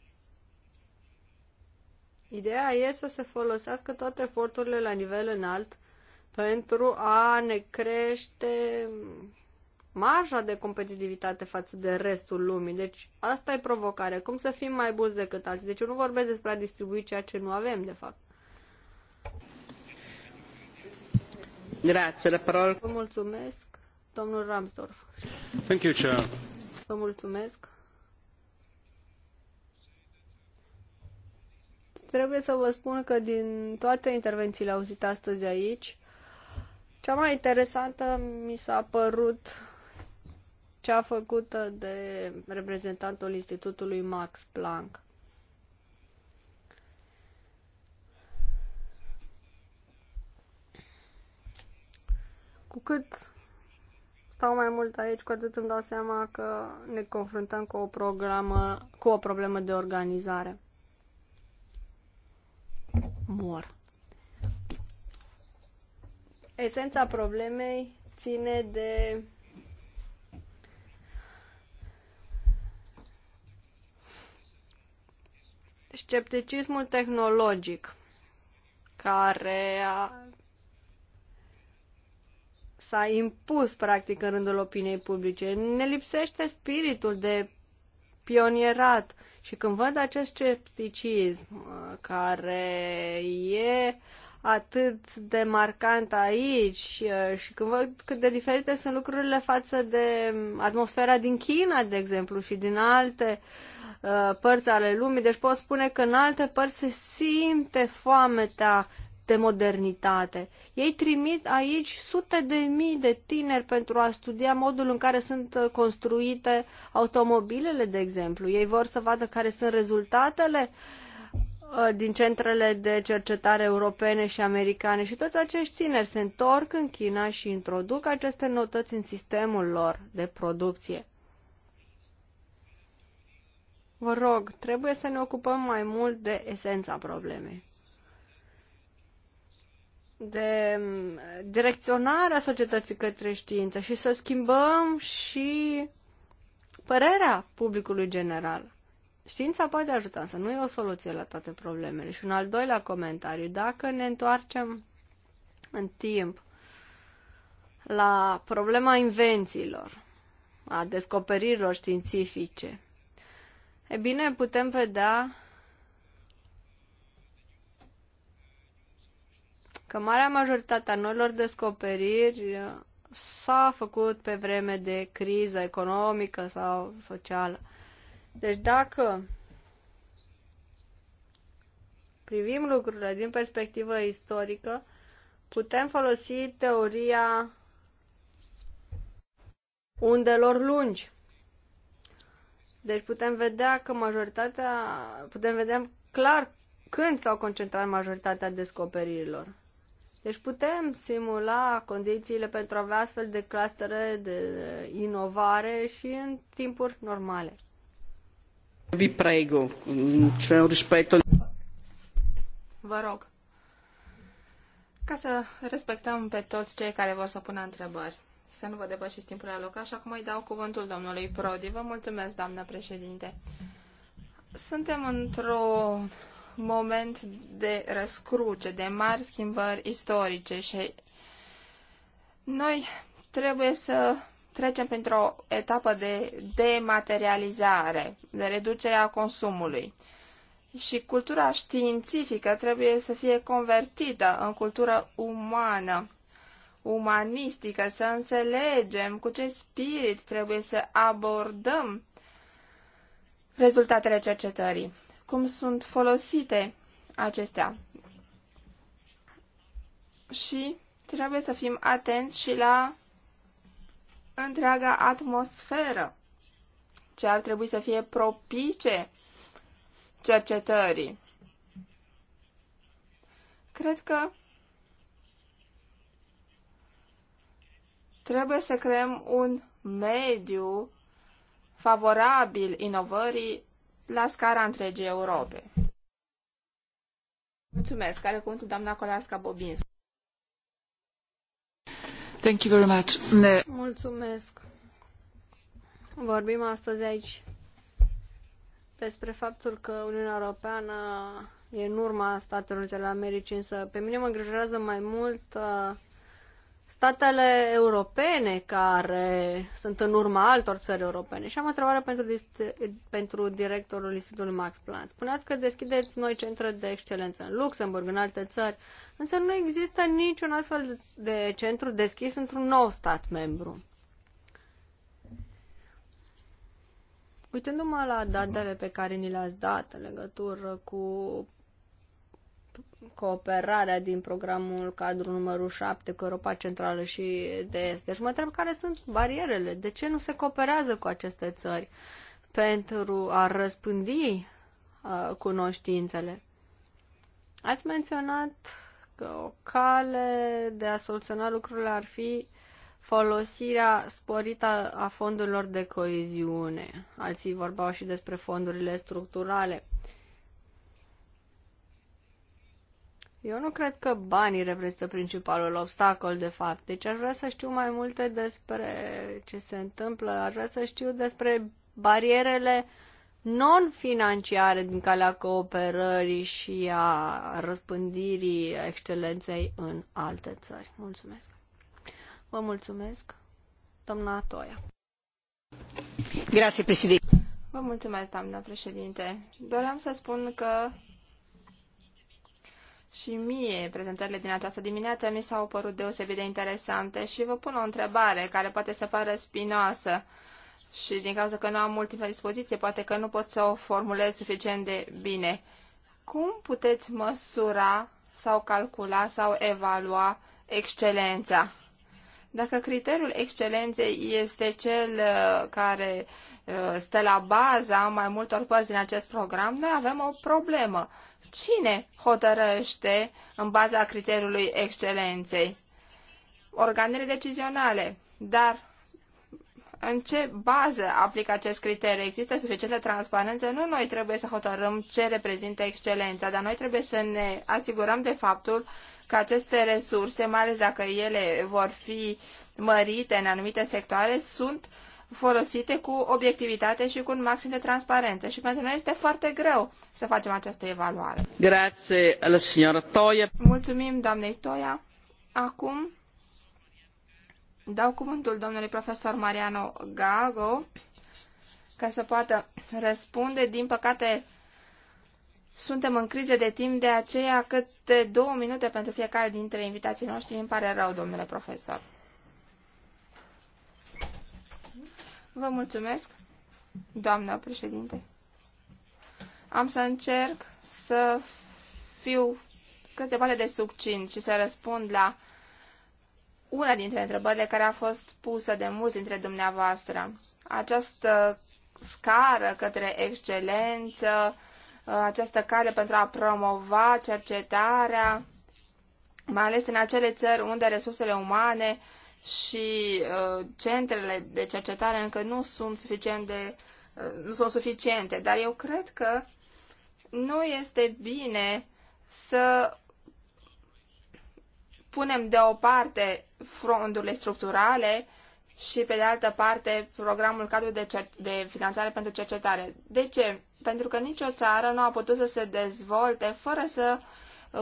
Ideea e să se folosească toate eforturile la nivel înalt pentru a ne crește marja de competitivitate față de restul lumii. Deci asta e provocarea, cum să fim mai buni decât alții. Deci eu nu vorbesc despre a distribui ceea ce nu avem, de fapt. Grazie, la parola. Vă mulțumesc, domnul Ramsdorf. Thank you, Chair. Vă mulțumesc. Trebuie să vă spun că din toate intervențiile auzite astăzi aici, cea mai interesantă mi s-a părut cea făcută de reprezentantul Institutului Max Planck. Cu cât stau mai mult aici, cu atât îmi dau seama că ne confruntăm cu o, programă, cu o problemă de organizare. Mor esența problemei ține de scepticismul tehnologic care a, s-a impus practic în rândul opiniei publice. Ne lipsește spiritul de pionierat și când văd acest scepticism uh, care e uh, atât de marcant aici uh, și când văd cât de diferite sunt lucrurile față de mm, atmosfera din China, de exemplu, și din alte uh, părți ale lumii, deci pot spune că în alte părți se simte foamea de modernitate. Ei trimit aici sute de mii de tineri pentru a studia modul în care sunt uh, construite automobilele, de exemplu. Ei vor să vadă care sunt rezultatele uh, Uh, din centrele de cercetare europene și americane și toți acești tineri se întorc în China și introduc aceste notăți în sistemul lor de producție. Vă rog, trebuie să ne ocupăm mai mult de esența problemei. De mm, direcționarea societății către știință și să schimbăm și părerea publicului general. Știința poate ajuta, însă nu e o soluție la toate problemele. Și un al doilea comentariu, dacă ne întoarcem în timp la problema invențiilor, a descoperirilor științifice, e bine, putem vedea că marea majoritate a noilor descoperiri s-a făcut pe vreme de criză economică sau socială. Deci dacă privim lucrurile din perspectivă istorică, putem folosi teoria undelor lungi. Deci putem vedea că majoritatea, putem vedea clar când s-au concentrat majoritatea descoperirilor. Deci putem simula condițiile pentru a avea astfel de clustere de inovare și în timpuri normale. Vi prego, c'è un rispetto. Vă rog, ca să respectăm pe toți cei care vor să pună întrebări, să nu vă depășiți timpul la alocat așa cum îi dau cuvântul domnului Prodi. Vă mulțumesc, doamnă președinte. Suntem într-un moment de răscruce, de mari schimbări istorice și noi trebuie să trecem printr-o etapă de dematerializare, de reducere a consumului. Și cultura științifică trebuie să fie convertită în cultură umană, umanistică, să înțelegem cu ce spirit trebuie să abordăm rezultatele cercetării, cum sunt folosite acestea. Și trebuie să fim atenți și la întreaga atmosferă ce ar trebui să fie propice cercetării. Cred că trebuie să creăm un mediu favorabil inovării la scara întregii Europe. Mulțumesc. Care cuvântul doamna Colarska Bobinsu. Mulțumesc. Vorbim astăzi aici despre faptul că Uniunea Europeană e în urma Statelor Unite ale Americii, însă pe mine mă îngrijorează mai mult uh, statele europene care sunt în urma altor țări europene. Și am o întrebare pentru, pentru directorul Institutului Max Planck. Spuneați că deschideți noi centre de excelență în Luxemburg, în alte țări, însă nu există niciun astfel de centru deschis într-un nou stat membru. Uitându-mă la datele pe care ni le-ați dat în legătură cu cooperarea din programul cadru numărul 7 cu Europa Centrală și de Est. Deci mă întreb care sunt barierele, de ce nu se cooperează cu aceste țări pentru a răspândi uh, cunoștințele. Ați menționat că o cale de a soluționa lucrurile ar fi folosirea sporită a fondurilor de coeziune. Alții vorbeau și despre fondurile structurale. Eu nu cred că banii reprezintă principalul obstacol, de fapt. Deci aș vrea să știu mai multe despre ce se întâmplă, aș vrea să știu despre barierele non-financiare din calea cooperării și a răspândirii excelenței în alte țări. Mulțumesc! Vă mulțumesc, doamna Toia. Grazie, președinte. Vă mulțumesc, doamna președinte. Doream să spun că și mie prezentările din această dimineață mi s-au părut deosebit de interesante și vă pun o întrebare care poate să pară spinoasă și din cauza că nu am mult timp la dispoziție, poate că nu pot să o formulez suficient de bine. Cum puteți măsura sau calcula sau evalua excelența? Dacă criteriul excelenței este cel uh, care uh, stă la baza mai multor părți din acest program, noi avem o problemă Cine hotărăște în baza criteriului excelenței? Organele decizionale. Dar în ce bază aplică acest criteriu? Există suficientă transparență? Nu noi trebuie să hotărâm ce reprezintă excelența, dar noi trebuie să ne asigurăm de faptul că aceste resurse, mai ales dacă ele vor fi mărite în anumite sectoare, sunt uh, folosite cu obiectivitate și cu un maxim de transparență. Și pentru noi este foarte greu să facem această evaluare. Grazie signora Toia. Mulțumim, doamnei Toia. Acum dau cuvântul domnului profesor Mariano Gago ca să poată răspunde. Din păcate, suntem în criză de timp, de aceea câte două minute pentru fiecare dintre invitații noștri. Îmi pare rău, domnule profesor. Vă mulțumesc, doamna președinte. Am să încerc să fiu cât se poate de succint și să răspund la una dintre întrebările care a fost pusă de mulți dintre dumneavoastră. Această scară către excelență, această cale pentru a promova cercetarea, mai ales în acele țări unde resursele umane uh, și uh, centrele de cercetare încă nu sunt suficient de uh, nu sunt suficiente, dar eu cred că nu este bine să punem deoparte fondurile structurale și, pe de altă parte, programul cadru de, de finanțare pentru cercetare. De ce? Pentru că nicio țară nu a putut să se dezvolte fără să uh,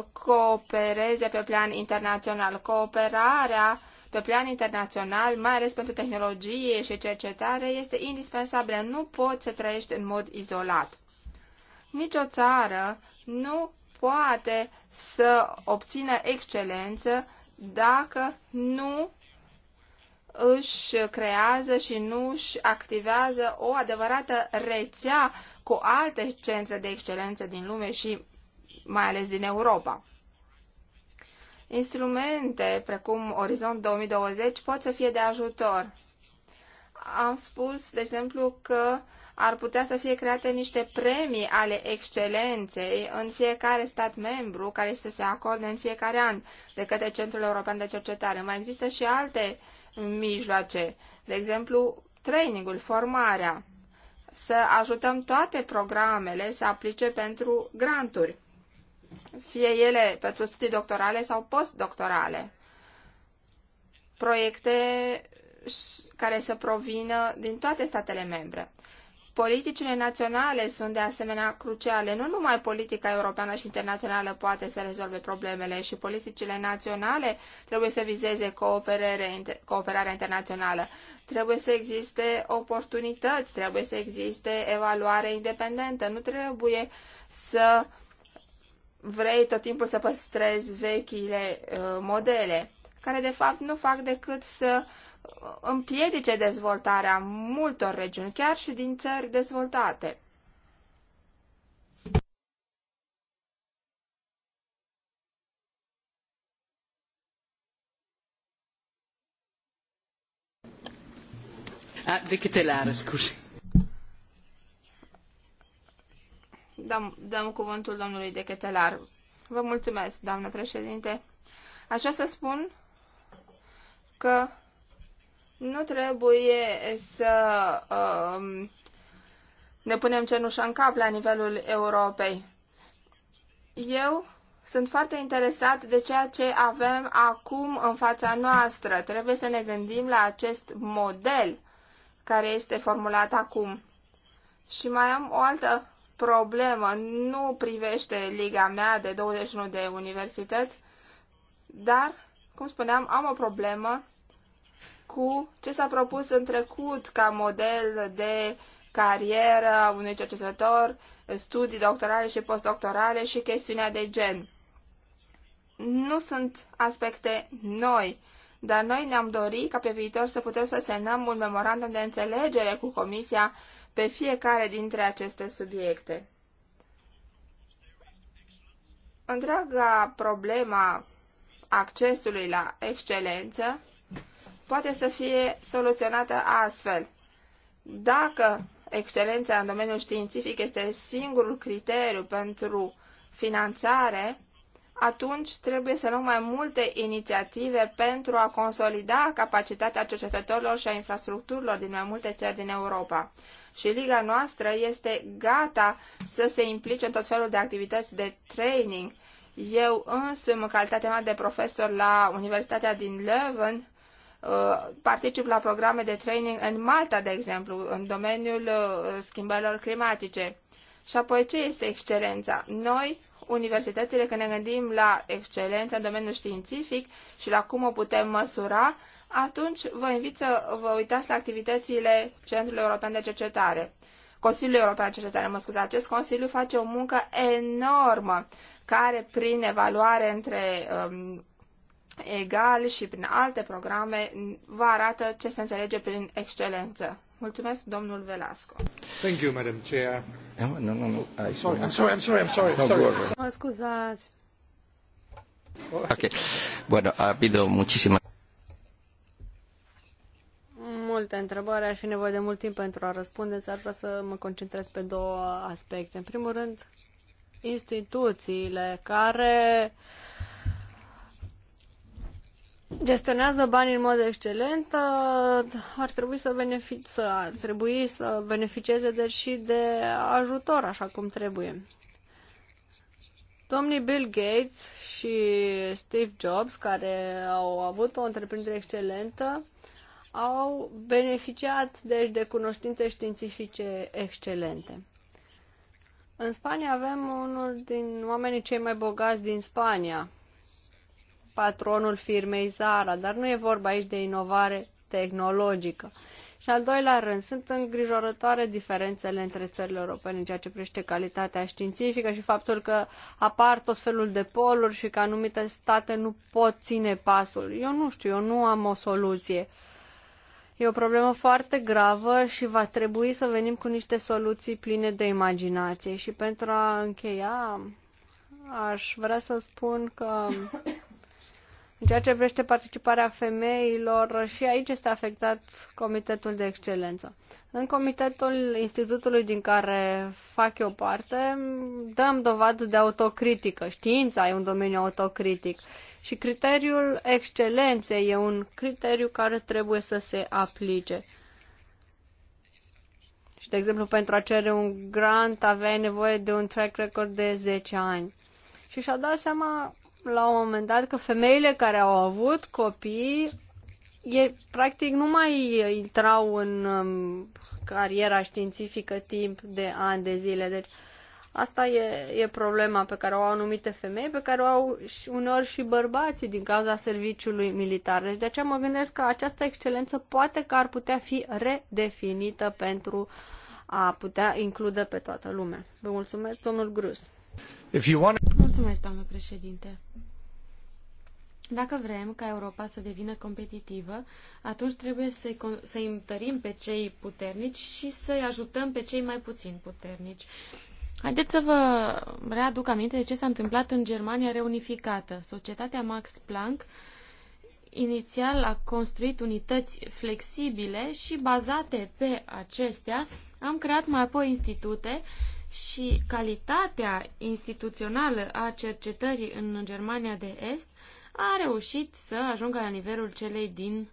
coopereze pe plan internațional. Cooperarea pe plan internațional, mai ales pentru tehnologie și cercetare, este indispensabilă. Nu poți să trăiești în mod izolat. Nici o țară nu poate să obțină excelență dacă nu își creează și nu își activează o adevărată rețea cu alte centre de excelență din lume și mai ales din Europa. Instrumente precum Orizont 2020 pot să fie de ajutor. Am spus, de exemplu, că ar putea să fie create niște premii ale excelenței în fiecare stat membru care să se acorde în fiecare an de către Centrul European de Cercetare. Mai există și alte mijloace, de exemplu, trainingul, formarea, să ajutăm toate programele să aplice pentru granturi fie ele pentru studii doctorale sau postdoctorale. Proiecte care să provină din toate statele membre. Politicile naționale sunt de asemenea cruciale. Nu numai politica europeană și internațională poate să rezolve problemele și politicile naționale trebuie să vizeze cooperare, cooperarea internațională. Trebuie să existe oportunități, trebuie să existe evaluare independentă. Nu trebuie să uh, vrei tot timpul să păstrezi vechile uh, modele, care de fapt nu fac decât să uh, împiedice dezvoltarea multor regiuni, chiar și din țări dezvoltate. Ah, de Chitelară, scuze. dăm, dăm cuvântul domnului de Chetelar. Vă mulțumesc, doamnă președinte. Aș vrea să spun că nu trebuie să uh, ne punem cenușa în cap la nivelul Europei. Eu sunt foarte interesat de ceea ce avem acum în fața noastră. Trebuie să ne gândim la acest model care este formulat acum. Și mai am o altă problemă nu privește liga mea de 21 de universități, dar, cum spuneam, am o problemă cu ce s-a propus în trecut ca model de carieră unui cercetător, studii doctorale și postdoctorale și chestiunea de gen. Nu sunt aspecte noi, dar noi ne-am dorit ca pe viitor să putem să semnăm un memorandum de înțelegere cu Comisia pe fiecare dintre aceste subiecte. Întreaga problema accesului la excelență poate să fie soluționată astfel. Dacă excelența în domeniul științific este singurul criteriu pentru finanțare, atunci trebuie să luăm mai multe inițiative pentru a consolida capacitatea cercetătorilor și a infrastructurilor din mai multe țări din Europa și liga noastră este gata să se implice în tot felul de activități de training. Eu însă, în calitatea mea de profesor la Universitatea din Leuven, uh, particip la programe de training în Malta, de exemplu, în domeniul uh, schimbărilor climatice. Și apoi, ce este excelența? Noi, universitățile, când ne gândim la excelență în domeniul științific și la cum o putem măsura, atunci vă invit să vă uitați la activitățile Centrului European de Cercetare. Consiliul European de Cercetare, mă scuzați, acest Consiliu face o muncă enormă, care prin evaluare între um, egal și prin alte programe vă arată ce se înțelege prin excelență. Mulțumesc, domnul Velasco. Thank you, Madam Chair. No, no, no, no. I'm sorry, I'm sorry, I'm sorry, I'm sorry. sorry. Mă scuzați. Ok. Bueno, ha habido muchísimas multe întrebări, ar fi nevoie de mult timp pentru a răspunde, dar vreau să mă concentrez pe două aspecte. În primul rând, instituțiile care gestionează banii în mod excelent, uh, ar trebui să, benefic- să, ar trebui să beneficieze de și de ajutor, așa cum trebuie. Domnii Bill Gates și Steve Jobs, care au avut o întreprindere excelentă, au beneficiat deci de cunoștințe științifice excelente. În Spania avem unul din oamenii cei mai bogați din Spania, patronul firmei Zara, dar nu e vorba aici de inovare tehnologică. Și al doilea rând, sunt îngrijorătoare diferențele între țările europene în ceea ce privește calitatea științifică și faptul că apar tot felul de poluri și că anumite state nu pot ține pasul. Eu nu știu, eu nu am o soluție. Uh, E o problemă foarte gravă și va trebui să venim cu niște soluții pline de imaginație. Și pentru a încheia, aș vrea să spun că în ceea ce privește participarea femeilor, și aici este afectat Comitetul de Excelență. În Comitetul Institutului din care fac eu parte, dăm dovadă de autocritică. Știința e un domeniu autocritic. Și criteriul excelenței e un criteriu care trebuie să se aplice. Și, de exemplu, pentru a cere un grant aveai nevoie de un track record de 10 ani. Și și-a dat seama la un moment dat că femeile care au avut copii e, practic nu mai intrau în um, cariera științifică timp de ani de zile. Deci asta e, e problema pe care o au anumite femei, pe care o au și, uneori și bărbații din cauza serviciului militar. Deci de aceea mă gândesc că această excelență poate că ar putea fi redefinită pentru a putea include pe toată lumea. Vă mulțumesc, domnul Grus. If you want... Mulțumesc, doamnă președinte. Dacă vrem ca Europa să devină competitivă, atunci trebuie să-i, să întărim pe cei puternici și să-i ajutăm pe cei mai puțin puternici. Haideți să vă readuc aminte de ce s-a întâmplat în Germania reunificată. Societatea Max Planck inițial a construit unități flexibile și bazate pe acestea am creat mai apoi institute și calitatea instituțională a cercetării în Germania de Est a reușit să ajungă la nivelul celei din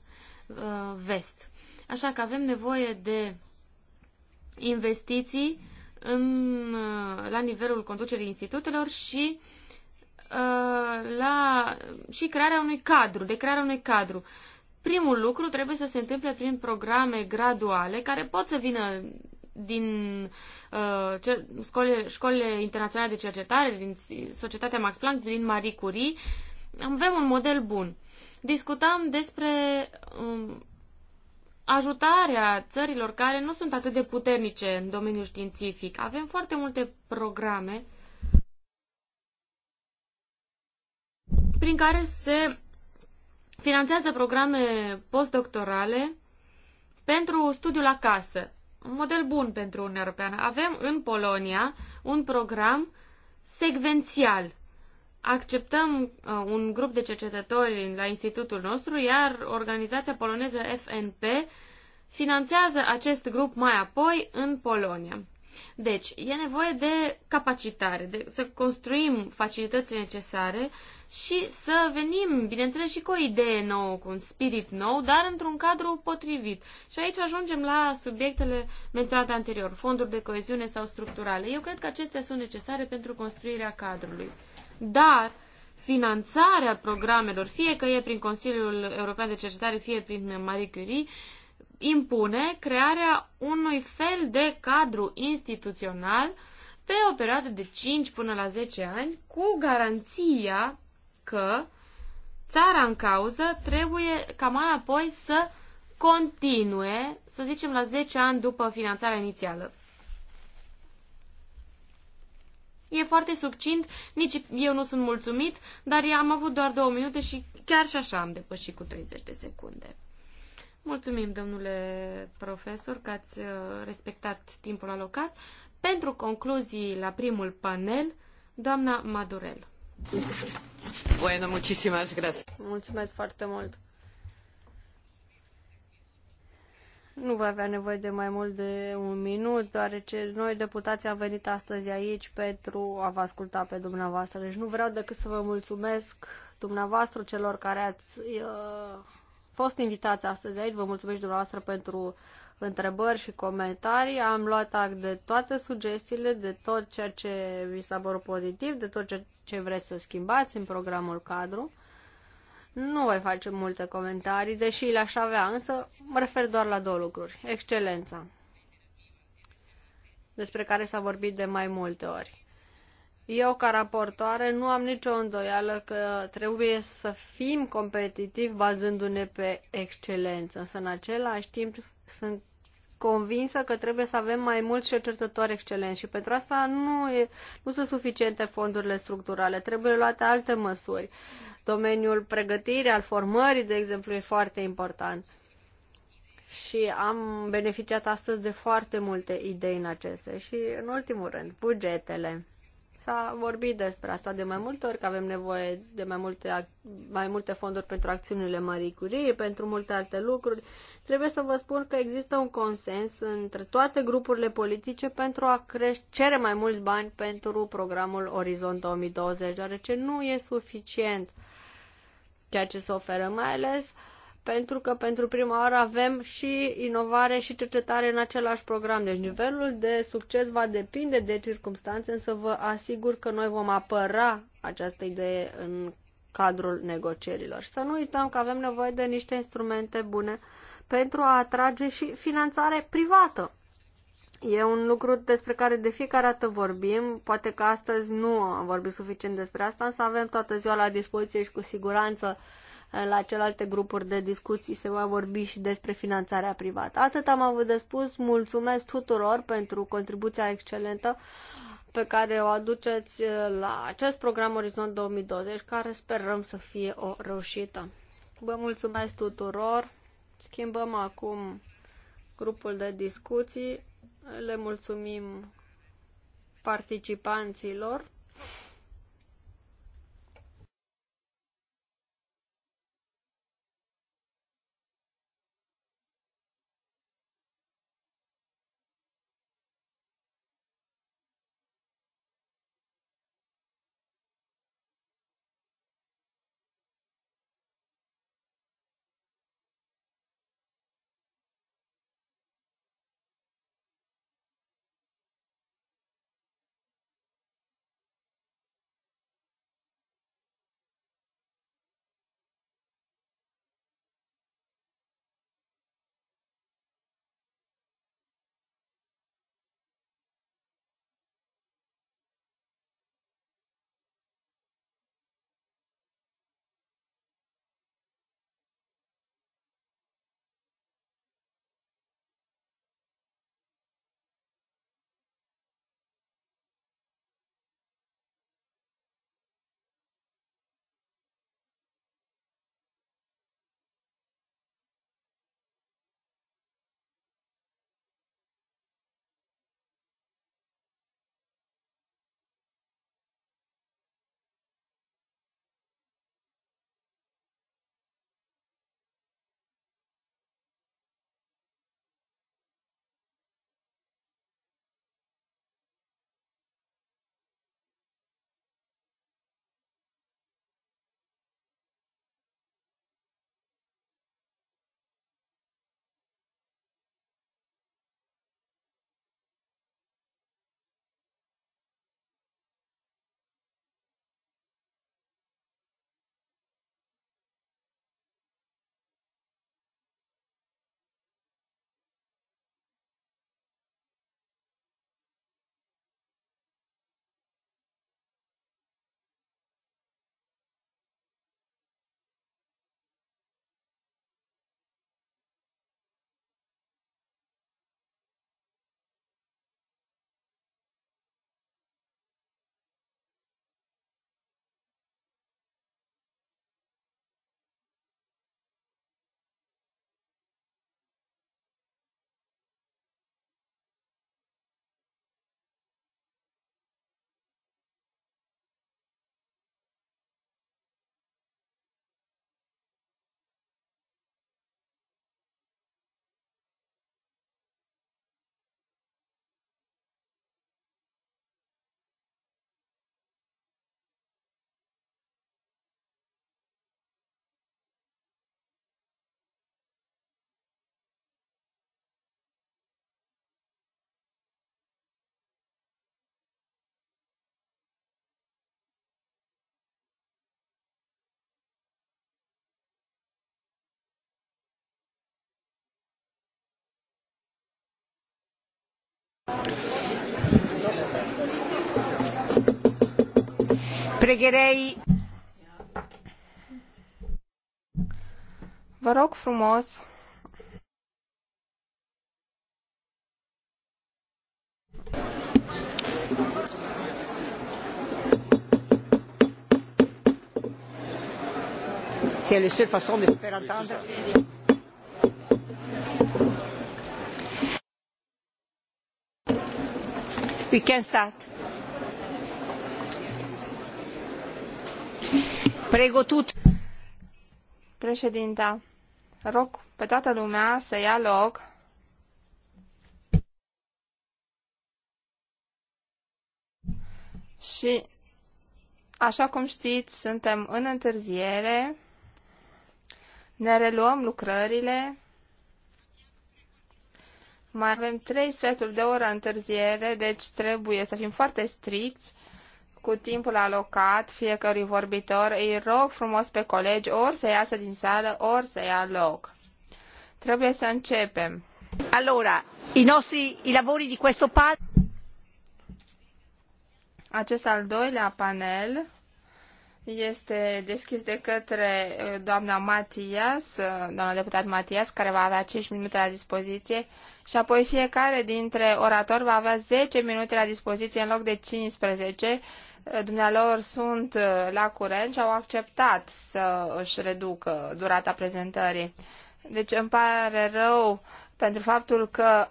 uh, vest. Așa că avem nevoie de investiții în, uh, la nivelul conducerii institutelor și uh, la și crearea unui cadru, de crearea unui cadru. Primul lucru trebuie să se întâmple prin programe graduale care pot să vină din uh, scole, școlile internaționale de cercetare, din societatea Max Planck, din Marie Curie, avem un model bun. Discutam despre um, ajutarea țărilor care nu sunt atât de puternice în domeniul științific. Avem foarte multe programe prin care se finanțează programe postdoctorale pentru studiul acasă un model bun pentru Uniunea Europeană. Avem în Polonia un program secvențial. Acceptăm uh, un grup de cercetători la institutul nostru, iar organizația poloneză FNP finanțează acest grup mai apoi în Polonia. Deci, e nevoie de capacitare, de să construim facilitățile necesare uh, și să venim, bineînțeles, și cu o idee nouă, cu un spirit nou, dar într-un cadru potrivit. Și aici ajungem la subiectele menționate anterior, fonduri de coeziune sau structurale. Eu cred că acestea sunt necesare pentru construirea cadrului. Dar finanțarea programelor, fie că e prin Consiliul European de Cercetare, fie prin Marie Curie, impune crearea unui fel de cadru instituțional pe o perioadă de 5 până la 10 ani cu garanția că țara în cauză trebuie ca mai apoi să continue, să zicem, la 10 ani după finanțarea inițială. E foarte succint, nici eu nu sunt mulțumit, dar am avut doar două minute și chiar și așa am depășit cu 30 de secunde. Mulțumim, domnule profesor, că ați uh, respectat timpul alocat. Pentru concluzii la primul panel, doamna Madurel. Bueno, muchísimas gracias. Mulțumesc foarte mult. Nu voi avea nevoie de mai mult de un minut, deoarece noi deputații am venit astăzi aici pentru a vă asculta pe dumneavoastră. Deci nu vreau decât să vă mulțumesc dumneavoastră celor care ați uh, fost invitați astăzi aici. Vă mulțumesc dumneavoastră pentru întrebări și comentarii. Am luat act de toate sugestiile, de tot ceea ce vi s-a părut pozitiv, de tot ceea ce vreți să schimbați în programul cadru. Nu voi face multe comentarii, deși le-aș avea, însă mă refer doar la două lucruri. Excelența, despre care s-a vorbit de mai multe ori. Eu, ca raportoare, nu am nicio îndoială că trebuie să fim competitivi bazându-ne pe excelență, însă în același timp sunt convinsă că trebuie să avem mai mulți cercetători excelenți și pentru asta nu, e, nu sunt suficiente fondurile structurale, trebuie luate alte măsuri. Domeniul pregătirii, al formării, de exemplu, e foarte important. Și am beneficiat astăzi de foarte multe idei în aceste. Și, în ultimul rând, bugetele. S-a vorbit despre asta de mai multe ori, că avem nevoie de mai multe, mai multe fonduri pentru acțiunile Marie Curie, pentru multe alte lucruri. Trebuie să vă spun că există un consens între toate grupurile politice pentru a crește, cere mai mulți bani pentru programul Orizont 2020, deoarece nu e suficient ceea ce se oferă, mai ales uh, pentru că pentru prima oară avem și inovare și cercetare în același program. Deci nivelul de succes va depinde de circunstanțe, însă vă asigur că noi vom apăra această idee în cadrul negocierilor. Să nu uităm că avem nevoie de niște instrumente bune pentru a atrage și finanțare privată. E un lucru despre care de fiecare dată vorbim, poate că astăzi nu am vorbit suficient despre asta, însă avem toată ziua la dispoziție și cu siguranță uh, la celelalte grupuri de discuții se va vorbi și despre finanțarea privată. Atât am avut de spus. Mulțumesc tuturor pentru contribuția excelentă pe care o aduceți uh, la acest program Orizont 2020, care sperăm să fie o reușită. Vă mulțumesc tuturor. Schimbăm acum grupul de discuții. Le mulțumim participanților. Pregherei. Vă rog frumos. C'est la seule façon de se faire entendre. We can start. Prego Președinta, rog pe toată lumea să ia loc. Și, așa cum știți, suntem în întârziere. Ne reluăm lucrările. Mai avem trei sferturi de oră întârziere, deci trebuie să fim foarte stricți cu timpul alocat fiecărui vorbitor. Îi rog frumos pe colegi ori să iasă din sală, ori să ia loc. Trebuie să începem. Allora, i nostri i lavori di questo panel. Acest al doilea panel este deschis de către uh, doamna Matias, uh, doamna deputat Matias, care va avea 5 minute la dispoziție și apoi fiecare dintre oratori va avea 10 minute la dispoziție în loc de 15. Uh, dumnealor sunt la curent și au acceptat să își reducă durata prezentării. Deci îmi pare rău pentru faptul că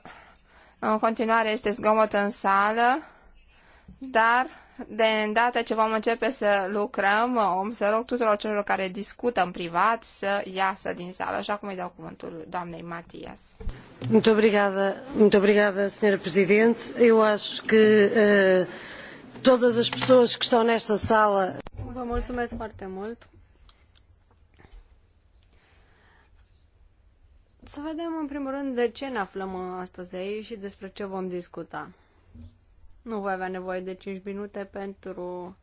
în continuare este zgomot în sală, dar de îndată ce vom începe să lucrăm, om să rog tuturor celor care discută în privat să iasă din sală, așa cum îi dau cuvântul doamnei Matias. Muito obrigada, muito obrigada, Sr. Presidente. Eu acho que uh, todas as pessoas que estão nesta sala. Vă mulțumesc foarte mult. Să vedem în primul rând de ce ne aflăm uh, astăzi aici și despre ce vom discuta. Nu voi avea nevoie de 5 minute pentru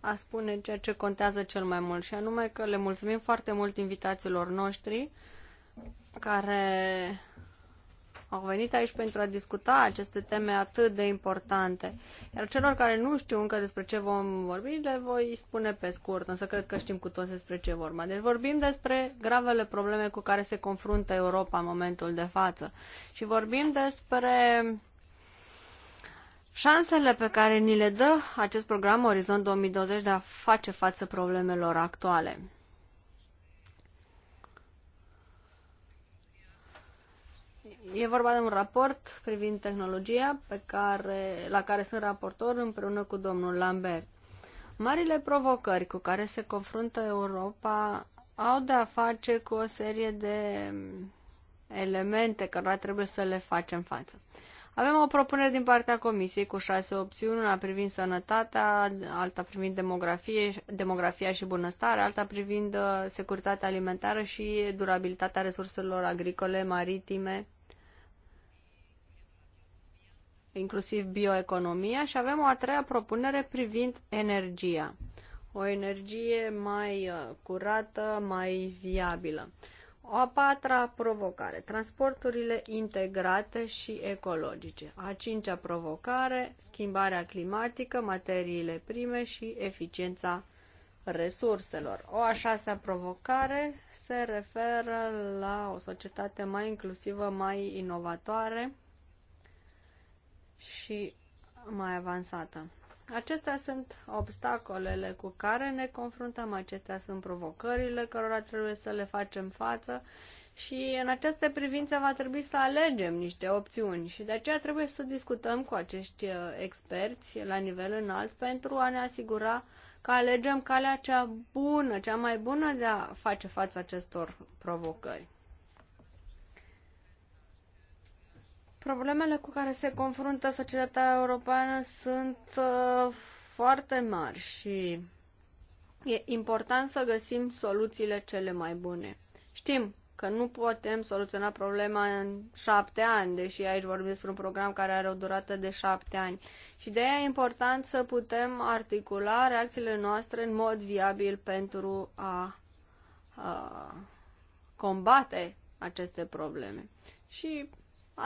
a spune ceea ce contează cel mai mult și anume că le mulțumim foarte mult invitațiilor noștri care au venit aici pentru a discuta aceste teme atât de importante. Iar celor care nu știu încă despre ce vom vorbi, le voi spune pe scurt, însă cred că știm cu toți despre ce vorba. Deci vorbim despre gravele probleme cu care se confruntă Europa în momentul de față și vorbim despre Șansele pe care ni le dă acest program Orizont 2020 de a face față problemelor actuale. E vorba de un raport privind tehnologia pe care, la care sunt raportor împreună cu domnul Lambert. Marile provocări cu care se confruntă Europa au de-a face cu o serie de elemente care trebuie să le facem față. Avem o propunere din partea Comisiei cu șase opțiuni, una privind sănătatea, alta privind demografie, demografia și bunăstare, alta privind uh, securitatea alimentară și durabilitatea resurselor agricole, maritime, inclusiv bioeconomia și avem o a treia propunere privind energia. O energie mai uh, curată, mai viabilă. O a patra provocare, transporturile integrate și ecologice. A cincea provocare, schimbarea climatică, materiile prime și eficiența resurselor. O a șasea provocare se referă la o societate mai inclusivă, mai inovatoare și mai avansată. Acestea sunt obstacolele cu care ne confruntăm, acestea sunt provocările cărora trebuie să le facem față și în această privință va trebui să alegem niște opțiuni și de aceea trebuie să discutăm cu acești uh, experți la nivel înalt pentru a ne asigura că alegem calea cea bună, cea mai bună de a face față acestor provocări. Problemele cu care se confruntă societatea europeană sunt uh, foarte mari și e important să găsim soluțiile cele mai bune. Știm că nu putem soluționa problema în șapte ani, deși aici vorbim despre un program care are o durată de șapte ani. Și de aia e important să putem articula reacțiile noastre în mod viabil pentru a, a combate aceste probleme. Și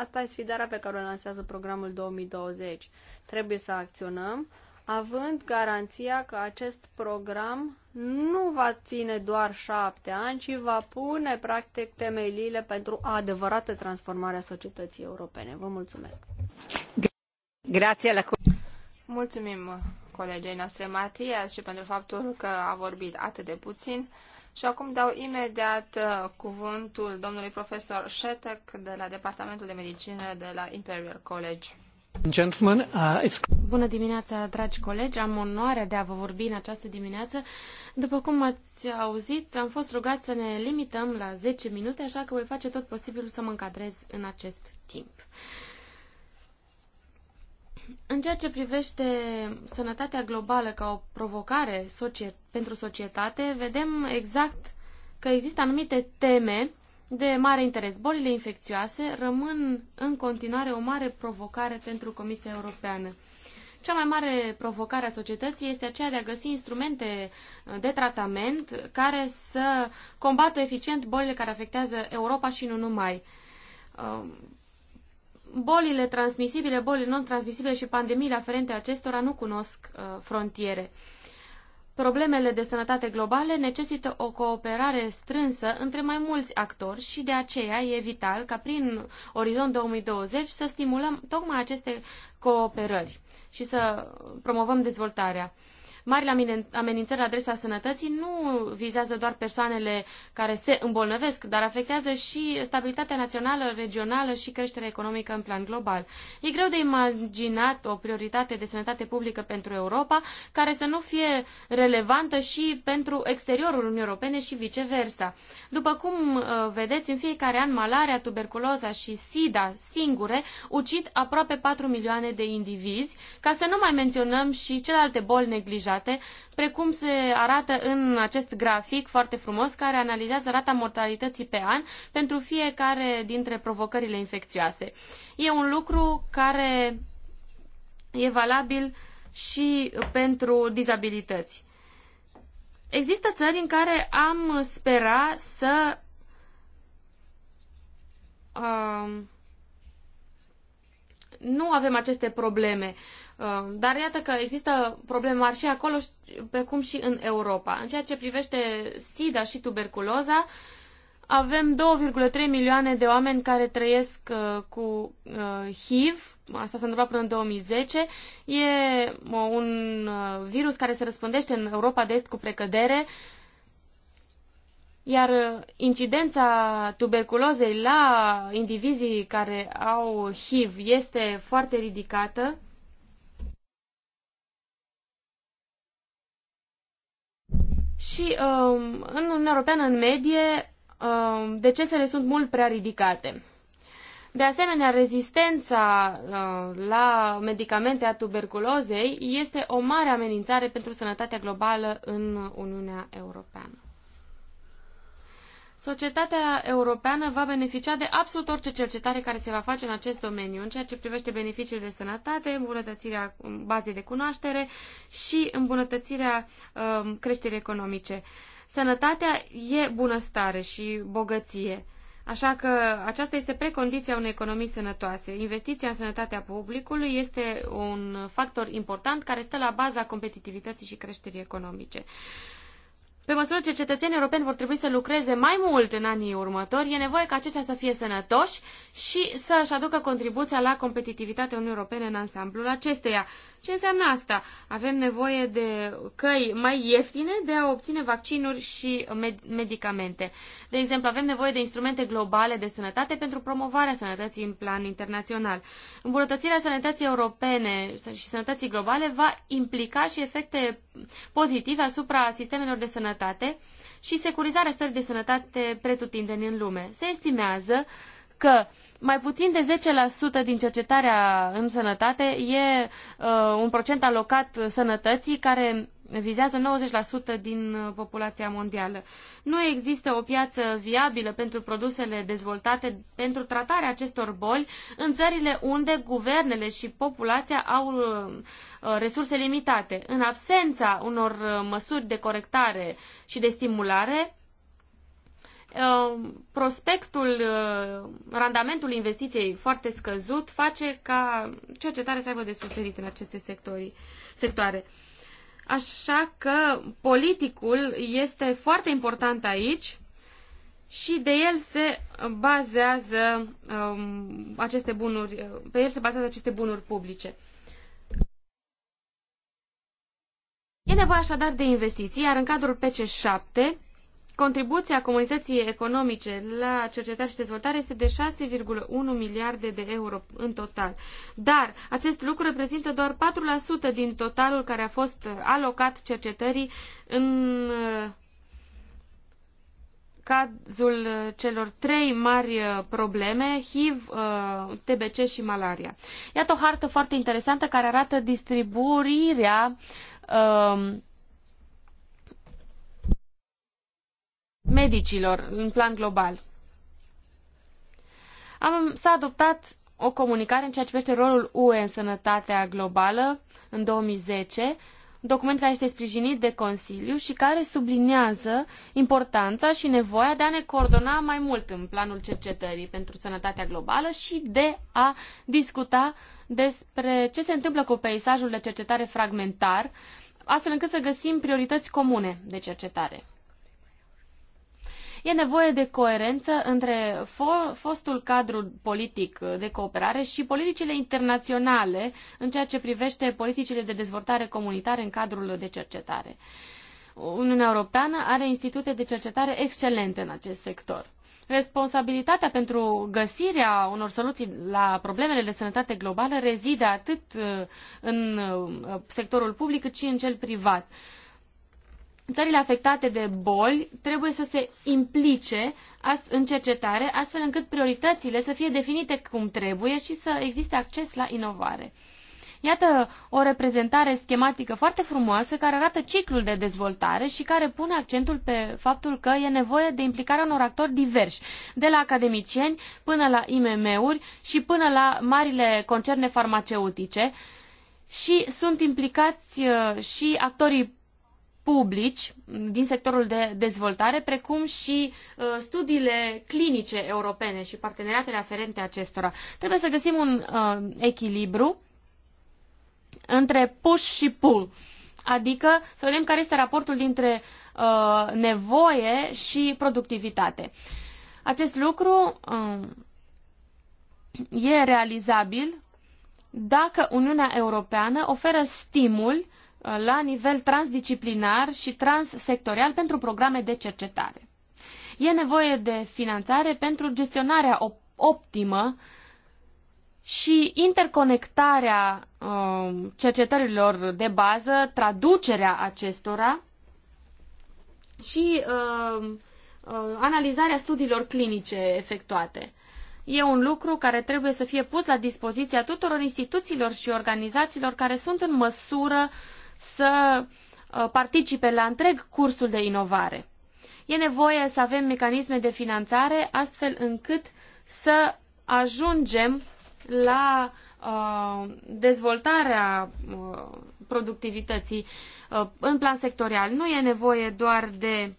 Asta e sfidarea pe care o lansează programul 2020. Trebuie să acționăm, având garanția că acest program nu va ține doar șapte ani, ci va pune practic temeliile pentru adevărată transformare a societății europene. Vă mulțumesc! Grație la Mulțumim colegei noastre Matias și pentru faptul că a vorbit atât de puțin. Și acum dau imediat uh, cuvântul domnului profesor Shetek de la Departamentul de Medicină de la Imperial College. Gentlemen, uh, Bună dimineața, dragi colegi! Am onoarea de a vă vorbi în această dimineață. După cum ați auzit, am fost rugat să ne limităm la 10 minute, așa că voi face tot posibilul să mă încadrez în acest timp. Uh, în ceea ce privește sănătatea globală ca o provocare socie- pentru societate, vedem exact că există anumite teme de mare interes. Bolile infecțioase rămân în continuare o mare provocare pentru Comisia Europeană. Cea mai mare provocare a societății este aceea de a găsi instrumente uh, de tratament care să combată eficient bolile care afectează Europa și nu numai uh, bolile transmisibile, bolile non-transmisibile și pandemiile aferente acestora nu cunosc uh, frontiere. Problemele de sănătate globale necesită o cooperare strânsă între mai mulți actori și de aceea e vital ca prin Orizont 2020 să stimulăm tocmai aceste cooperări și să promovăm dezvoltarea. Marile amenințări la adresa sănătății nu vizează doar persoanele care se îmbolnăvesc, dar afectează și stabilitatea națională, regională și creșterea economică în plan global. E greu de imaginat o prioritate de sănătate publică pentru Europa care să nu fie relevantă și pentru exteriorul Uniunii Europene și viceversa. După cum uh, vedeți, în fiecare an malaria, tuberculoza și SIDA singure ucid aproape 4 milioane de indivizi, ca să nu mai menționăm și celelalte boli neglijate angajate, precum se arată în acest grafic foarte frumos care analizează rata mortalității pe an pentru fiecare dintre provocările infecțioase. E un lucru care e valabil și pentru dizabilități. Există țări în care am spera să uh, nu avem aceste probleme. Um, dar iată că există probleme mari și acolo, pe cum și în Europa. În ceea ce privește SIDA și tuberculoza, avem 2,3 milioane de oameni care trăiesc uh, cu uh, HIV, asta s-a întâmplat până în 2010. E un uh, virus care se răspândește în Europa de Est cu precădere, iar incidența tuberculozei la indivizii care au HIV este foarte ridicată. Și um, în Uniunea Europeană, în medie, um, decesele sunt mult prea ridicate. De asemenea, rezistența uh, la medicamente a tuberculozei este o mare amenințare pentru sănătatea globală în Uniunea Europeană. Societatea europeană va beneficia de absolut orice cercetare care se va face în acest domeniu, în ceea ce privește beneficiile de sănătate, îmbunătățirea bazei de cunoaștere și îmbunătățirea um, creșterii economice. Sănătatea e bunăstare și bogăție. Așa că aceasta este precondiția unei economii sănătoase. Investiția în sănătatea publicului este un factor important care stă la baza competitivității și creșterii economice. Pe măsură ce cetățenii europeni vor trebui să lucreze mai mult în anii următori, e nevoie ca aceștia să fie sănătoși și să-și aducă contribuția la competitivitatea Uniunii Europene în ansamblul acesteia. Ce înseamnă asta? Avem nevoie de căi mai ieftine de a obține vaccinuri și med- medicamente. De exemplu, avem nevoie de instrumente globale de sănătate pentru promovarea sănătății în plan internațional. Îmbunătățirea sănătății europene și sănătății globale va implica și efecte pozitive asupra sistemelor de sănătate și securizarea stării de sănătate pretutindeni în lume. Se estimează că mai puțin de 10% din cercetarea în sănătate e uh, un procent alocat sănătății care vizează 90% din uh, populația mondială. Nu există o piață viabilă pentru produsele dezvoltate pentru tratarea acestor boli în țările unde guvernele și populația au uh, uh, resurse limitate. În absența unor măsuri de corectare și de stimulare, Uh, prospectul, uh, randamentul investiției foarte scăzut face ca cercetarea să aibă de suferit în aceste sectori, sectoare. Așa că politicul este foarte important aici și de el se bazează um, aceste bunuri, uh, pe el se bazează aceste bunuri publice. E nevoie așadar de investiții, iar în cadrul PC7 Contribuția comunității economice la cercetare și dezvoltare este de 6,1 miliarde de euro în total. Dar acest lucru reprezintă doar 4% din totalul care a fost alocat cercetării în uh, cazul celor trei mari uh, probleme, HIV, uh, TBC și malaria. Iată o hartă foarte interesantă care arată distribuirea medicilor în plan global. Am, s-a adoptat o comunicare în ceea ce privește rolul UE în sănătatea globală în 2010, un document care este sprijinit de Consiliu și care subliniază importanța și nevoia de a ne coordona mai mult în planul cercetării pentru sănătatea globală și de a discuta despre ce se întâmplă cu peisajul de cercetare fragmentar, astfel încât să găsim priorități comune de cercetare. E nevoie de coerență între fo- fostul cadru politic de cooperare și politicile internaționale în ceea ce privește politicile de dezvoltare comunitare în cadrul de cercetare. Uniunea Europeană are institute de cercetare excelente în acest sector. Responsabilitatea pentru găsirea unor soluții la problemele de sănătate globală rezide atât uh, în uh, sectorul public cât și în cel privat țările afectate de boli trebuie să se implice în cercetare, astfel încât prioritățile să fie definite cum trebuie și să existe acces la inovare. Iată o reprezentare schematică foarte frumoasă care arată ciclul de dezvoltare și care pune accentul pe faptul că e nevoie de implicarea unor actori diversi, de la academicieni până la IMM-uri și până la marile concerne farmaceutice și sunt implicați uh, și actorii publici din sectorul de dezvoltare, precum și uh, studiile clinice europene și parteneriatele aferente acestora. Trebuie să găsim un uh, echilibru între push și pull, adică să vedem care este raportul dintre uh, nevoie și productivitate. Acest lucru uh, e realizabil dacă Uniunea Europeană oferă stimul uh, la nivel transdisciplinar și transsectorial pentru programe de cercetare. E nevoie de finanțare pentru gestionarea optimă și interconectarea um, cercetărilor de bază, traducerea acestora și um, uh, analizarea studiilor clinice efectuate. E un lucru care trebuie să fie pus la dispoziția tuturor instituțiilor și organizațiilor care sunt în măsură uh, să uh, participe la întreg cursul de inovare. E nevoie să avem mecanisme de finanțare astfel încât să ajungem la uh, dezvoltarea uh, productivității uh, în plan sectorial. Nu e nevoie doar de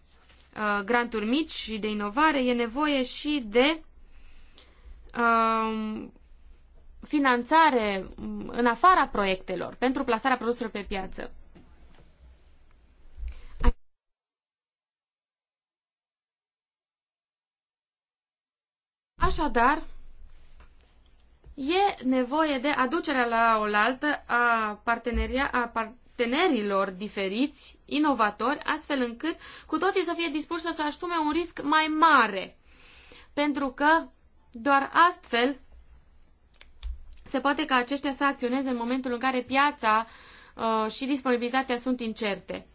uh, granturi mici și de inovare, e nevoie și de uh, finanțare mm, în afara proiectelor pentru plasarea produselor pe piață. Așadar, e nevoie de aducerea la oaltă a, parteneria, a partenerilor diferiți, inovatori, astfel încât cu toții să fie dispuși să asume un risc mai mare. Pentru că doar astfel se poate ca aceștia să acționeze în momentul în care piața uh, și disponibilitatea sunt incerte.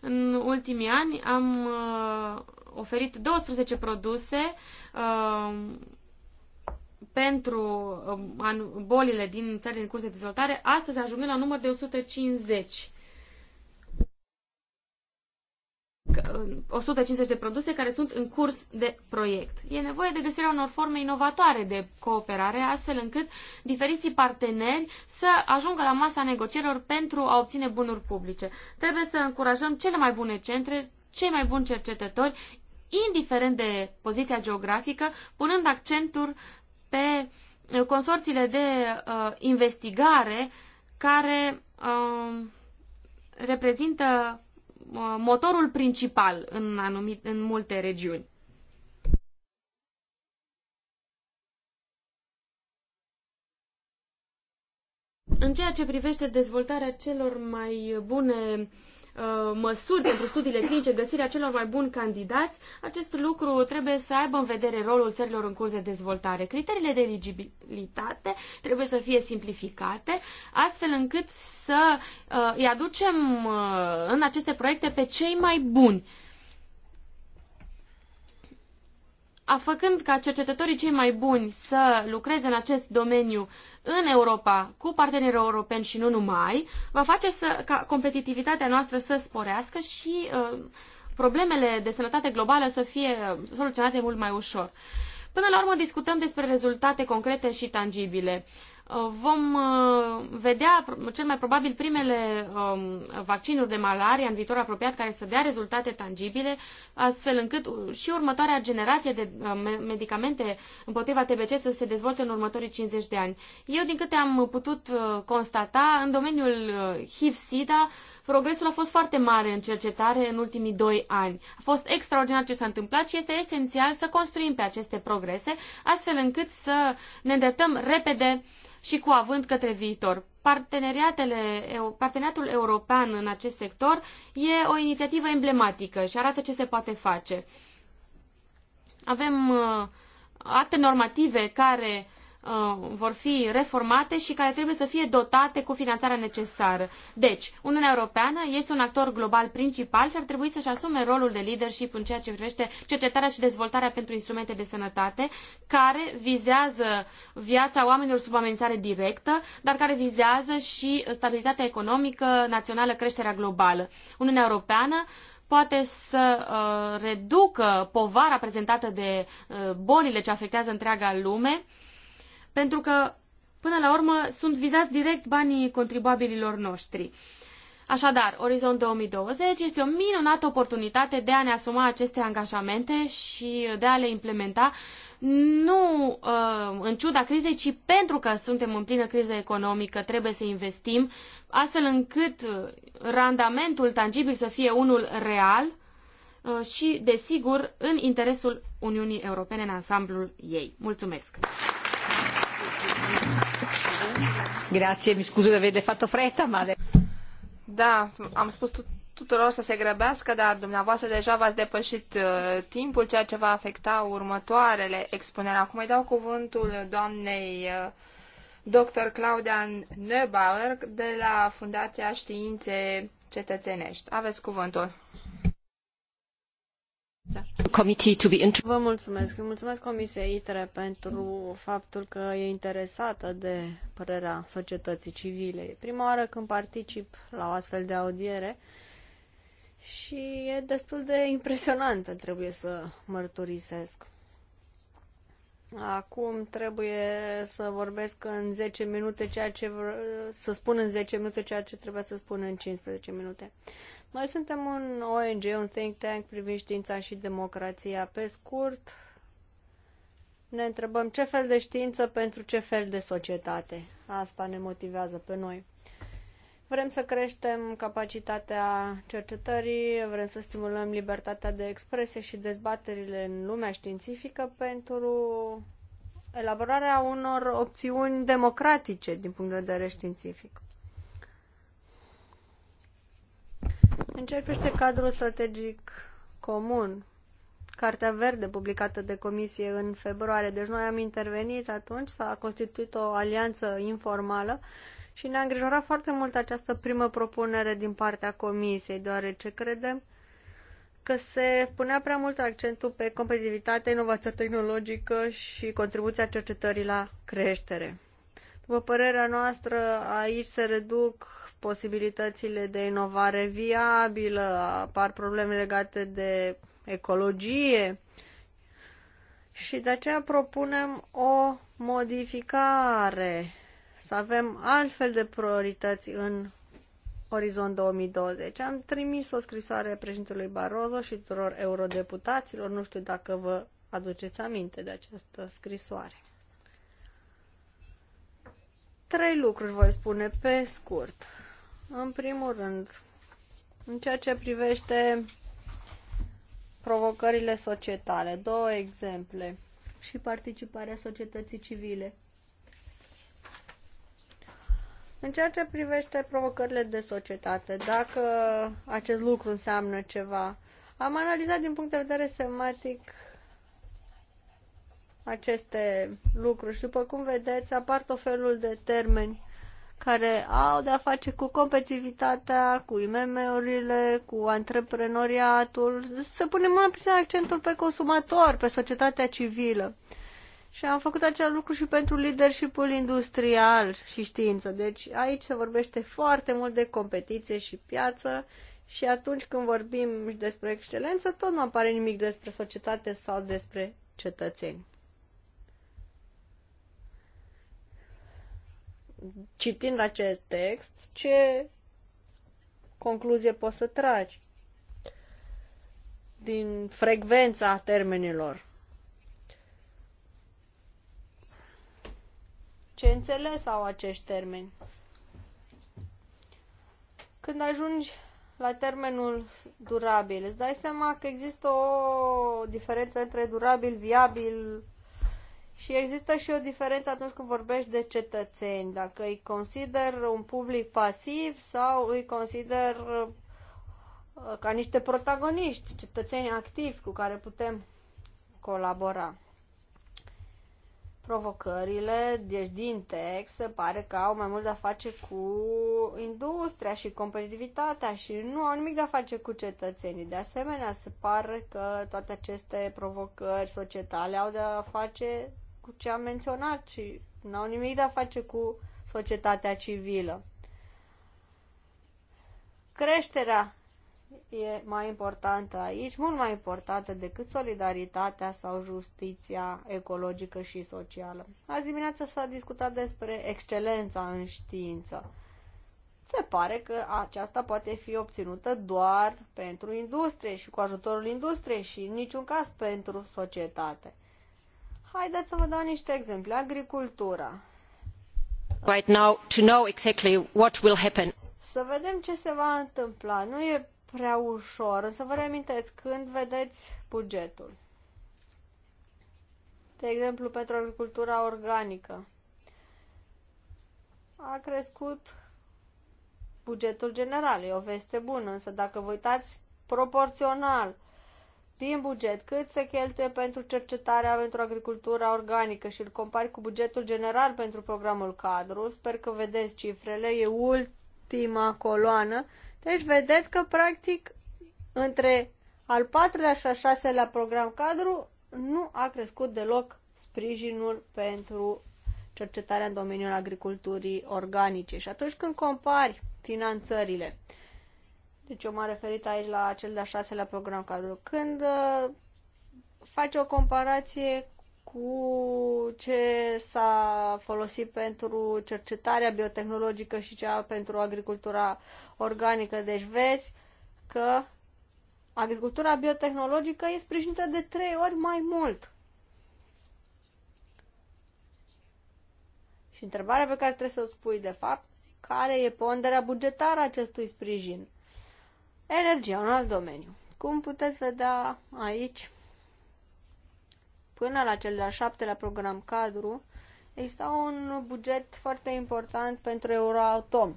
În ultimii ani am uh, oferit 12 produse uh, pentru um, bolile din țările în curs de dezvoltare, astăzi ajungând la număr de 150. 150 um, de produse care sunt în curs de proiect. E nevoie de găsirea unor forme inovatoare de cooperare, astfel încât diferiții parteneri să ajungă la masa negocierilor pentru a obține bunuri publice. Trebuie să încurajăm cele mai bune centre, cei mai buni cercetători, indiferent de poziția geografică, punând accentul pe uh, consorțiile de uh, investigare care uh, reprezintă motorul principal în, anumit, în multe regiuni. În ceea ce privește dezvoltarea celor mai bune Uh, măsuri pentru studiile clinice, găsirea celor mai buni candidați, acest lucru trebuie să aibă în vedere rolul țărilor în curs de dezvoltare. Criteriile de eligibilitate trebuie să fie simplificate, astfel încât să uh, îi aducem uh, în aceste proiecte pe cei mai buni. A făcând ca cercetătorii cei mai buni să lucreze în acest domeniu uh, în Europa cu partenerii europeni și nu numai, va face să, ca competitivitatea noastră să sporească și uh, problemele de sănătate globală să fie soluționate mult mai ușor. Până la urmă discutăm despre rezultate concrete și tangibile. Uh, Uh, vom uh, vedea cel mai probabil primele um, vaccinuri de malarie în viitor apropiat care să dea rezultate tangibile, astfel încât uh, și următoarea generație de medicamente împotriva TBC să se dezvolte în următorii 50 de ani. Eu, din câte am putut constata, în domeniul HIV-SIDA Progresul a fost foarte mare în cercetare în ultimii doi ani. A fost extraordinar ce s-a întâmplat și este esențial să construim pe aceste progrese, astfel încât să ne îndreptăm repede și cu avânt către viitor. Parteneriatele, parteneriatul european în acest sector e o inițiativă emblematică și arată ce se poate face. Avem uh, acte normative care uh, Uh, vor fi reformate și care trebuie să fie dotate cu finanțarea necesară. Deci, Uniunea Europeană este un actor global principal și ar trebui să-și asume rolul de leadership în ceea ce privește cercetarea și dezvoltarea pentru instrumente de sănătate, care vizează viața oamenilor sub amenințare directă, dar care vizează și stabilitatea economică națională, creșterea globală. Uniunea Europeană poate să uh, reducă povara prezentată de uh, bolile ce afectează întreaga lume uh, pentru că, până la urmă, sunt vizați direct banii contribuabililor noștri. Așadar, Orizont 2020 este o minunată oportunitate de a ne asuma aceste angajamente și de a le implementa, nu uh, în ciuda crizei, ci pentru că suntem în plină criză economică, trebuie să investim, astfel încât uh, randamentul tangibil să fie unul real uh, și, desigur, în interesul Uniunii Europene în ansamblul ei. Mulțumesc! Grazie, mi scuso de averle fatto fretta, ma le... Da, am spus tut tuturor să se grăbească, dar dumneavoastră deja v-ați depășit uh, timpul, ceea ce va afecta următoarele expuneri. Acum îi dau cuvântul doamnei uh, dr. Claudia Neubauer de la Fundația Științe Cetățenești. Aveți cuvântul. Vă mulțumesc. Îi mulțumesc Comisiei ITRE pentru faptul că e interesată de părerea societății civile. Prima oară când particip la o astfel de audiere și e destul de impresionantă, trebuie să mărturisesc. Acum trebuie să vorbesc în 10 minute ceea ce să spun în 10 minute ceea ce trebuie să spun în 15 minute. Noi suntem un ONG, un think tank privind știința și democrația. Pe scurt, ne întrebăm ce fel de știință pentru ce fel de societate. Asta ne motivează pe noi. Vrem să creștem capacitatea cercetării, vrem să stimulăm libertatea de expresie și dezbaterile în lumea științifică pentru elaborarea unor opțiuni democratice din punct de vedere științific. Începește cadrul strategic comun, Cartea Verde publicată de comisie în februarie. Deci noi am intervenit atunci, s-a constituit o alianță informală și ne-a îngrijorat foarte mult această primă propunere din partea comisiei, deoarece credem că se punea prea mult accentul pe competitivitate, inovația tehnologică și contribuția cercetării la creștere. După părerea noastră, aici se reduc posibilitățile de inovare viabilă, apar probleme legate de ecologie și de aceea propunem o modificare, să avem altfel de priorități în Orizont 2020. Am trimis o scrisoare președintelui Barroso și tuturor eurodeputaților, nu știu dacă vă aduceți aminte de această scrisoare. Trei lucruri voi spune pe scurt. În primul rând, în ceea ce privește provocările societale, două exemple și participarea societății civile. În ceea ce privește provocările de societate, dacă acest lucru înseamnă ceva, am analizat din punct de vedere sematic aceste lucruri și după cum vedeți apar tot felul de termeni care au de-a face cu competitivitatea, cu IMM-urile, cu antreprenoriatul, să punem mai puțin accentul pe consumator, pe societatea civilă. Și am făcut acel lucru și pentru leadership-ul industrial și știință. Deci aici se vorbește foarte mult de competiție și piață și atunci când vorbim despre excelență, tot nu apare nimic despre societate sau despre cetățeni. citind acest text, ce concluzie poți să tragi din frecvența termenilor. Ce înțeles au acești termeni? Când ajungi la termenul durabil, îți dai seama că există o diferență între durabil, viabil, și există și o diferență atunci când vorbești de cetățeni, dacă îi consider un public pasiv sau îi consider uh, ca niște protagoniști, cetățeni activi cu care putem colabora. Provocările, deci din text, se pare că au mai mult de-a face cu industria și competitivitatea și nu au nimic de-a face cu cetățenii. De asemenea, se pare că toate aceste provocări societale au de-a face cu ce am menționat și nu au nimic de a face cu societatea civilă. Creșterea e mai importantă aici, mult mai importantă decât solidaritatea sau justiția ecologică și socială. Azi dimineața s-a discutat despre excelența în știință. Se pare că aceasta poate fi obținută doar pentru industrie și cu ajutorul industriei și în niciun caz pentru societate. Haideți să vă dau niște exemple. Agricultura. Right now to know exactly what will happen. Să vedem ce se va întâmpla. Nu e prea ușor. Să vă reamintesc când vedeți bugetul. De exemplu, pentru agricultura organică. A crescut bugetul general. E o veste bună, însă dacă vă uitați proporțional din buget cât se cheltuie pentru cercetarea pentru agricultura organică și îl compari cu bugetul general pentru programul cadru. Sper că vedeți cifrele, e ultima coloană. Deci vedeți că practic între al patrulea și al șaselea program cadru nu a crescut deloc sprijinul pentru cercetarea în domeniul agriculturii organice. Și atunci când compari finanțările deci eu m-am referit aici la cel de-a șaselea program cadru. Când uh, face o comparație cu ce s-a folosit pentru cercetarea biotehnologică și cea pentru agricultura organică. Deci vezi că agricultura biotehnologică e sprijinită de trei ori mai mult. Și întrebarea pe care trebuie să o spui, de fapt, care e ponderea bugetară a acestui sprijin? Energia, un alt domeniu. Cum puteți vedea aici, până la cel de-al șaptelea program cadru, există un buget foarte important pentru Euroatom.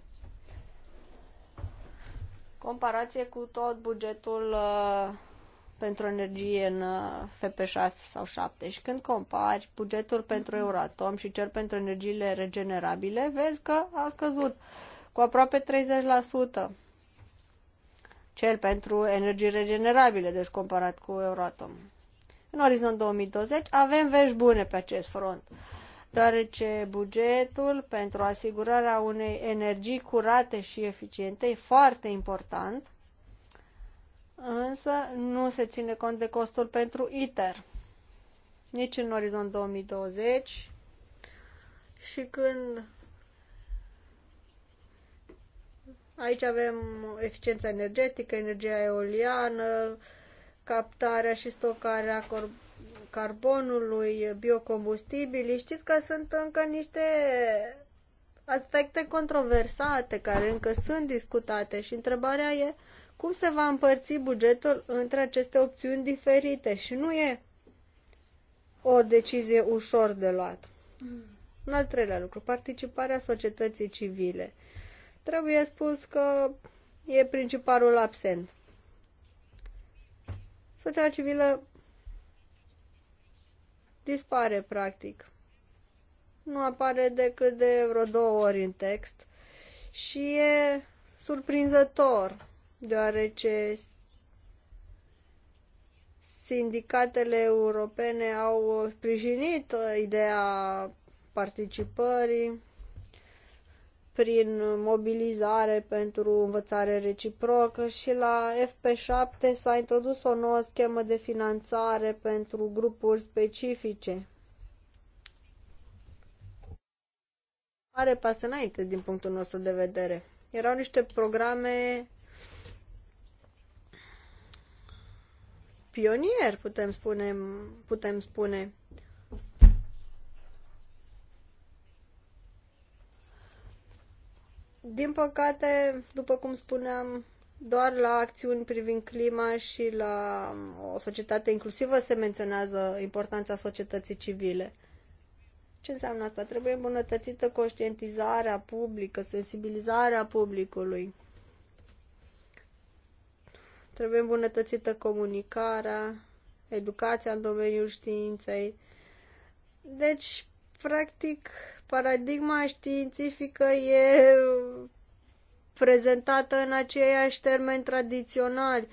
Comparație cu tot bugetul uh, pentru energie în uh, FP6 sau 7 și când compari bugetul pentru Euratom și cel pentru energiile regenerabile, vezi că a scăzut cu aproape 30% cel pentru energii regenerabile, deci comparat cu Euratom. În orizont 2020 avem vești bune pe acest front, deoarece bugetul pentru asigurarea unei energii curate și eficiente e foarte important, însă nu se ține cont de costul pentru ITER. Nici în orizont 2020 și când Aici avem eficiența energetică, energia eoliană, captarea și stocarea carbonului, biocombustibili. Știți că sunt încă niște aspecte controversate care încă sunt discutate și întrebarea e cum se va împărți bugetul între aceste opțiuni diferite și nu e o decizie ușor de luat. Mm. Un al treilea lucru, participarea societății civile. Trebuie spus că e principalul absent. Soția civilă dispare practic. Nu apare decât de vreo două ori în text și e surprinzător, deoarece sindicatele europene au sprijinit ideea participării prin mobilizare pentru învățare reciprocă și la FP7 s-a introdus o nouă schemă de finanțare pentru grupuri specifice. Are pas înainte din punctul nostru de vedere. Erau niște programe pionier, putem spune, putem spune Din păcate, după cum spuneam, doar la acțiuni privind clima și la um, o societate inclusivă se menționează importanța societății civile. Ce înseamnă asta? Trebuie îmbunătățită conștientizarea publică, sensibilizarea publicului. Trebuie îmbunătățită comunicarea, educația în domeniul științei. Deci, practic, paradigma științifică e prezentată în aceiași termeni tradiționali.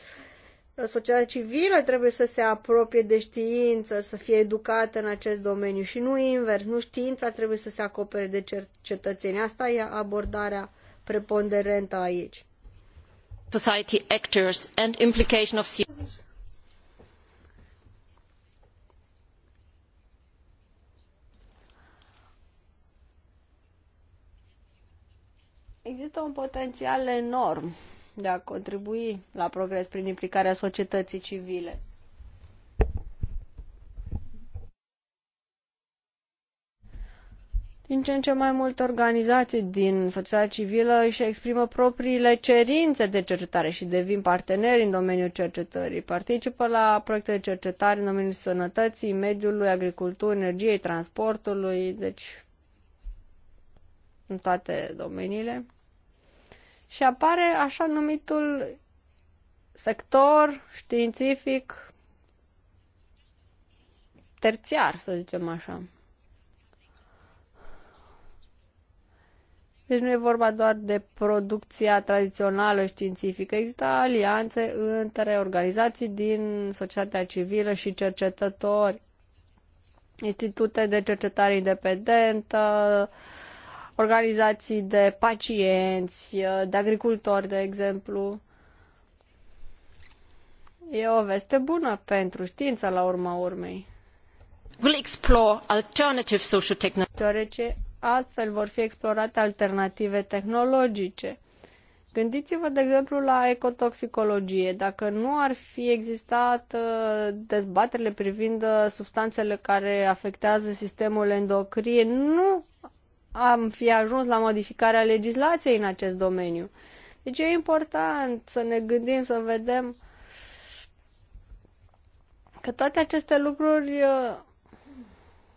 Societatea civilă trebuie să se apropie de știință, să fie educată în acest domeniu și nu invers, nu știința trebuie să se acopere de cetățeni. Asta e abordarea preponderentă aici. Society actors and implication of Există un potențial enorm de a contribui la progres prin implicarea societății civile. Din ce în ce mai multe organizații din societatea civilă își exprimă propriile cerințe de cercetare și devin parteneri în domeniul cercetării. Participă la proiecte de cercetare în domeniul sănătății, mediului, agriculturii, energiei, transportului, deci în toate domeniile și apare așa numitul sector științific terțiar, să zicem așa. Deci nu e vorba doar de producția tradițională științifică, există alianțe între organizații din societatea civilă și cercetători, institute de cercetare independentă, uh, organizații de pacienți, de agricultori, de exemplu. E o veste bună pentru știință, la urma urmei. We'll explore alternative social technologies. Deoarece astfel vor fi explorate alternative tehnologice. Gândiți-vă, de exemplu, la ecotoxicologie. Dacă nu ar fi existat uh, dezbaterile privind uh, substanțele care afectează sistemul endocrin, nu am fi ajuns la modificarea legislației în acest domeniu. Deci e important să ne gândim, să vedem că toate aceste lucruri, uh,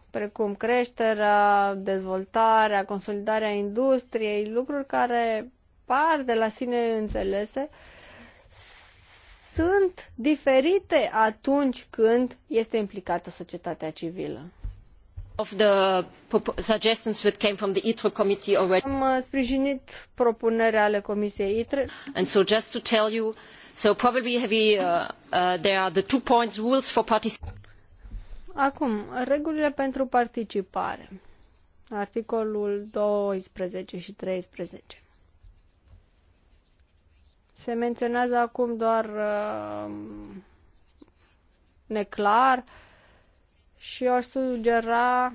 precum creșterea, dezvoltarea, consolidarea industriei, lucruri care par de la sine înțelese, sunt diferite atunci când este implicată societatea civilă. Of the suggestions that came from the ITRE committee already. Am uh, sprijinit propunerea ale comisiei ITRE. And so just to tell you, so probably have we, uh, uh, there are the two points rules for participation. Acum, regulile pentru participare. Articolul 12 și 13. Se menționează acum doar uh, neclar uh, și eu aș sugera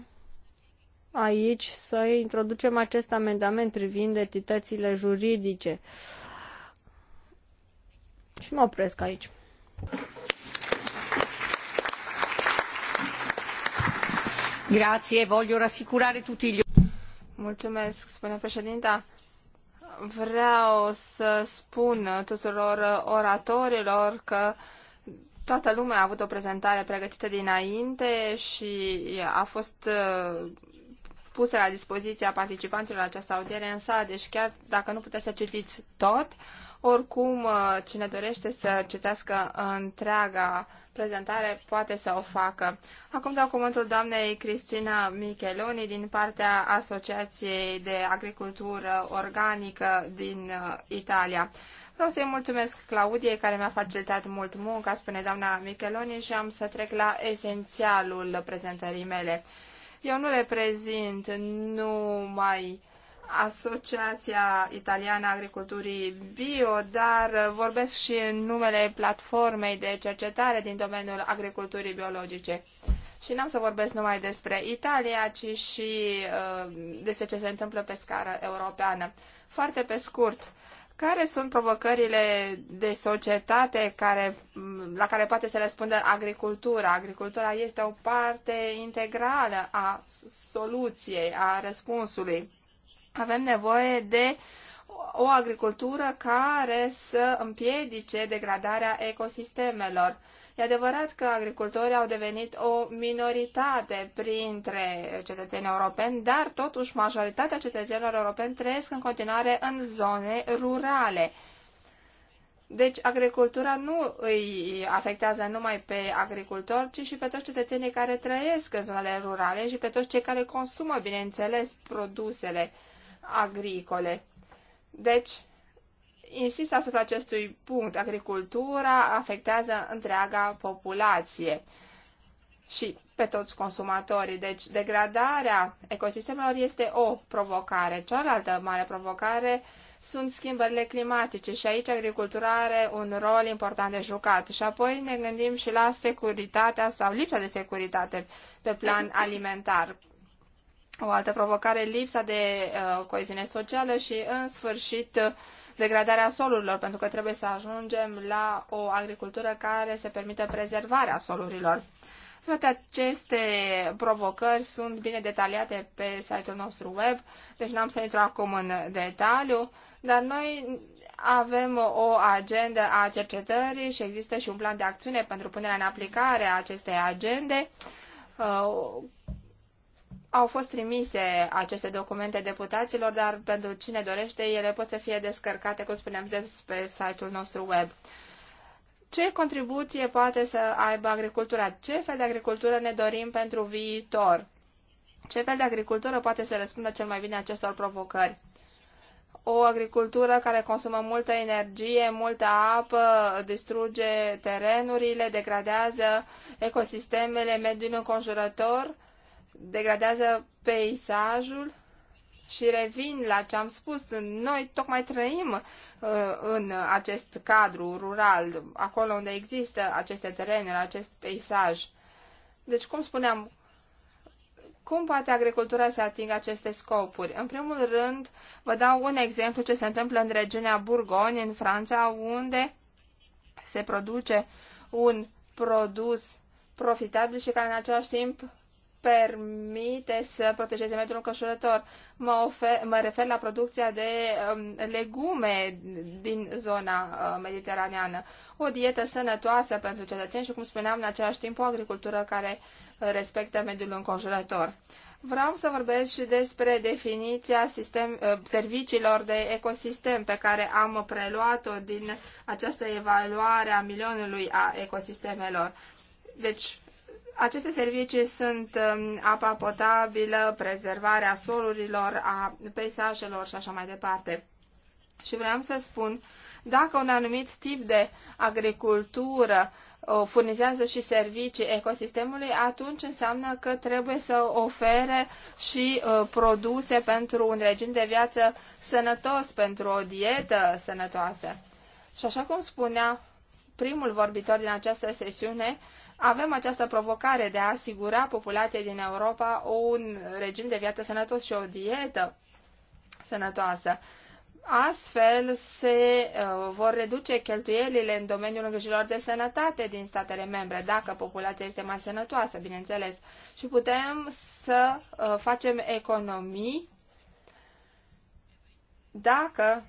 aici să introducem acest amendament privind entitățile juridice. Și mă opresc aici. voglio rassicurare tutti gli... Mulțumesc, spune președinta. Vreau să spun tuturor oratorilor că Toată lumea a avut o prezentare pregătită dinainte și a fost uh, pusă la dispoziția participanților la această audiere în sală, deci chiar dacă nu puteți să citiți tot, oricum uh, cine dorește să citească întreaga prezentare poate să o facă. Acum dau cuvântul doamnei Cristina Micheloni din partea Asociației de Agricultură Organică din uh, Italia. Vreau să-i mulțumesc Claudiei, care mi-a facilitat mult munca, spune doamna Micheloni, și am să trec la esențialul prezentării mele. Eu nu reprezint numai Asociația Italiană a Agriculturii Bio, dar vorbesc și în numele platformei de cercetare din domeniul agriculturii biologice. Și n-am să vorbesc numai despre Italia, ci și uh, despre ce se întâmplă pe scară europeană. Foarte pe scurt, care sunt provocările de societate care, la care poate să răspundă agricultura? Agricultura este o parte integrală a soluției, a răspunsului. Avem nevoie de o agricultură care să împiedice degradarea ecosistemelor. E adevărat că agricultorii au devenit o minoritate printre cetățenii europeni, dar totuși majoritatea cetățenilor europeni trăiesc în continuare în zone rurale. Deci agricultura nu îi afectează numai pe agricultori, ci și pe toți cetățenii care trăiesc în zonele rurale și pe toți cei care consumă, bineînțeles, produsele agricole. Deci, insist asupra acestui punct. Agricultura afectează întreaga populație și pe toți consumatorii. Deci, degradarea ecosistemelor este o provocare. Cealaltă mare provocare sunt schimbările climatice și aici agricultura are un rol important de jucat. Și apoi ne gândim și la securitatea sau lipsa de securitate pe plan alimentar. O altă provocare, lipsa de uh, coeziune socială și, în sfârșit, uh, degradarea solurilor, pentru că trebuie să ajungem la o agricultură care să permită prezervarea solurilor. Toate aceste provocări sunt bine detaliate pe site-ul nostru web, deci n-am să intru acum în detaliu, dar noi avem o agendă a cercetării și există și un plan de acțiune pentru punerea în aplicare a acestei agende uh, au fost trimise aceste documente deputaților, dar pentru cine dorește, ele pot să fie descărcate, cum spuneam, de pe site-ul nostru web. Ce contribuție poate să aibă agricultura? Ce fel de agricultură ne dorim pentru viitor? Ce fel de agricultură poate să răspundă cel mai bine acestor provocări? O agricultură care consumă multă energie, multă apă, distruge terenurile, degradează ecosistemele, mediul înconjurător, degradează peisajul și revin la ce am spus. Noi tocmai trăim uh, în acest cadru rural, acolo unde există aceste terenuri, acest peisaj. Deci, cum spuneam, cum poate agricultura să atingă aceste scopuri? În primul rând, vă dau un exemplu ce se întâmplă în regiunea Burgoni, în Franța, unde se produce un produs profitabil și care în același timp permite să protejeze mediul înconjurător. Mă, mă refer la producția de um, legume din zona uh, mediteraneană. O dietă sănătoasă pentru cetățeni și, cum spuneam, în același timp o agricultură care respectă mediul înconjurător. Vreau să vorbesc și despre definiția sistem, uh, serviciilor de ecosistem pe care am preluat-o din această evaluare a milionului a ecosistemelor. Deci, aceste servicii sunt um, apa potabilă, prezervarea solurilor, a peisajelor și așa mai departe. Și vreau să spun, dacă un anumit tip de agricultură furnizează și servicii ecosistemului, atunci înseamnă că trebuie să ofere și uh, produse pentru un regim de viață sănătos, pentru o dietă sănătoasă. Și așa cum spunea primul vorbitor din această sesiune, avem această provocare de a asigura populației din Europa un regim de viață sănătos și o dietă sănătoasă. Astfel se uh, vor reduce cheltuielile în domeniul îngrijilor de sănătate din statele membre, dacă populația este mai sănătoasă, bineînțeles, și putem să uh, facem economii dacă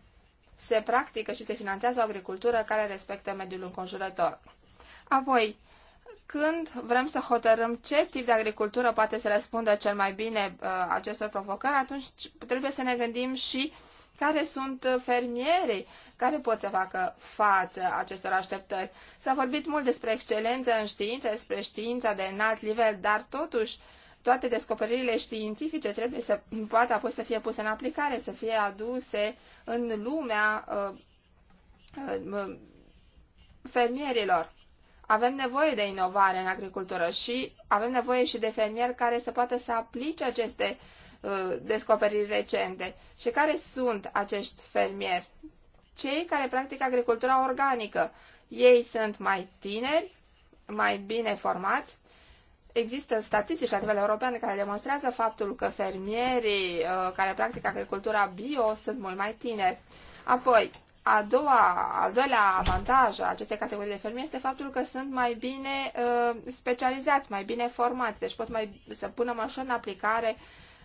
se practică și se finanțează o agricultură care respectă mediul înconjurător. Apoi, când vrem să hotărâm ce tip de agricultură poate să răspundă cel mai bine uh, acestor provocări, atunci trebuie să ne gândim și care sunt fermierii care pot să facă față acestor așteptări. S-a vorbit mult despre excelență în știință, despre știința de înalt nivel, dar totuși toate descoperirile științifice trebuie să poată apoi să fie puse în aplicare, să fie aduse în lumea uh, uh, fermierilor. Avem nevoie de inovare în agricultură și avem nevoie și de fermieri care să poată să aplice aceste uh, descoperiri recente. Și care sunt acești fermieri? Cei care practică agricultura organică. Ei sunt mai tineri, mai bine formați. Există statistici la nivel european care demonstrează faptul că fermierii uh, care practică agricultura bio sunt mult mai tineri. Apoi, a doua, al doilea avantaj a acestei categorii de fermi este faptul că sunt mai bine uh, specializați, mai bine formați, deci pot mai, să pună mai ușor în aplicare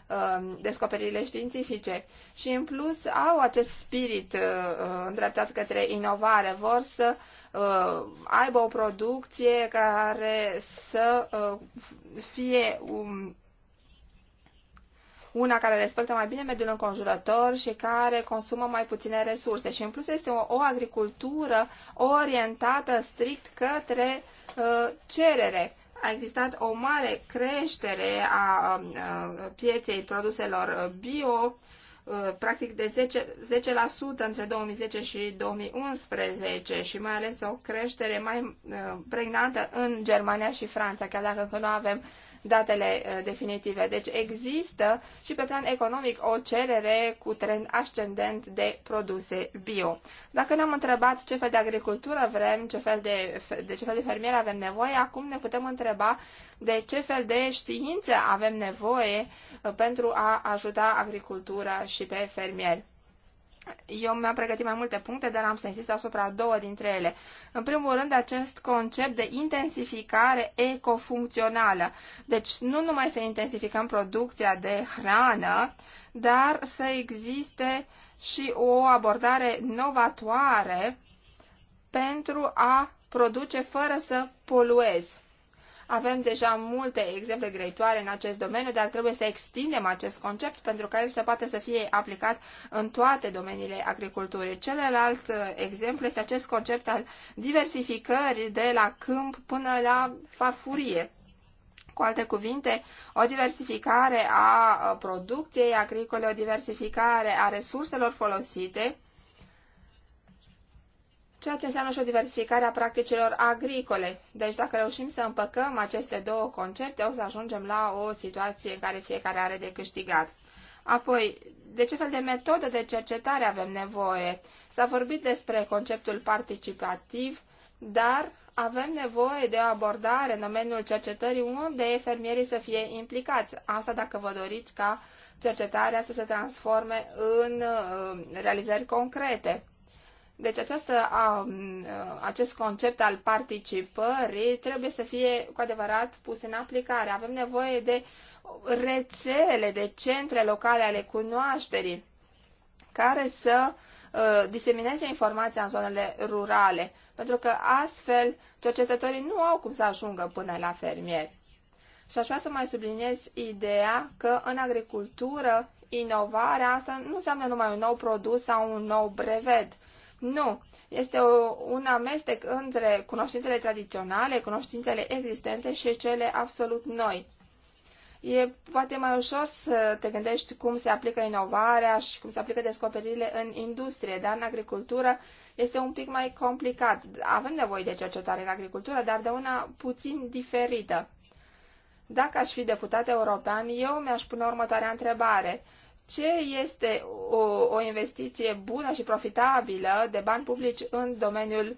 uh, descoperirile științifice și în plus au acest spirit uh, uh, îndreptat către inovare, vor să uh, aibă o producție care să uh, fie um, una care respectă mai bine mediul înconjurător și care consumă mai puține resurse. Și în plus este o, o agricultură orientată strict către uh, cerere. A existat o mare creștere a, um, uh, pieței produselor uh, bio, uh, practic de 10, 10% între 2010 și 2011 și mai ales o creștere mai uh, pregnantă în Germania și Franța, chiar dacă încă nu avem datele uh, definitive. Deci există și pe plan economic o cerere cu trend ascendent de produse bio. Dacă ne-am întrebat ce fel de agricultură vrem, ce fel de, de ce fel de fermier avem nevoie, acum ne putem întreba de ce fel de știință avem nevoie uh, pentru a ajuta agricultura și pe fermieri. Eu mi-am pregătit mai multe puncte, dar am să insist asupra două dintre ele. În primul rând, acest concept de intensificare ecofuncțională. Deci, nu numai să intensificăm producția de hrană, dar să existe și o abordare novatoare pentru a produce fără să poluezi. Avem deja multe exemple greitoare în acest domeniu, dar trebuie să extindem acest concept pentru ca el să poată să fie aplicat în toate domeniile agriculturii. Celălalt uh, exemplu este acest concept al diversificării de la câmp până la farfurie. Cu alte cuvinte, o diversificare a uh, producției agricole, o diversificare a resurselor folosite, ceea ce înseamnă și o diversificare a practicilor agricole. Deci dacă reușim să împăcăm aceste două concepte, o să ajungem la o situație în care fiecare are de câștigat. Apoi, de ce fel de metodă de cercetare avem nevoie? S-a vorbit despre conceptul participativ, dar avem nevoie de o abordare în domeniul cercetării unde fermierii să fie implicați. Asta dacă vă doriți ca cercetarea să se transforme în uh, realizări concrete. Deci această, a, uh, acest concept al participării trebuie să fie cu adevărat pus în aplicare. Avem nevoie de rețele, de centre locale ale cunoașterii care să uh, disemineze informația în zonele rurale, pentru că astfel cercetătorii nu au cum să ajungă până la fermieri. Și aș vrea să mai subliniez ideea că în agricultură inovarea asta nu înseamnă numai un nou produs sau un nou brevet – nu, este o, un amestec între cunoștințele tradiționale, cunoștințele existente și cele absolut noi. E poate mai ușor să te gândești cum se aplică inovarea și cum se aplică descoperirile în industrie, dar în agricultură este un pic mai complicat. Avem nevoie de cercetare în agricultură, dar de una puțin diferită. Dacă aș fi deputat european, eu mi-aș pune următoarea întrebare ce este o, o investiție bună și profitabilă de bani publici în domeniul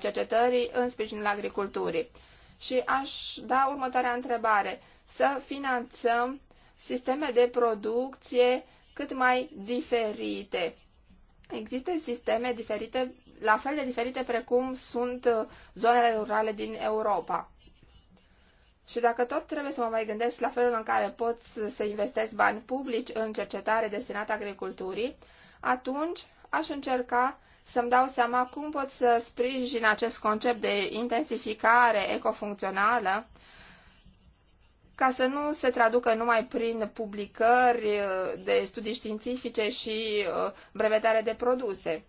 cercetării în sprijinul agriculturii. Și aș da următoarea întrebare. Să finanțăm sisteme de producție cât mai diferite. Există sisteme diferite, la fel de diferite precum sunt zonele rurale din Europa. Și dacă tot trebuie să mă mai gândesc la felul în care pot să investesc bani publici în cercetare destinată agriculturii, atunci aș încerca să-mi dau seama cum pot să sprijin acest concept de intensificare ecofuncțională ca să nu se traducă numai prin publicări uh, de studii științifice și uh, brevetare de produse.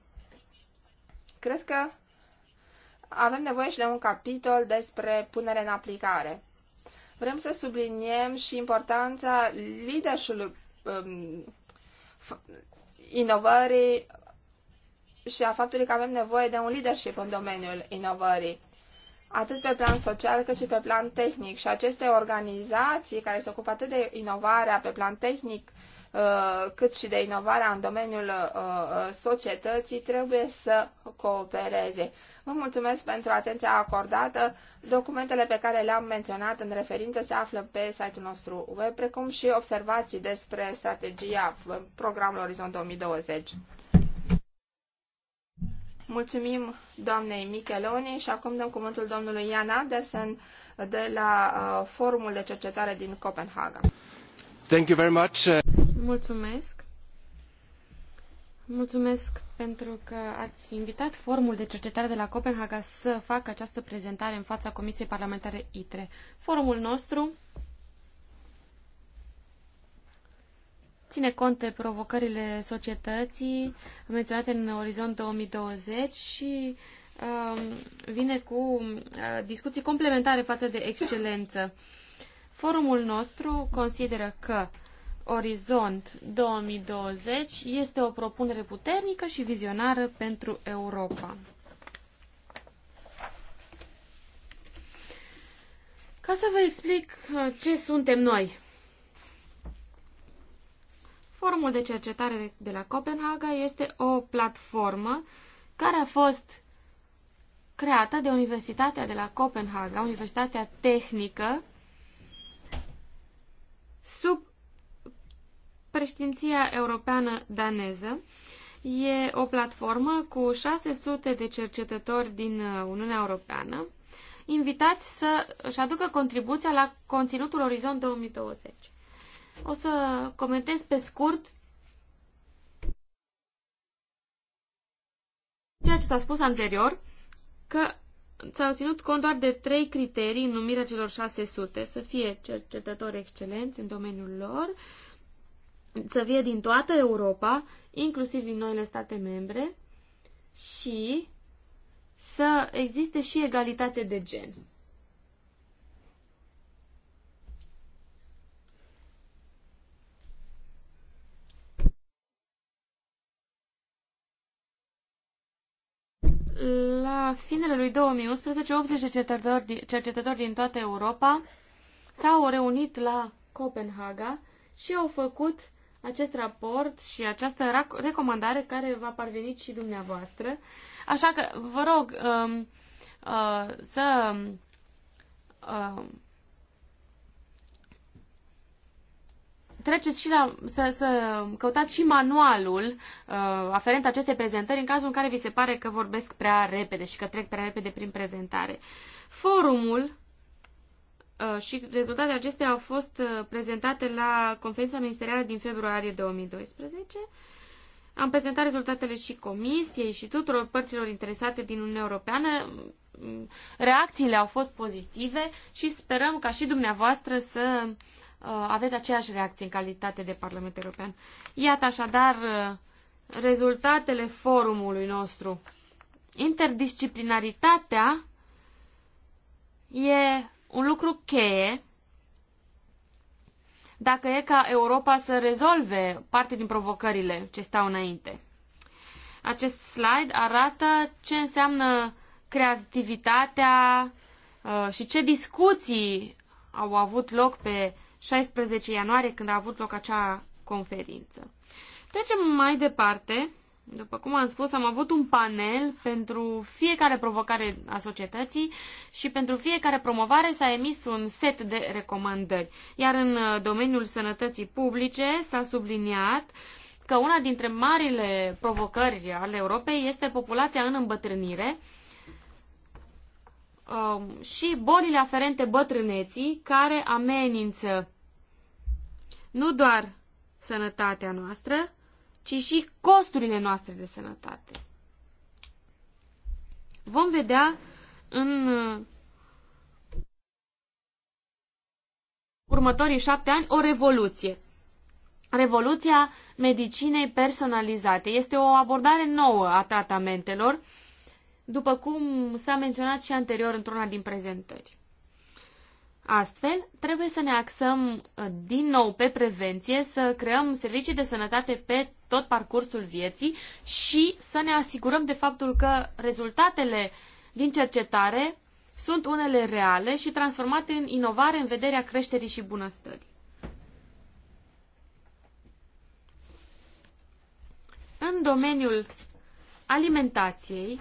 Cred că avem nevoie și de un capitol despre punere în aplicare. Vrem să subliniem și importanța leadership um, inovării și a faptului că avem nevoie de un leadership în domeniul inovării atât pe plan social cât și pe plan tehnic. Și aceste organizații care se ocupă atât de inovarea pe plan tehnic Uh, cât și de inovarea în domeniul uh, uh, societății trebuie să coopereze. Vă mulțumesc pentru atenția acordată. Documentele pe care le-am menționat în referință se află pe site-ul nostru web, precum și observații despre strategia programului Orizont 2020. Mulțumim doamnei Micheloni și acum dăm cuvântul domnului Ian Andersen de la Forumul de Cercetare din Copenhaga. Thank you very much. Mulțumesc. Mulțumesc pentru că ați invitat Forumul de cercetare de la Copenhaga să facă această prezentare în fața Comisiei Parlamentare ITRE. Forumul nostru ține cont de provocările societății menționate în Orizont 2020 și um, vine cu uh, discuții complementare față de excelență. Forumul nostru consideră că Orizont 2020 este o propunere puternică și vizionară pentru Europa. Ca să vă explic uh, ce suntem noi. Forumul de cercetare de la Copenhaga este o platformă care a fost creată de Universitatea de la Copenhaga, Universitatea Tehnică, sub Preștinția europeană daneză e o platformă cu 600 de cercetători din uh, Uniunea Europeană invitați să își aducă contribuția la conținutul Orizont 2020. O să comentez pe scurt ceea ce s-a spus anterior, că s-au ținut cont doar de trei criterii în numirea celor 600, să fie cercetători excelenți în domeniul lor, uh, să fie din toată Europa, inclusiv din noile state membre, și să existe și egalitate de gen. La finele lui 2011, 80 de cercetători, cercetători din toată Europa s-au reunit la Copenhaga și au făcut acest raport și această recomandare care va parveni și dumneavoastră. Așa că vă rog um, uh, să um, treceți și la, să, să căutați și manualul uh, aferent acestei prezentări în cazul în care vi se pare că vorbesc prea repede și că trec prea repede prin prezentare. Forumul Uh, și rezultatele acestea au fost uh, prezentate la conferința ministerială din februarie 2012. Am prezentat rezultatele și comisiei și tuturor părților interesate din Uniunea Europeană. Mm, reacțiile au fost pozitive și sperăm ca și dumneavoastră să uh, aveți aceeași reacție în calitate de Parlament European. Iată așadar rezultatele forumului nostru. Interdisciplinaritatea e un lucru cheie dacă e ca Europa să rezolve parte din provocările ce stau înainte. Acest slide arată ce înseamnă creativitatea uh, și ce discuții au avut loc pe 16 ianuarie când a avut loc acea conferință. Trecem mai departe după cum am spus, am avut un panel pentru fiecare provocare a societății și pentru fiecare promovare s-a emis un set de recomandări. Iar în uh, domeniul sănătății publice s-a subliniat că una dintre marile provocări ale Europei este populația în îmbătrânire um, și bolile aferente bătrâneții care amenință nu doar sănătatea noastră, ci și costurile noastre de sănătate. Vom vedea în uh, următorii șapte ani o revoluție. Revoluția medicinei personalizate. Este o abordare nouă a tratamentelor, după cum s-a menționat și anterior într-una din prezentări. Astfel, trebuie să ne axăm uh, din nou pe prevenție, să creăm servicii de sănătate pe tot parcursul vieții și să ne asigurăm de faptul că rezultatele din cercetare sunt unele reale și transformate în inovare în vederea creșterii și bunăstării. În domeniul alimentației,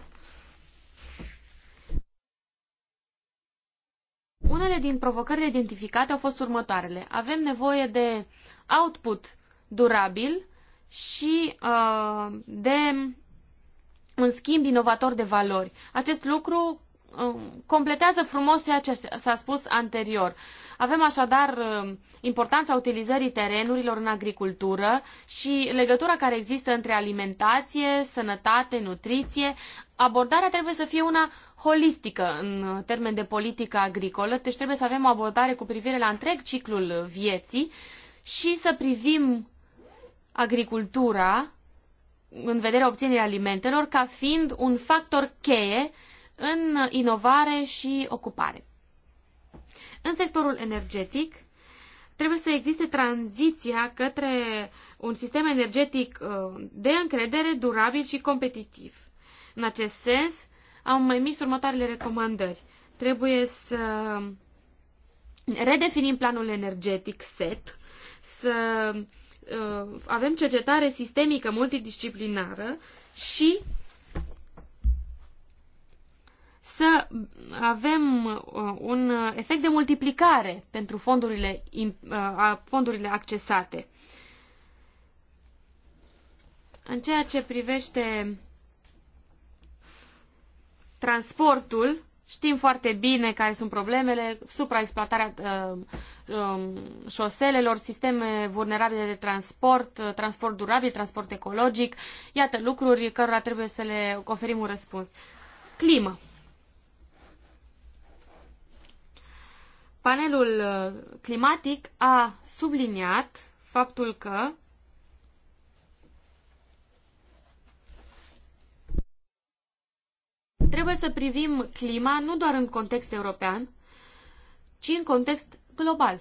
Unele din provocările identificate au fost următoarele. Avem nevoie de output durabil și uh, de un schimb inovator de valori. Acest lucru uh, completează frumos ceea ce s-a spus anterior. Uh, avem așadar um, importanța utilizării terenurilor în agricultură și legătura care există între alimentație, sănătate, nutriție. Abordarea trebuie să fie una holistică în termen de politică agricolă, deci trebuie să avem o abordare cu privire la întreg ciclul vieții și să privim agricultura în vederea obținerii alimentelor ca fiind un factor cheie în inovare și ocupare. În sectorul energetic, trebuie să existe tranziția către un sistem energetic uh, de încredere, durabil și competitiv. În acest sens, am emis următoarele recomandări. Trebuie să redefinim planul energetic SET, să uh, avem cercetare sistemică multidisciplinară și să avem uh, un uh, efect de multiplicare pentru fondurile, uh, fondurile accesate. În ceea ce privește transportul, știm foarte bine care sunt problemele, supraexploatarea uh, uh, șoselelor, sisteme vulnerabile de transport, uh, transport durabil, transport ecologic, iată lucruri cărora trebuie să le oferim un răspuns. clima Panelul uh, climatic a subliniat faptul că trebuie să privim clima nu doar în context european, ci în context global.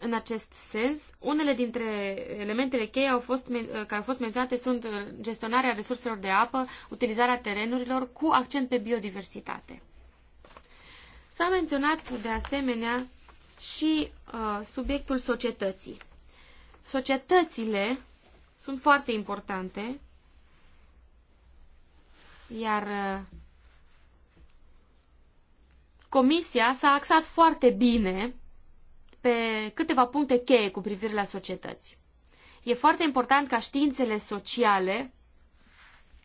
În acest sens, unele dintre elementele cheie au fost, uh, care au fost menționate sunt uh, gestionarea resurselor de apă, utilizarea terenurilor cu accent pe biodiversitate. S-a menționat de asemenea și uh, subiectul societății. Societățile sunt foarte importante, iar uh, Comisia s-a axat foarte bine pe câteva puncte cheie cu privire la societăți. E foarte important ca științele sociale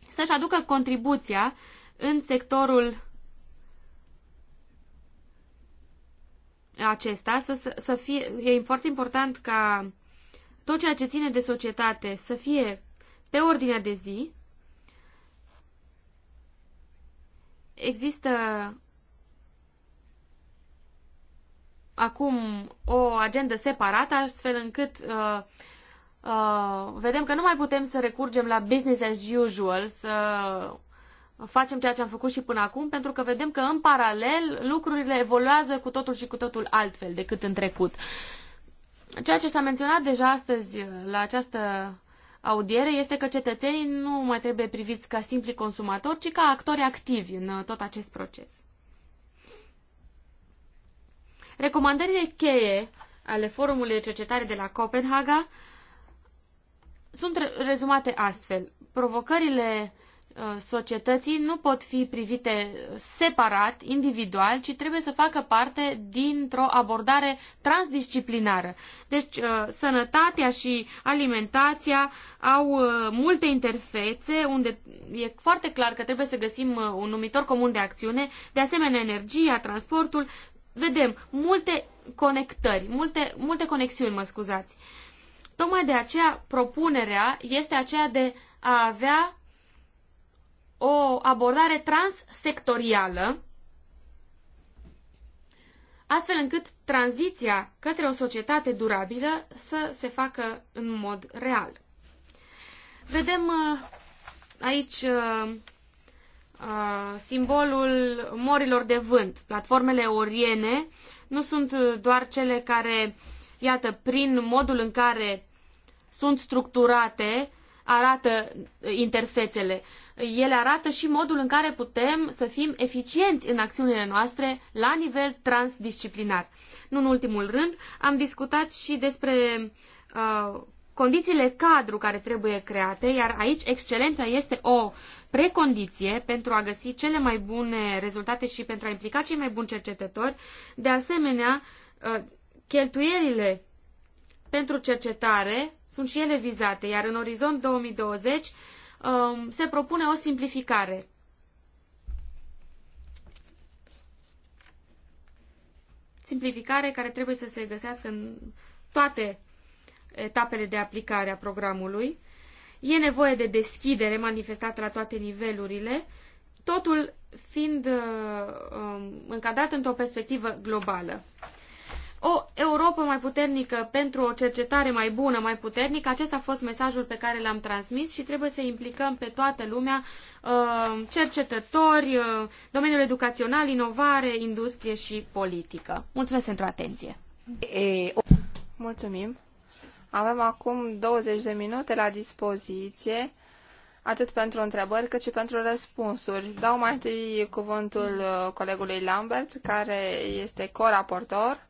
să-și aducă contribuția în sectorul acesta, să, să fie, e foarte important ca tot ceea ce ține de societate să fie pe ordinea de zi. Există acum o agendă separată, astfel încât uh, uh, vedem că nu mai putem să recurgem la business as usual, să facem ceea ce am făcut și până acum, pentru că vedem că în paralel lucrurile evoluează cu totul și cu totul altfel decât în trecut. Ceea ce s-a menționat deja astăzi uh, la această audiere este că cetățenii nu mai trebuie priviți ca simpli consumatori, ci ca actori activi în uh, tot acest proces. Recomandările cheie ale Forumului de Cercetare de la Copenhaga sunt rezumate astfel. Provocările uh, Uh, societății nu pot fi privite separat, individual, ci trebuie să facă parte dintr-o abordare transdisciplinară. Deci, uh, sănătatea și alimentația au uh, multe interfețe unde e foarte clar că trebuie să găsim un numitor comun de acțiune, de asemenea energia, transportul, vedem multe conectări, multe, multe conexiuni, mă scuzați. Tocmai de aceea propunerea este aceea de a avea o abordare transsectorială, astfel încât tranziția către o societate durabilă să se facă în mod real. Vedem uh, aici uh, uh, simbolul morilor de vânt. Platformele oriene nu sunt doar cele care, iată, prin modul în care sunt structurate, arată interfețele ele arată și modul în care putem să fim eficienți în acțiunile noastre la nivel transdisciplinar. Nu în ultimul rând, am discutat și despre uh, condițiile cadru care trebuie create, iar aici excelența este o precondiție pentru a găsi cele mai bune rezultate și pentru a implica cei mai buni cercetători. De asemenea, uh, cheltuielile pentru cercetare sunt și ele vizate, iar în orizont 2020 Um, se propune o simplificare. Simplificare care trebuie să se găsească în toate etapele de aplicare a programului. E nevoie de deschidere manifestată la toate nivelurile, totul fiind uh, um, încadrat într-o perspectivă globală o Europa mai puternică pentru o cercetare mai bună, mai puternică. Acesta a fost mesajul pe care l-am transmis și trebuie să implicăm pe toată lumea, uh, cercetători, uh, domeniul educațional, inovare, industrie și politică. Mulțumesc pentru atenție! Mulțumim! Avem acum 20 de minute la dispoziție, atât pentru întrebări cât și pentru răspunsuri. Dau mai întâi cuvântul uh, colegului Lambert, care este coraportor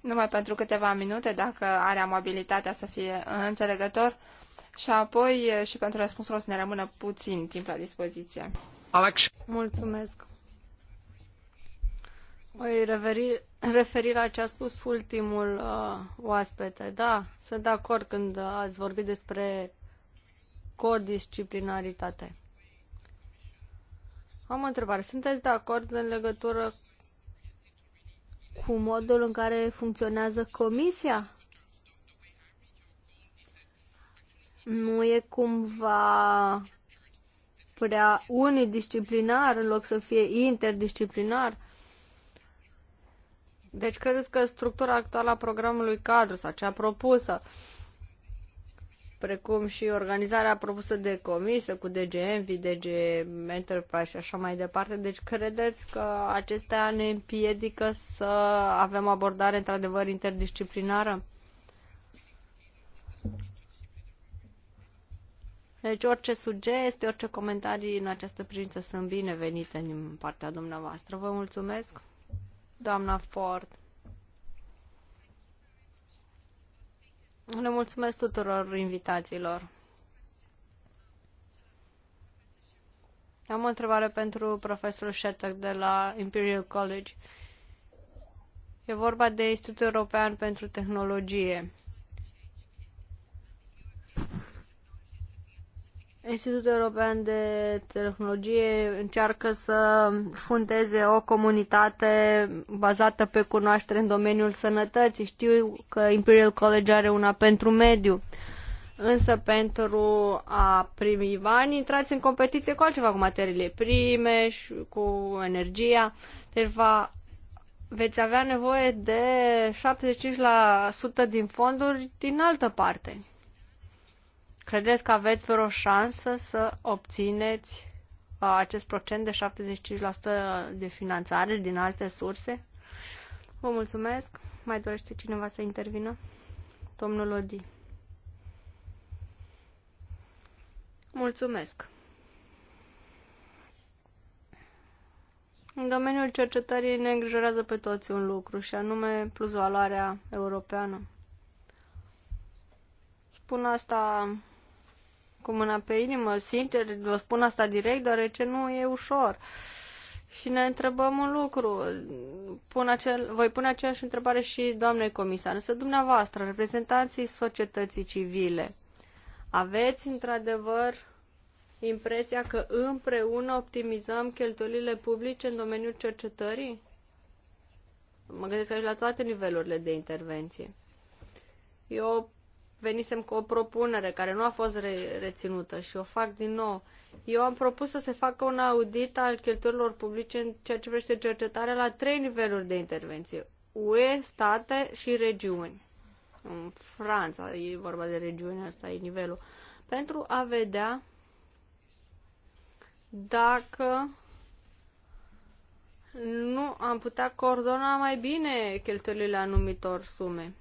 numai pentru câteva minute, dacă are amabilitatea să fie înțelegător, și apoi și pentru răspunsul o să ne rămână puțin timp la dispoziție. Alex. Mulțumesc. Voi referi, referi la ce a spus ultimul uh, oaspete. Da, sunt de acord când ați vorbit despre codisciplinaritate. Am o întrebare. Sunteți de acord în legătură cu modul în care funcționează comisia? Nu e cumva prea unidisciplinar în loc să fie interdisciplinar? Deci credeți că structura actuală a programului cadru sau cea propusă precum și organizarea propusă de comisă cu DG Envy, DG Enterprise și așa mai departe. Deci credeți că acestea ne împiedică să avem abordare într-adevăr interdisciplinară? Deci orice sugestii, orice comentarii în această privință sunt binevenite din partea dumneavoastră. Vă mulțumesc, doamna Ford. Le mulțumesc tuturor invitațiilor. Am o întrebare pentru profesorul Shetak de la Imperial College. E vorba de Institutul European pentru Tehnologie. Institutul European de Tehnologie încearcă să fundeze o comunitate bazată pe cunoaștere în domeniul sănătății. Știu că Imperial College are una pentru mediu. Însă pentru a primi bani, intrați în competiție cu altceva, cu materiile prime și cu energia. Deci va, veți avea nevoie de 75% din fonduri din altă parte. Credeți că aveți vreo șansă să obțineți uh, acest procent de 75% de finanțare din alte surse? Vă mulțumesc. Mai dorește cineva să intervină? Domnul Odi. Mulțumesc. În domeniul cercetării ne îngrijorează pe toți un lucru și anume plusvaloarea europeană. Spun asta cu mâna pe inimă, sincer, vă spun asta direct, deoarece nu e ușor. Și ne întrebăm un lucru, pun acel, voi pune aceeași întrebare și doamnei comisar, însă dumneavoastră, reprezentanții societății civile, aveți într-adevăr impresia că împreună optimizăm cheltuielile publice în domeniul cercetării? Mă gândesc aici la toate nivelurile de intervenție. Eu venisem cu o propunere care nu a fost re- reținută și o fac din nou. Eu am propus să se facă un audit al cheltuielor publice în ceea ce privește cercetarea la trei niveluri de intervenție. UE, state și regiuni. În Franța e vorba de regiuni, asta e nivelul. Pentru a vedea dacă nu am putea coordona mai bine cheltuielile anumitor sume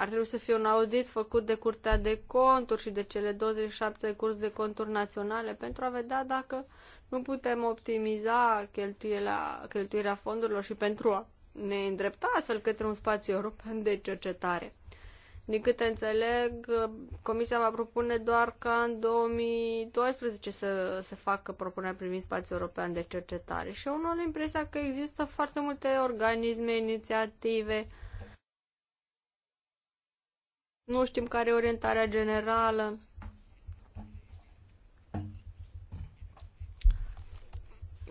ar trebui să fie un audit făcut de Curtea de Conturi și de cele 27 de curs de conturi naționale pentru a vedea dacă nu putem optimiza cheltuirea, cheltuirea fondurilor și pentru a ne îndrepta astfel către un spațiu european de cercetare. Din câte înțeleg, Comisia va propune doar ca în 2012 să se facă propunerea privind spațiul european de cercetare și unul impresia că există foarte multe organisme, inițiative, nu știm care e orientarea generală.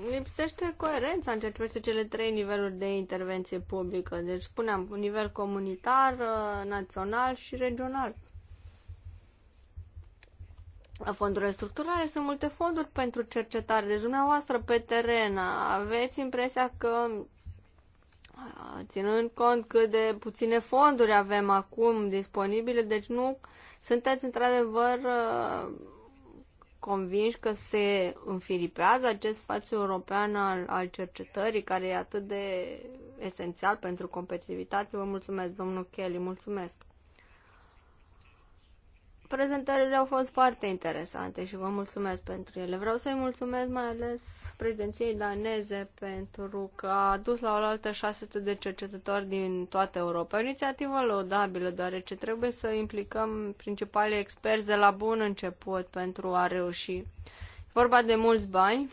Lipsește coerența în ceea ce privește cele trei niveluri de intervenție publică. Deci, spuneam, nivel comunitar, uh, național și regional. Fondurile structurale sunt multe fonduri pentru cercetare. Deci, dumneavoastră, pe teren, aveți impresia că ținând cont cât de puține fonduri avem acum disponibile, deci nu sunteți într-adevăr uh, convinși că se înfiripează acest spațiu european al, al cercetării, care e atât de esențial pentru competitivitate. Vă mulțumesc, domnul Kelly, mulțumesc. Prezentările au fost foarte interesante și vă mulțumesc pentru ele. Vreau să-i mulțumesc mai ales președinției daneze pentru că a adus la oaltă 600 de cercetători din toată Europa. O inițiativă lăudabilă, deoarece trebuie să implicăm principalii experți de la bun început pentru a reuși. E vorba de mulți bani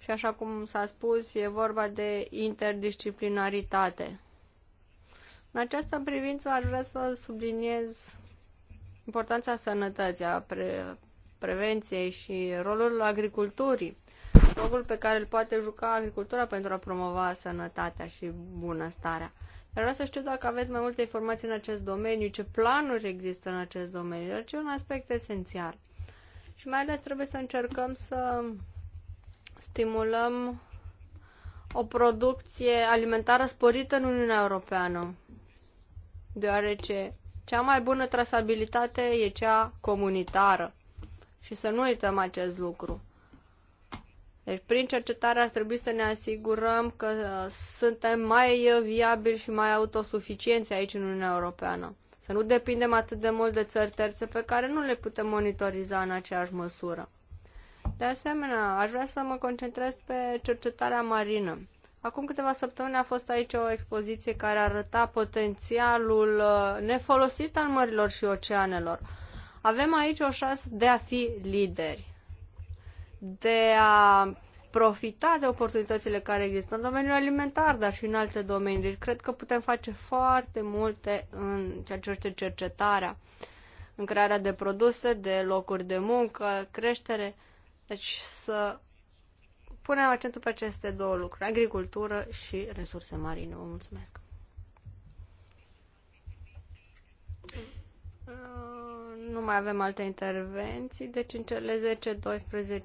și așa cum s-a spus, e vorba de interdisciplinaritate. În această privință aș vrea să subliniez importanța sănătății, a pre- prevenției și rolul agriculturii, rolul pe care îl poate juca agricultura pentru a promova sănătatea și bunăstarea. Dar vreau să știu dacă aveți mai multe informații în acest domeniu, ce planuri există în acest domeniu, dar ce e un aspect esențial. Și mai ales trebuie să încercăm să stimulăm o producție alimentară sporită în Uniunea Europeană, deoarece cea mai bună trasabilitate e cea comunitară. Și să nu uităm acest lucru. Deci, prin cercetare ar trebui să ne asigurăm că uh, suntem mai viabili și mai autosuficienți aici în Uniunea Europeană. Să nu depindem atât de mult de țări terțe pe care nu le putem monitoriza în aceeași măsură. De asemenea, aș vrea să mă concentrez pe cercetarea marină. Acum câteva săptămâni a fost aici o expoziție care arăta potențialul uh, nefolosit al mărilor și oceanelor. Avem aici o șansă de a fi lideri, de a profita de oportunitățile care există în domeniul alimentar, dar și în alte domenii. Deci cred că putem face foarte multe în ceea ce este cercetarea, în crearea de produse, de locuri de muncă, creștere. Deci să punem accentul pe aceste două lucruri, agricultură și resurse marine. Vă mulțumesc! Uh, nu mai avem alte intervenții, deci în cele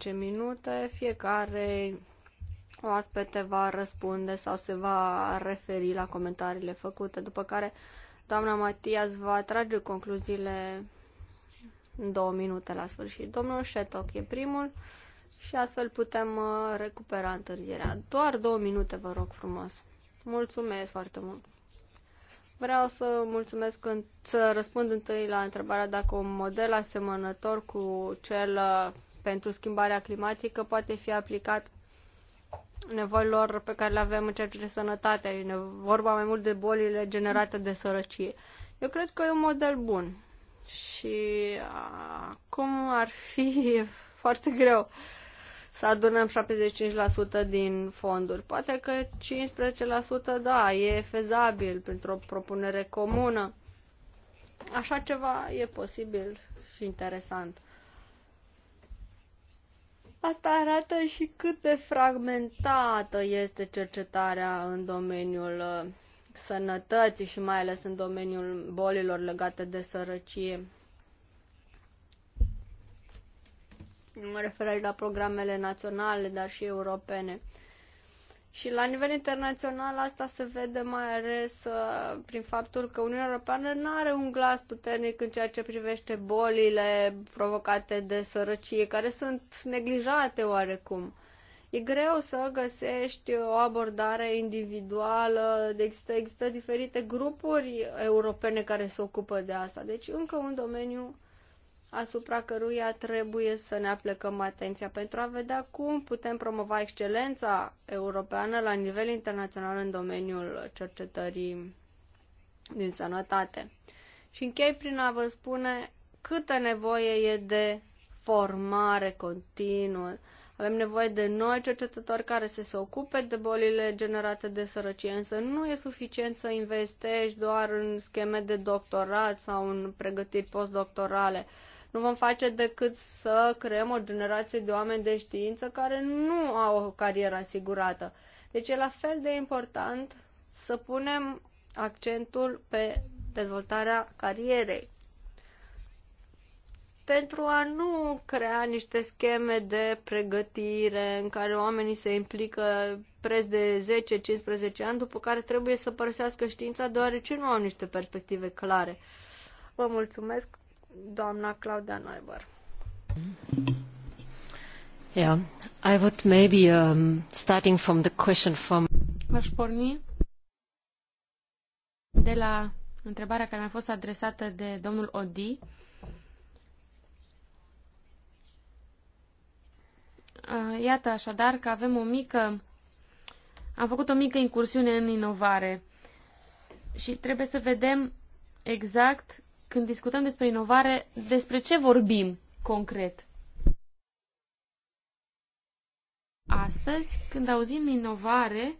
10-12 minute fiecare oaspete va răspunde sau se va referi la comentariile făcute, după care doamna Matias va trage concluziile în două minute la sfârșit. Domnul Șetoc e primul și astfel putem uh, recupera întârzierea. Doar două minute, vă rog frumos. Mulțumesc foarte mult. Vreau să mulțumesc când, să răspund întâi la întrebarea dacă un model asemănător cu cel uh, pentru schimbarea climatică poate fi aplicat nevoilor pe care le avem în ceea ce privește sănătatea. E vorba mai mult de bolile generate de sărăcie. Eu cred că e un model bun și uh, acum ar fi foarte greu să adunăm 75% din fonduri. Poate că 15% da, e fezabil printr-o propunere comună. Așa ceva e posibil și interesant. Asta arată și cât de fragmentată este cercetarea în domeniul uh, sănătății și mai ales în domeniul bolilor legate de sărăcie. Mă refer aici la programele naționale, dar și europene. Și la nivel internațional asta se vede mai ales uh, prin faptul că Uniunea Europeană nu are un glas puternic în ceea ce privește bolile provocate de sărăcie, care sunt neglijate oarecum. E greu să găsești o abordare individuală, există, există diferite grupuri europene care se ocupă de asta. Deci încă un domeniu asupra căruia trebuie să ne aplecăm atenția pentru a vedea cum putem promova excelența europeană la nivel internațional în domeniul cercetării din sănătate. Și închei prin a vă spune câtă nevoie e de formare continuă. Avem nevoie de noi cercetători care să se ocupe de bolile generate de sărăcie, însă nu e suficient să investești doar în scheme de doctorat sau în pregătiri postdoctorale nu vom face decât să creăm o generație de oameni de știință care nu au o carieră asigurată. Deci e la fel de important să punem accentul pe dezvoltarea carierei pentru a nu crea niște scheme de pregătire în care oamenii se implică preț de 10-15 ani, după care trebuie să părăsească știința, deoarece nu au niște perspective clare. Vă mulțumesc doamna Claudia Neuber. Yeah, I would maybe um, starting from the question from Aș porni de la întrebarea care mi-a fost adresată de domnul Odi. Uh, iată așadar că avem o mică am făcut o mică incursiune în inovare și trebuie să vedem exact când discutăm despre inovare, despre ce vorbim concret? Astăzi, când auzim inovare,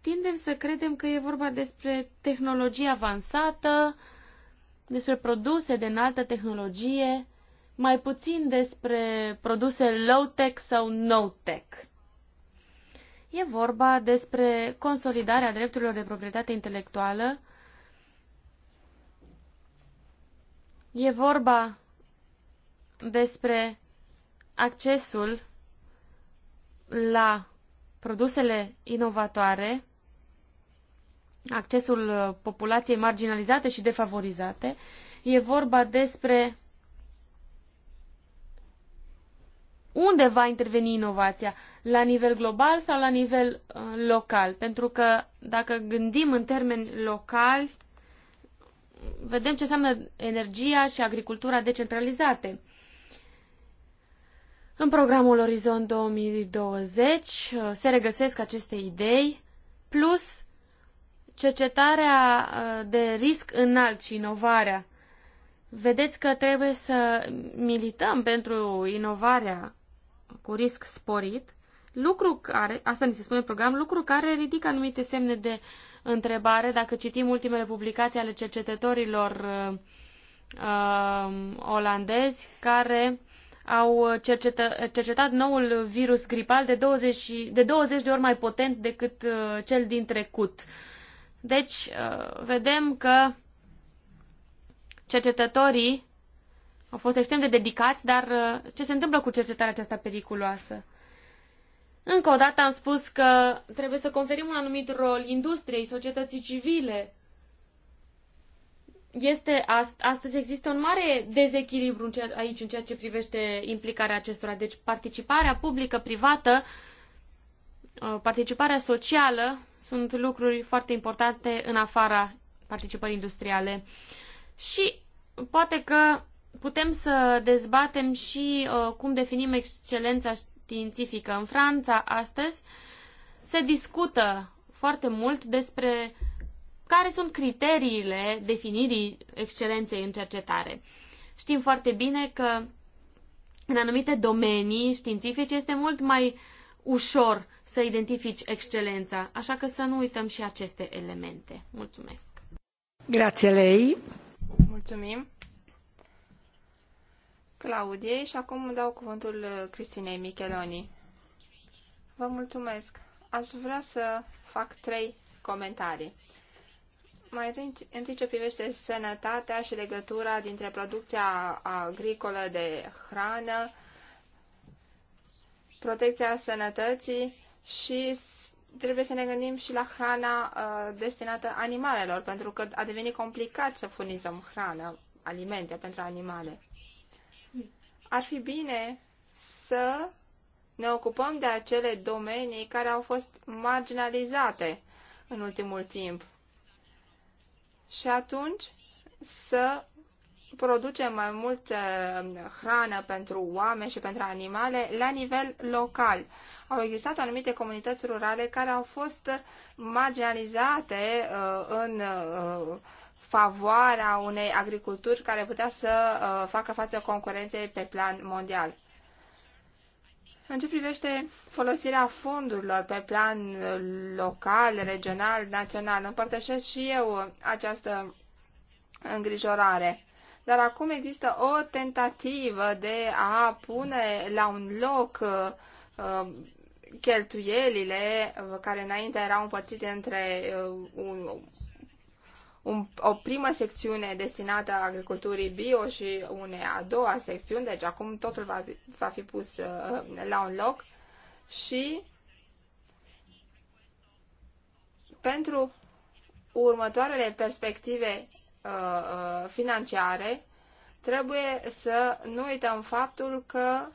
tindem să credem că e vorba despre tehnologie avansată, despre produse de înaltă tehnologie, mai puțin despre produse low-tech sau no-tech. E vorba despre consolidarea drepturilor de proprietate intelectuală E vorba despre accesul la produsele inovatoare, accesul uh, populației marginalizate și defavorizate. E vorba despre unde va interveni inovația, la nivel global sau la nivel uh, local. Pentru că dacă gândim în termeni locali, vedem ce înseamnă energia și agricultura decentralizate. În programul Orizont 2020 uh, se regăsesc aceste idei, plus cercetarea uh, de risc înalt și inovarea. Vedeți că trebuie să milităm pentru inovarea cu risc sporit, lucru care, asta ni se spune în program, lucru care ridică anumite semne de uh, întrebare. Dacă citim ultimele publicații ale cercetătorilor uh, uh, olandezi care au cercetă, cercetat noul virus gripal de 20, de 20 de ori mai potent decât uh, cel din trecut. Deci, uh, vedem că cercetătorii au fost extrem de dedicați, dar uh, ce se întâmplă cu cercetarea aceasta periculoasă? Uh, încă o dată am spus că trebuie să conferim un anumit rol industriei, societății civile. Este ast- astăzi există un mare dezechilibru în aici în ceea ce privește implicarea acestora. Deci participarea publică, privată, uh, participarea socială sunt lucruri foarte importante în afara participării industriale. Și poate că putem să dezbatem și uh, cum definim excelența științifică. În Franța, astăzi, se discută foarte mult despre care sunt criteriile definirii excelenței în cercetare. Știm foarte bine că în anumite domenii științifice este mult mai ușor să identifici excelența, așa că să nu uităm și aceste elemente. Mulțumesc! Grație lei! Mulțumim! Claudiei și acum dau cuvântul uh, Cristinei Micheloni. Vă mulțumesc. Aș vrea să fac trei comentarii. Mai întâi, întâi ce privește sănătatea și legătura dintre producția agricolă de hrană, protecția sănătății și trebuie să ne gândim și la hrana uh, destinată animalelor, pentru că a devenit complicat să furnizăm hrană, alimente pentru animale ar fi bine să ne ocupăm de acele domenii care au fost marginalizate în ultimul timp. Și atunci să producem mai multă hrană pentru oameni și pentru animale la nivel local. Au existat anumite comunități rurale care au fost marginalizate uh, în uh, favoarea unei agriculturi care putea să uh, facă față concurenței pe plan mondial. În ce privește folosirea fondurilor pe plan local, regional, național, împărtășesc și eu această îngrijorare. Dar acum există o tentativă de a pune la un loc uh, cheltuielile uh, care înainte erau împărțite între uh, un, un, o primă secțiune destinată agriculturii bio și une a doua secțiune, deci acum totul va, va fi pus uh, la un loc și pentru următoarele perspective uh, uh, financiare trebuie să nu uităm faptul că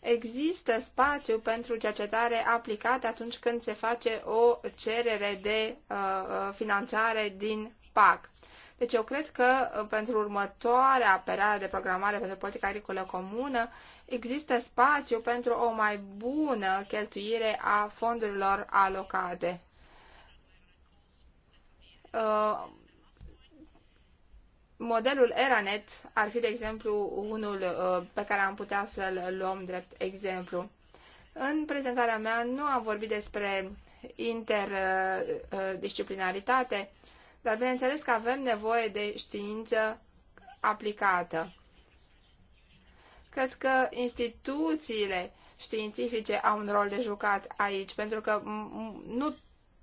există spațiu pentru cercetare aplicată atunci când se face o cerere de uh, uh finanțare din PAC. Deci eu cred că uh, pentru următoarea perioadă de programare pentru politica agricolă comună există spațiu pentru o mai bună cheltuire a fondurilor alocate. Uh, modelul Eranet ar fi, de exemplu, unul uh, pe care am putea să-l luăm drept exemplu. În prezentarea mea nu am vorbit despre interdisciplinaritate, uh, dar bineînțeles că avem nevoie de știință aplicată. Cred că instituțiile științifice au un rol de jucat aici, pentru că nu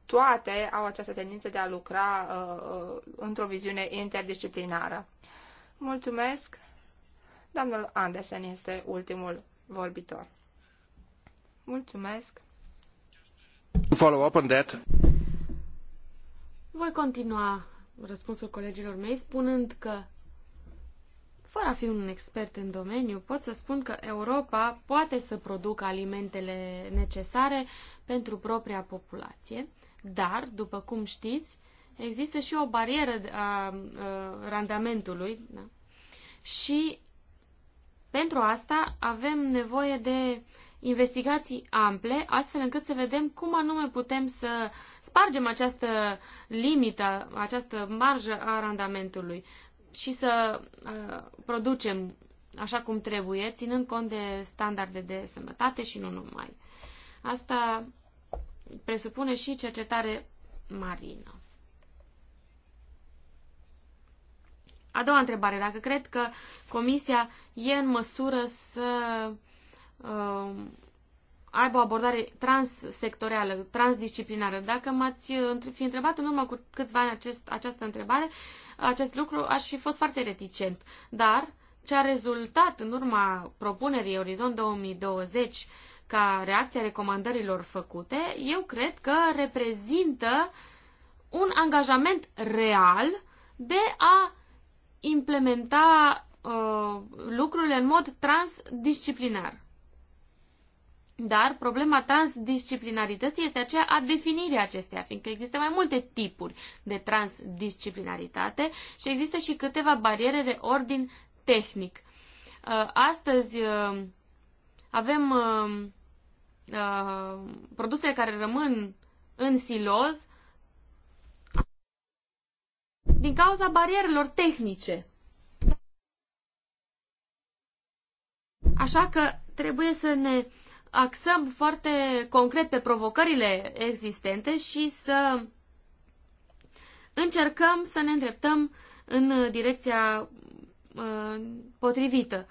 toate au această tendință de a lucra uh, uh, într-o viziune interdisciplinară. Mulțumesc! Domnul Andersen este ultimul vorbitor. Mulțumesc! Follow up on that. Voi continua răspunsul colegilor mei spunând că, fără a fi un expert în domeniu, pot să spun că Europa poate să producă alimentele necesare pentru propria populație, dar, după cum știți, există și o barieră a, a randamentului da? și pentru asta avem nevoie de uh, investigații ample, astfel încât să vedem cum anume putem să spargem această limită, această marjă a randamentului și să uh, producem așa cum trebuie, ținând cont de standarde de sănătate și nu numai. Asta presupune și cercetare marină. A doua întrebare, dacă cred că Comisia e în măsură să Um, aibă o abordare transsectorială, transdisciplinară. Dacă m-ați uh, fi întrebat în urmă cu câțiva ani acest, această întrebare, acest lucru aș fi fost foarte reticent. Dar ce a rezultat în urma propunerii Orizont 2020 ca reacție recomandărilor făcute, eu cred că reprezintă un angajament real de a implementa uh, lucrurile în mod transdisciplinar. Dar problema transdisciplinarității este aceea a definirii acesteia, fiindcă există mai multe tipuri de transdisciplinaritate și există și câteva bariere de ordin tehnic. Uh, astăzi uh, avem uh, produse care rămân în siloz din cauza barierelor tehnice. Așa că trebuie să ne axăm foarte concret pe provocările existente și să încercăm să ne îndreptăm în direcția uh, potrivită.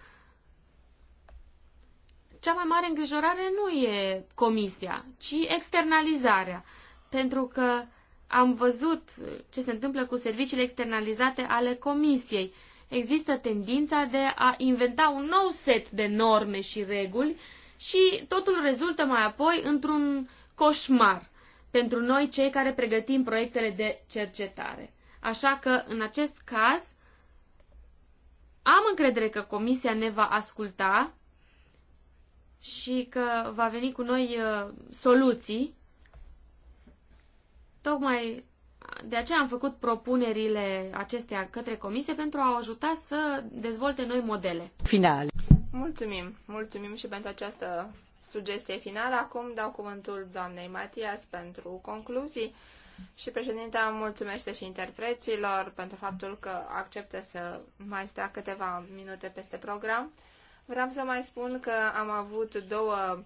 Cea mai mare îngrijorare nu e comisia, ci externalizarea. Pentru că am văzut ce se întâmplă cu serviciile externalizate ale comisiei. Există tendința de a inventa un nou set de norme și reguli uh, și totul rezultă mai apoi într-un coșmar pentru noi cei care pregătim proiectele de cercetare. Așa că, în acest caz, am încredere că Comisia ne va asculta și că va veni cu noi uh, soluții. Tocmai de aceea am făcut propunerile acestea către Comisie pentru a ajuta să dezvolte noi modele. Final. Mulțumim, mulțumim și pentru această sugestie finală. Acum dau cuvântul doamnei Matias pentru concluzii și președinta mulțumește și interpreților pentru faptul că acceptă să mai stea câteva minute peste program. Vreau să mai spun că am avut două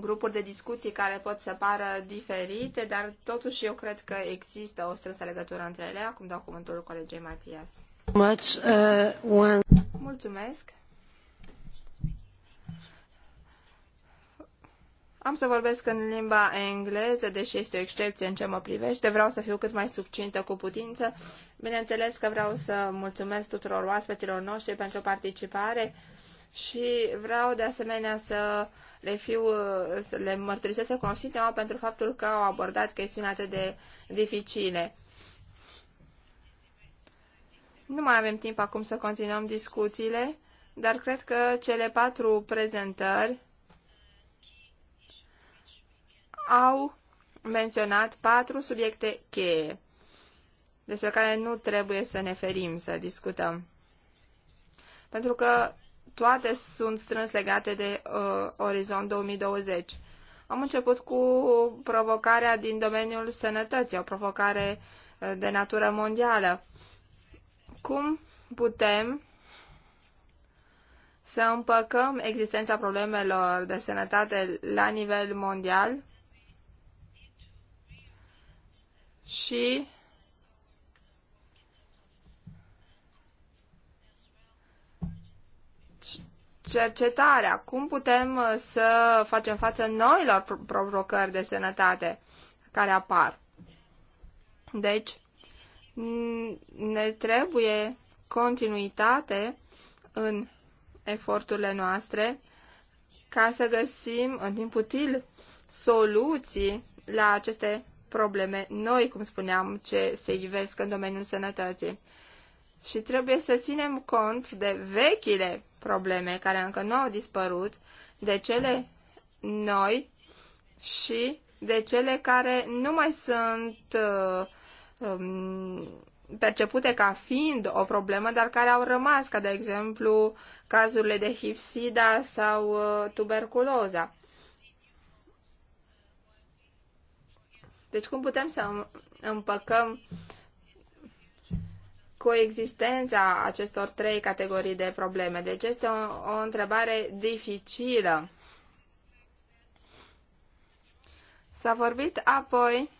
grupuri de discuții care pot să pară diferite, dar totuși eu cred că există o strânsă legătură între ele. Acum dau cuvântul colegei Matias. Uh, Mulțumesc! Am să vorbesc în limba engleză, deși este o excepție în ce mă privește. Vreau să fiu cât mai succintă cu putință. Bineînțeles că vreau să mulțumesc tuturor oaspeților noștri pentru participare și vreau de asemenea să le, fiu, să le mărturisesc recunoștința mea pentru faptul că au abordat chestiuni atât de dificile. Nu mai avem timp acum să continuăm discuțiile, dar cred că cele patru prezentări au menționat patru subiecte cheie despre care nu trebuie să ne ferim să discutăm. Pentru că toate sunt strâns legate de uh, Orizont 2020. Am început cu provocarea din domeniul sănătății, o provocare uh, de natură mondială. Cum putem să împăcăm existența problemelor de sănătate la nivel mondial și cercetarea. Cum putem uh, să facem față noilor provocări de sănătate care apar? Deci, ne trebuie continuitate în eforturile noastre ca să găsim în timp util soluții la aceste probleme noi, cum spuneam, ce se ivesc în domeniul sănătății. Și trebuie să ținem cont de vechile probleme care încă nu au dispărut, de cele noi și de cele care nu mai sunt uh, um, percepute ca fiind o problemă, dar care au rămas, ca de exemplu cazurile de HIV-SIDA sau uh, tuberculoza. Deci cum putem să împăcăm coexistența acestor trei categorii de probleme? Deci este o, o întrebare dificilă. S-a vorbit apoi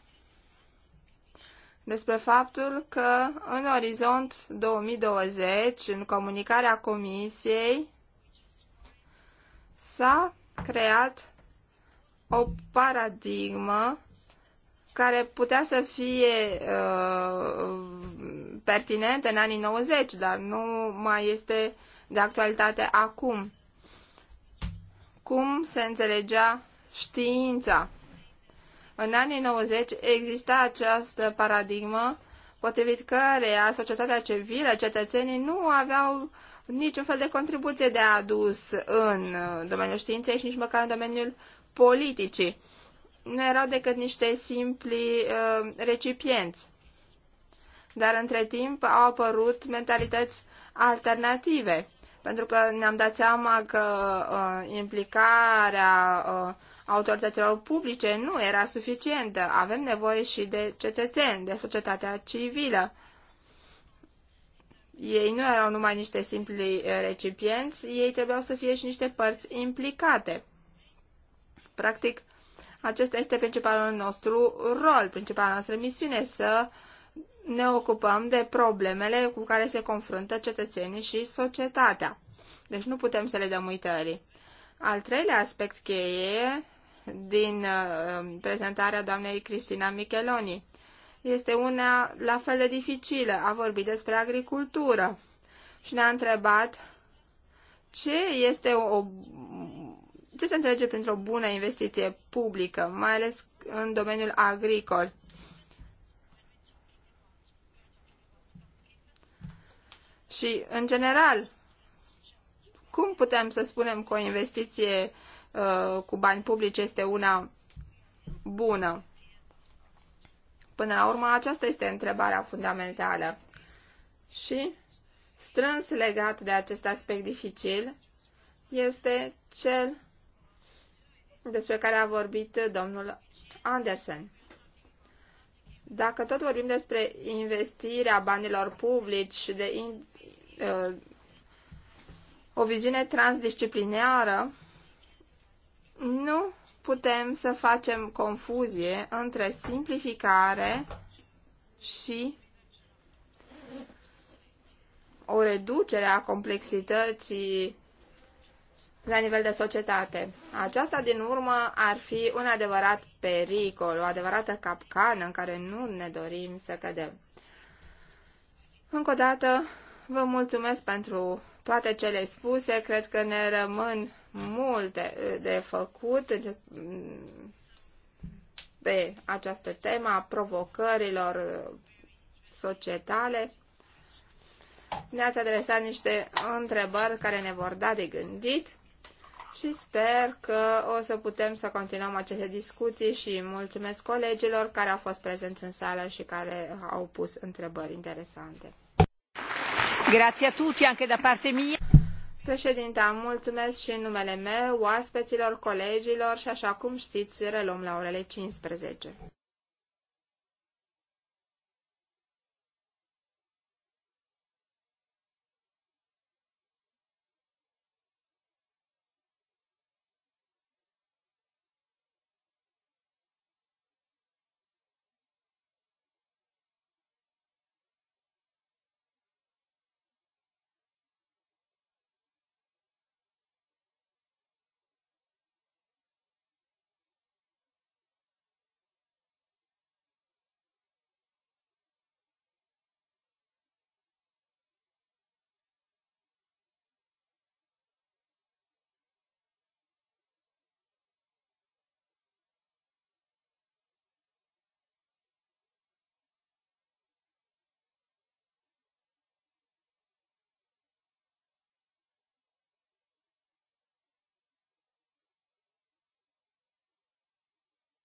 despre faptul că în orizont 2020, în comunicarea Comisiei, s-a creat o paradigmă care putea să fie uh, pertinent în anii 90, dar nu mai este de actualitate acum. Cum se înțelegea știința? În anii 90 exista această paradigmă potrivit căreia societatea civilă, cetățenii nu aveau niciun fel de contribuție de adus în uh, domeniul științei și nici măcar în domeniul politicii nu erau decât niște simpli uh, recipienți. Dar între timp au apărut mentalități alternative, pentru că ne-am dat seama că uh, implicarea uh, autorităților publice nu era suficientă. Avem nevoie și de cetățeni, de societatea civilă. Ei nu erau numai niște simpli uh, recipienți, ei trebuiau să fie și niște părți implicate. Practic, uh, acesta este principalul nostru rol, principala noastră misiune, să ne ocupăm de problemele cu care se confruntă cetățenii și societatea. Deci nu putem să le dăm uitării. Al treilea aspect cheie din uh, prezentarea doamnei Cristina Micheloni este una la fel de dificilă. A vorbit despre agricultură și ne-a întrebat ce este o ce se înțelege printr-o bună investiție publică, mai ales în domeniul agricol? Și, în general, cum putem să spunem că o investiție uh, cu bani publici este una bună? Până la urmă, aceasta este întrebarea fundamentală. Și, strâns legat de acest aspect dificil, este cel despre care a vorbit domnul Andersen. Dacă tot vorbim despre investirea banilor publici, de in, uh, o viziune transdisciplinară, nu putem să facem confuzie între simplificare și o reducere a complexității la nivel de societate. Aceasta, din urmă, ar fi un adevărat pericol, o adevărată capcană în care nu ne dorim să cădem. Încă o dată, vă mulțumesc pentru toate cele spuse. Cred că ne rămân multe eh, de făcut pe această temă a provocărilor eh, societale. Ne-ați adresat niște întrebări care ne vor da de gândit și sper că o să putem să continuăm aceste discuții și mulțumesc colegilor care au fost prezenți în sală și care au pus întrebări interesante. Grazie a tutti anche da parte mia. Președinta, mulțumesc și în numele meu, oaspeților, colegilor și așa cum știți, reluăm la orele 15.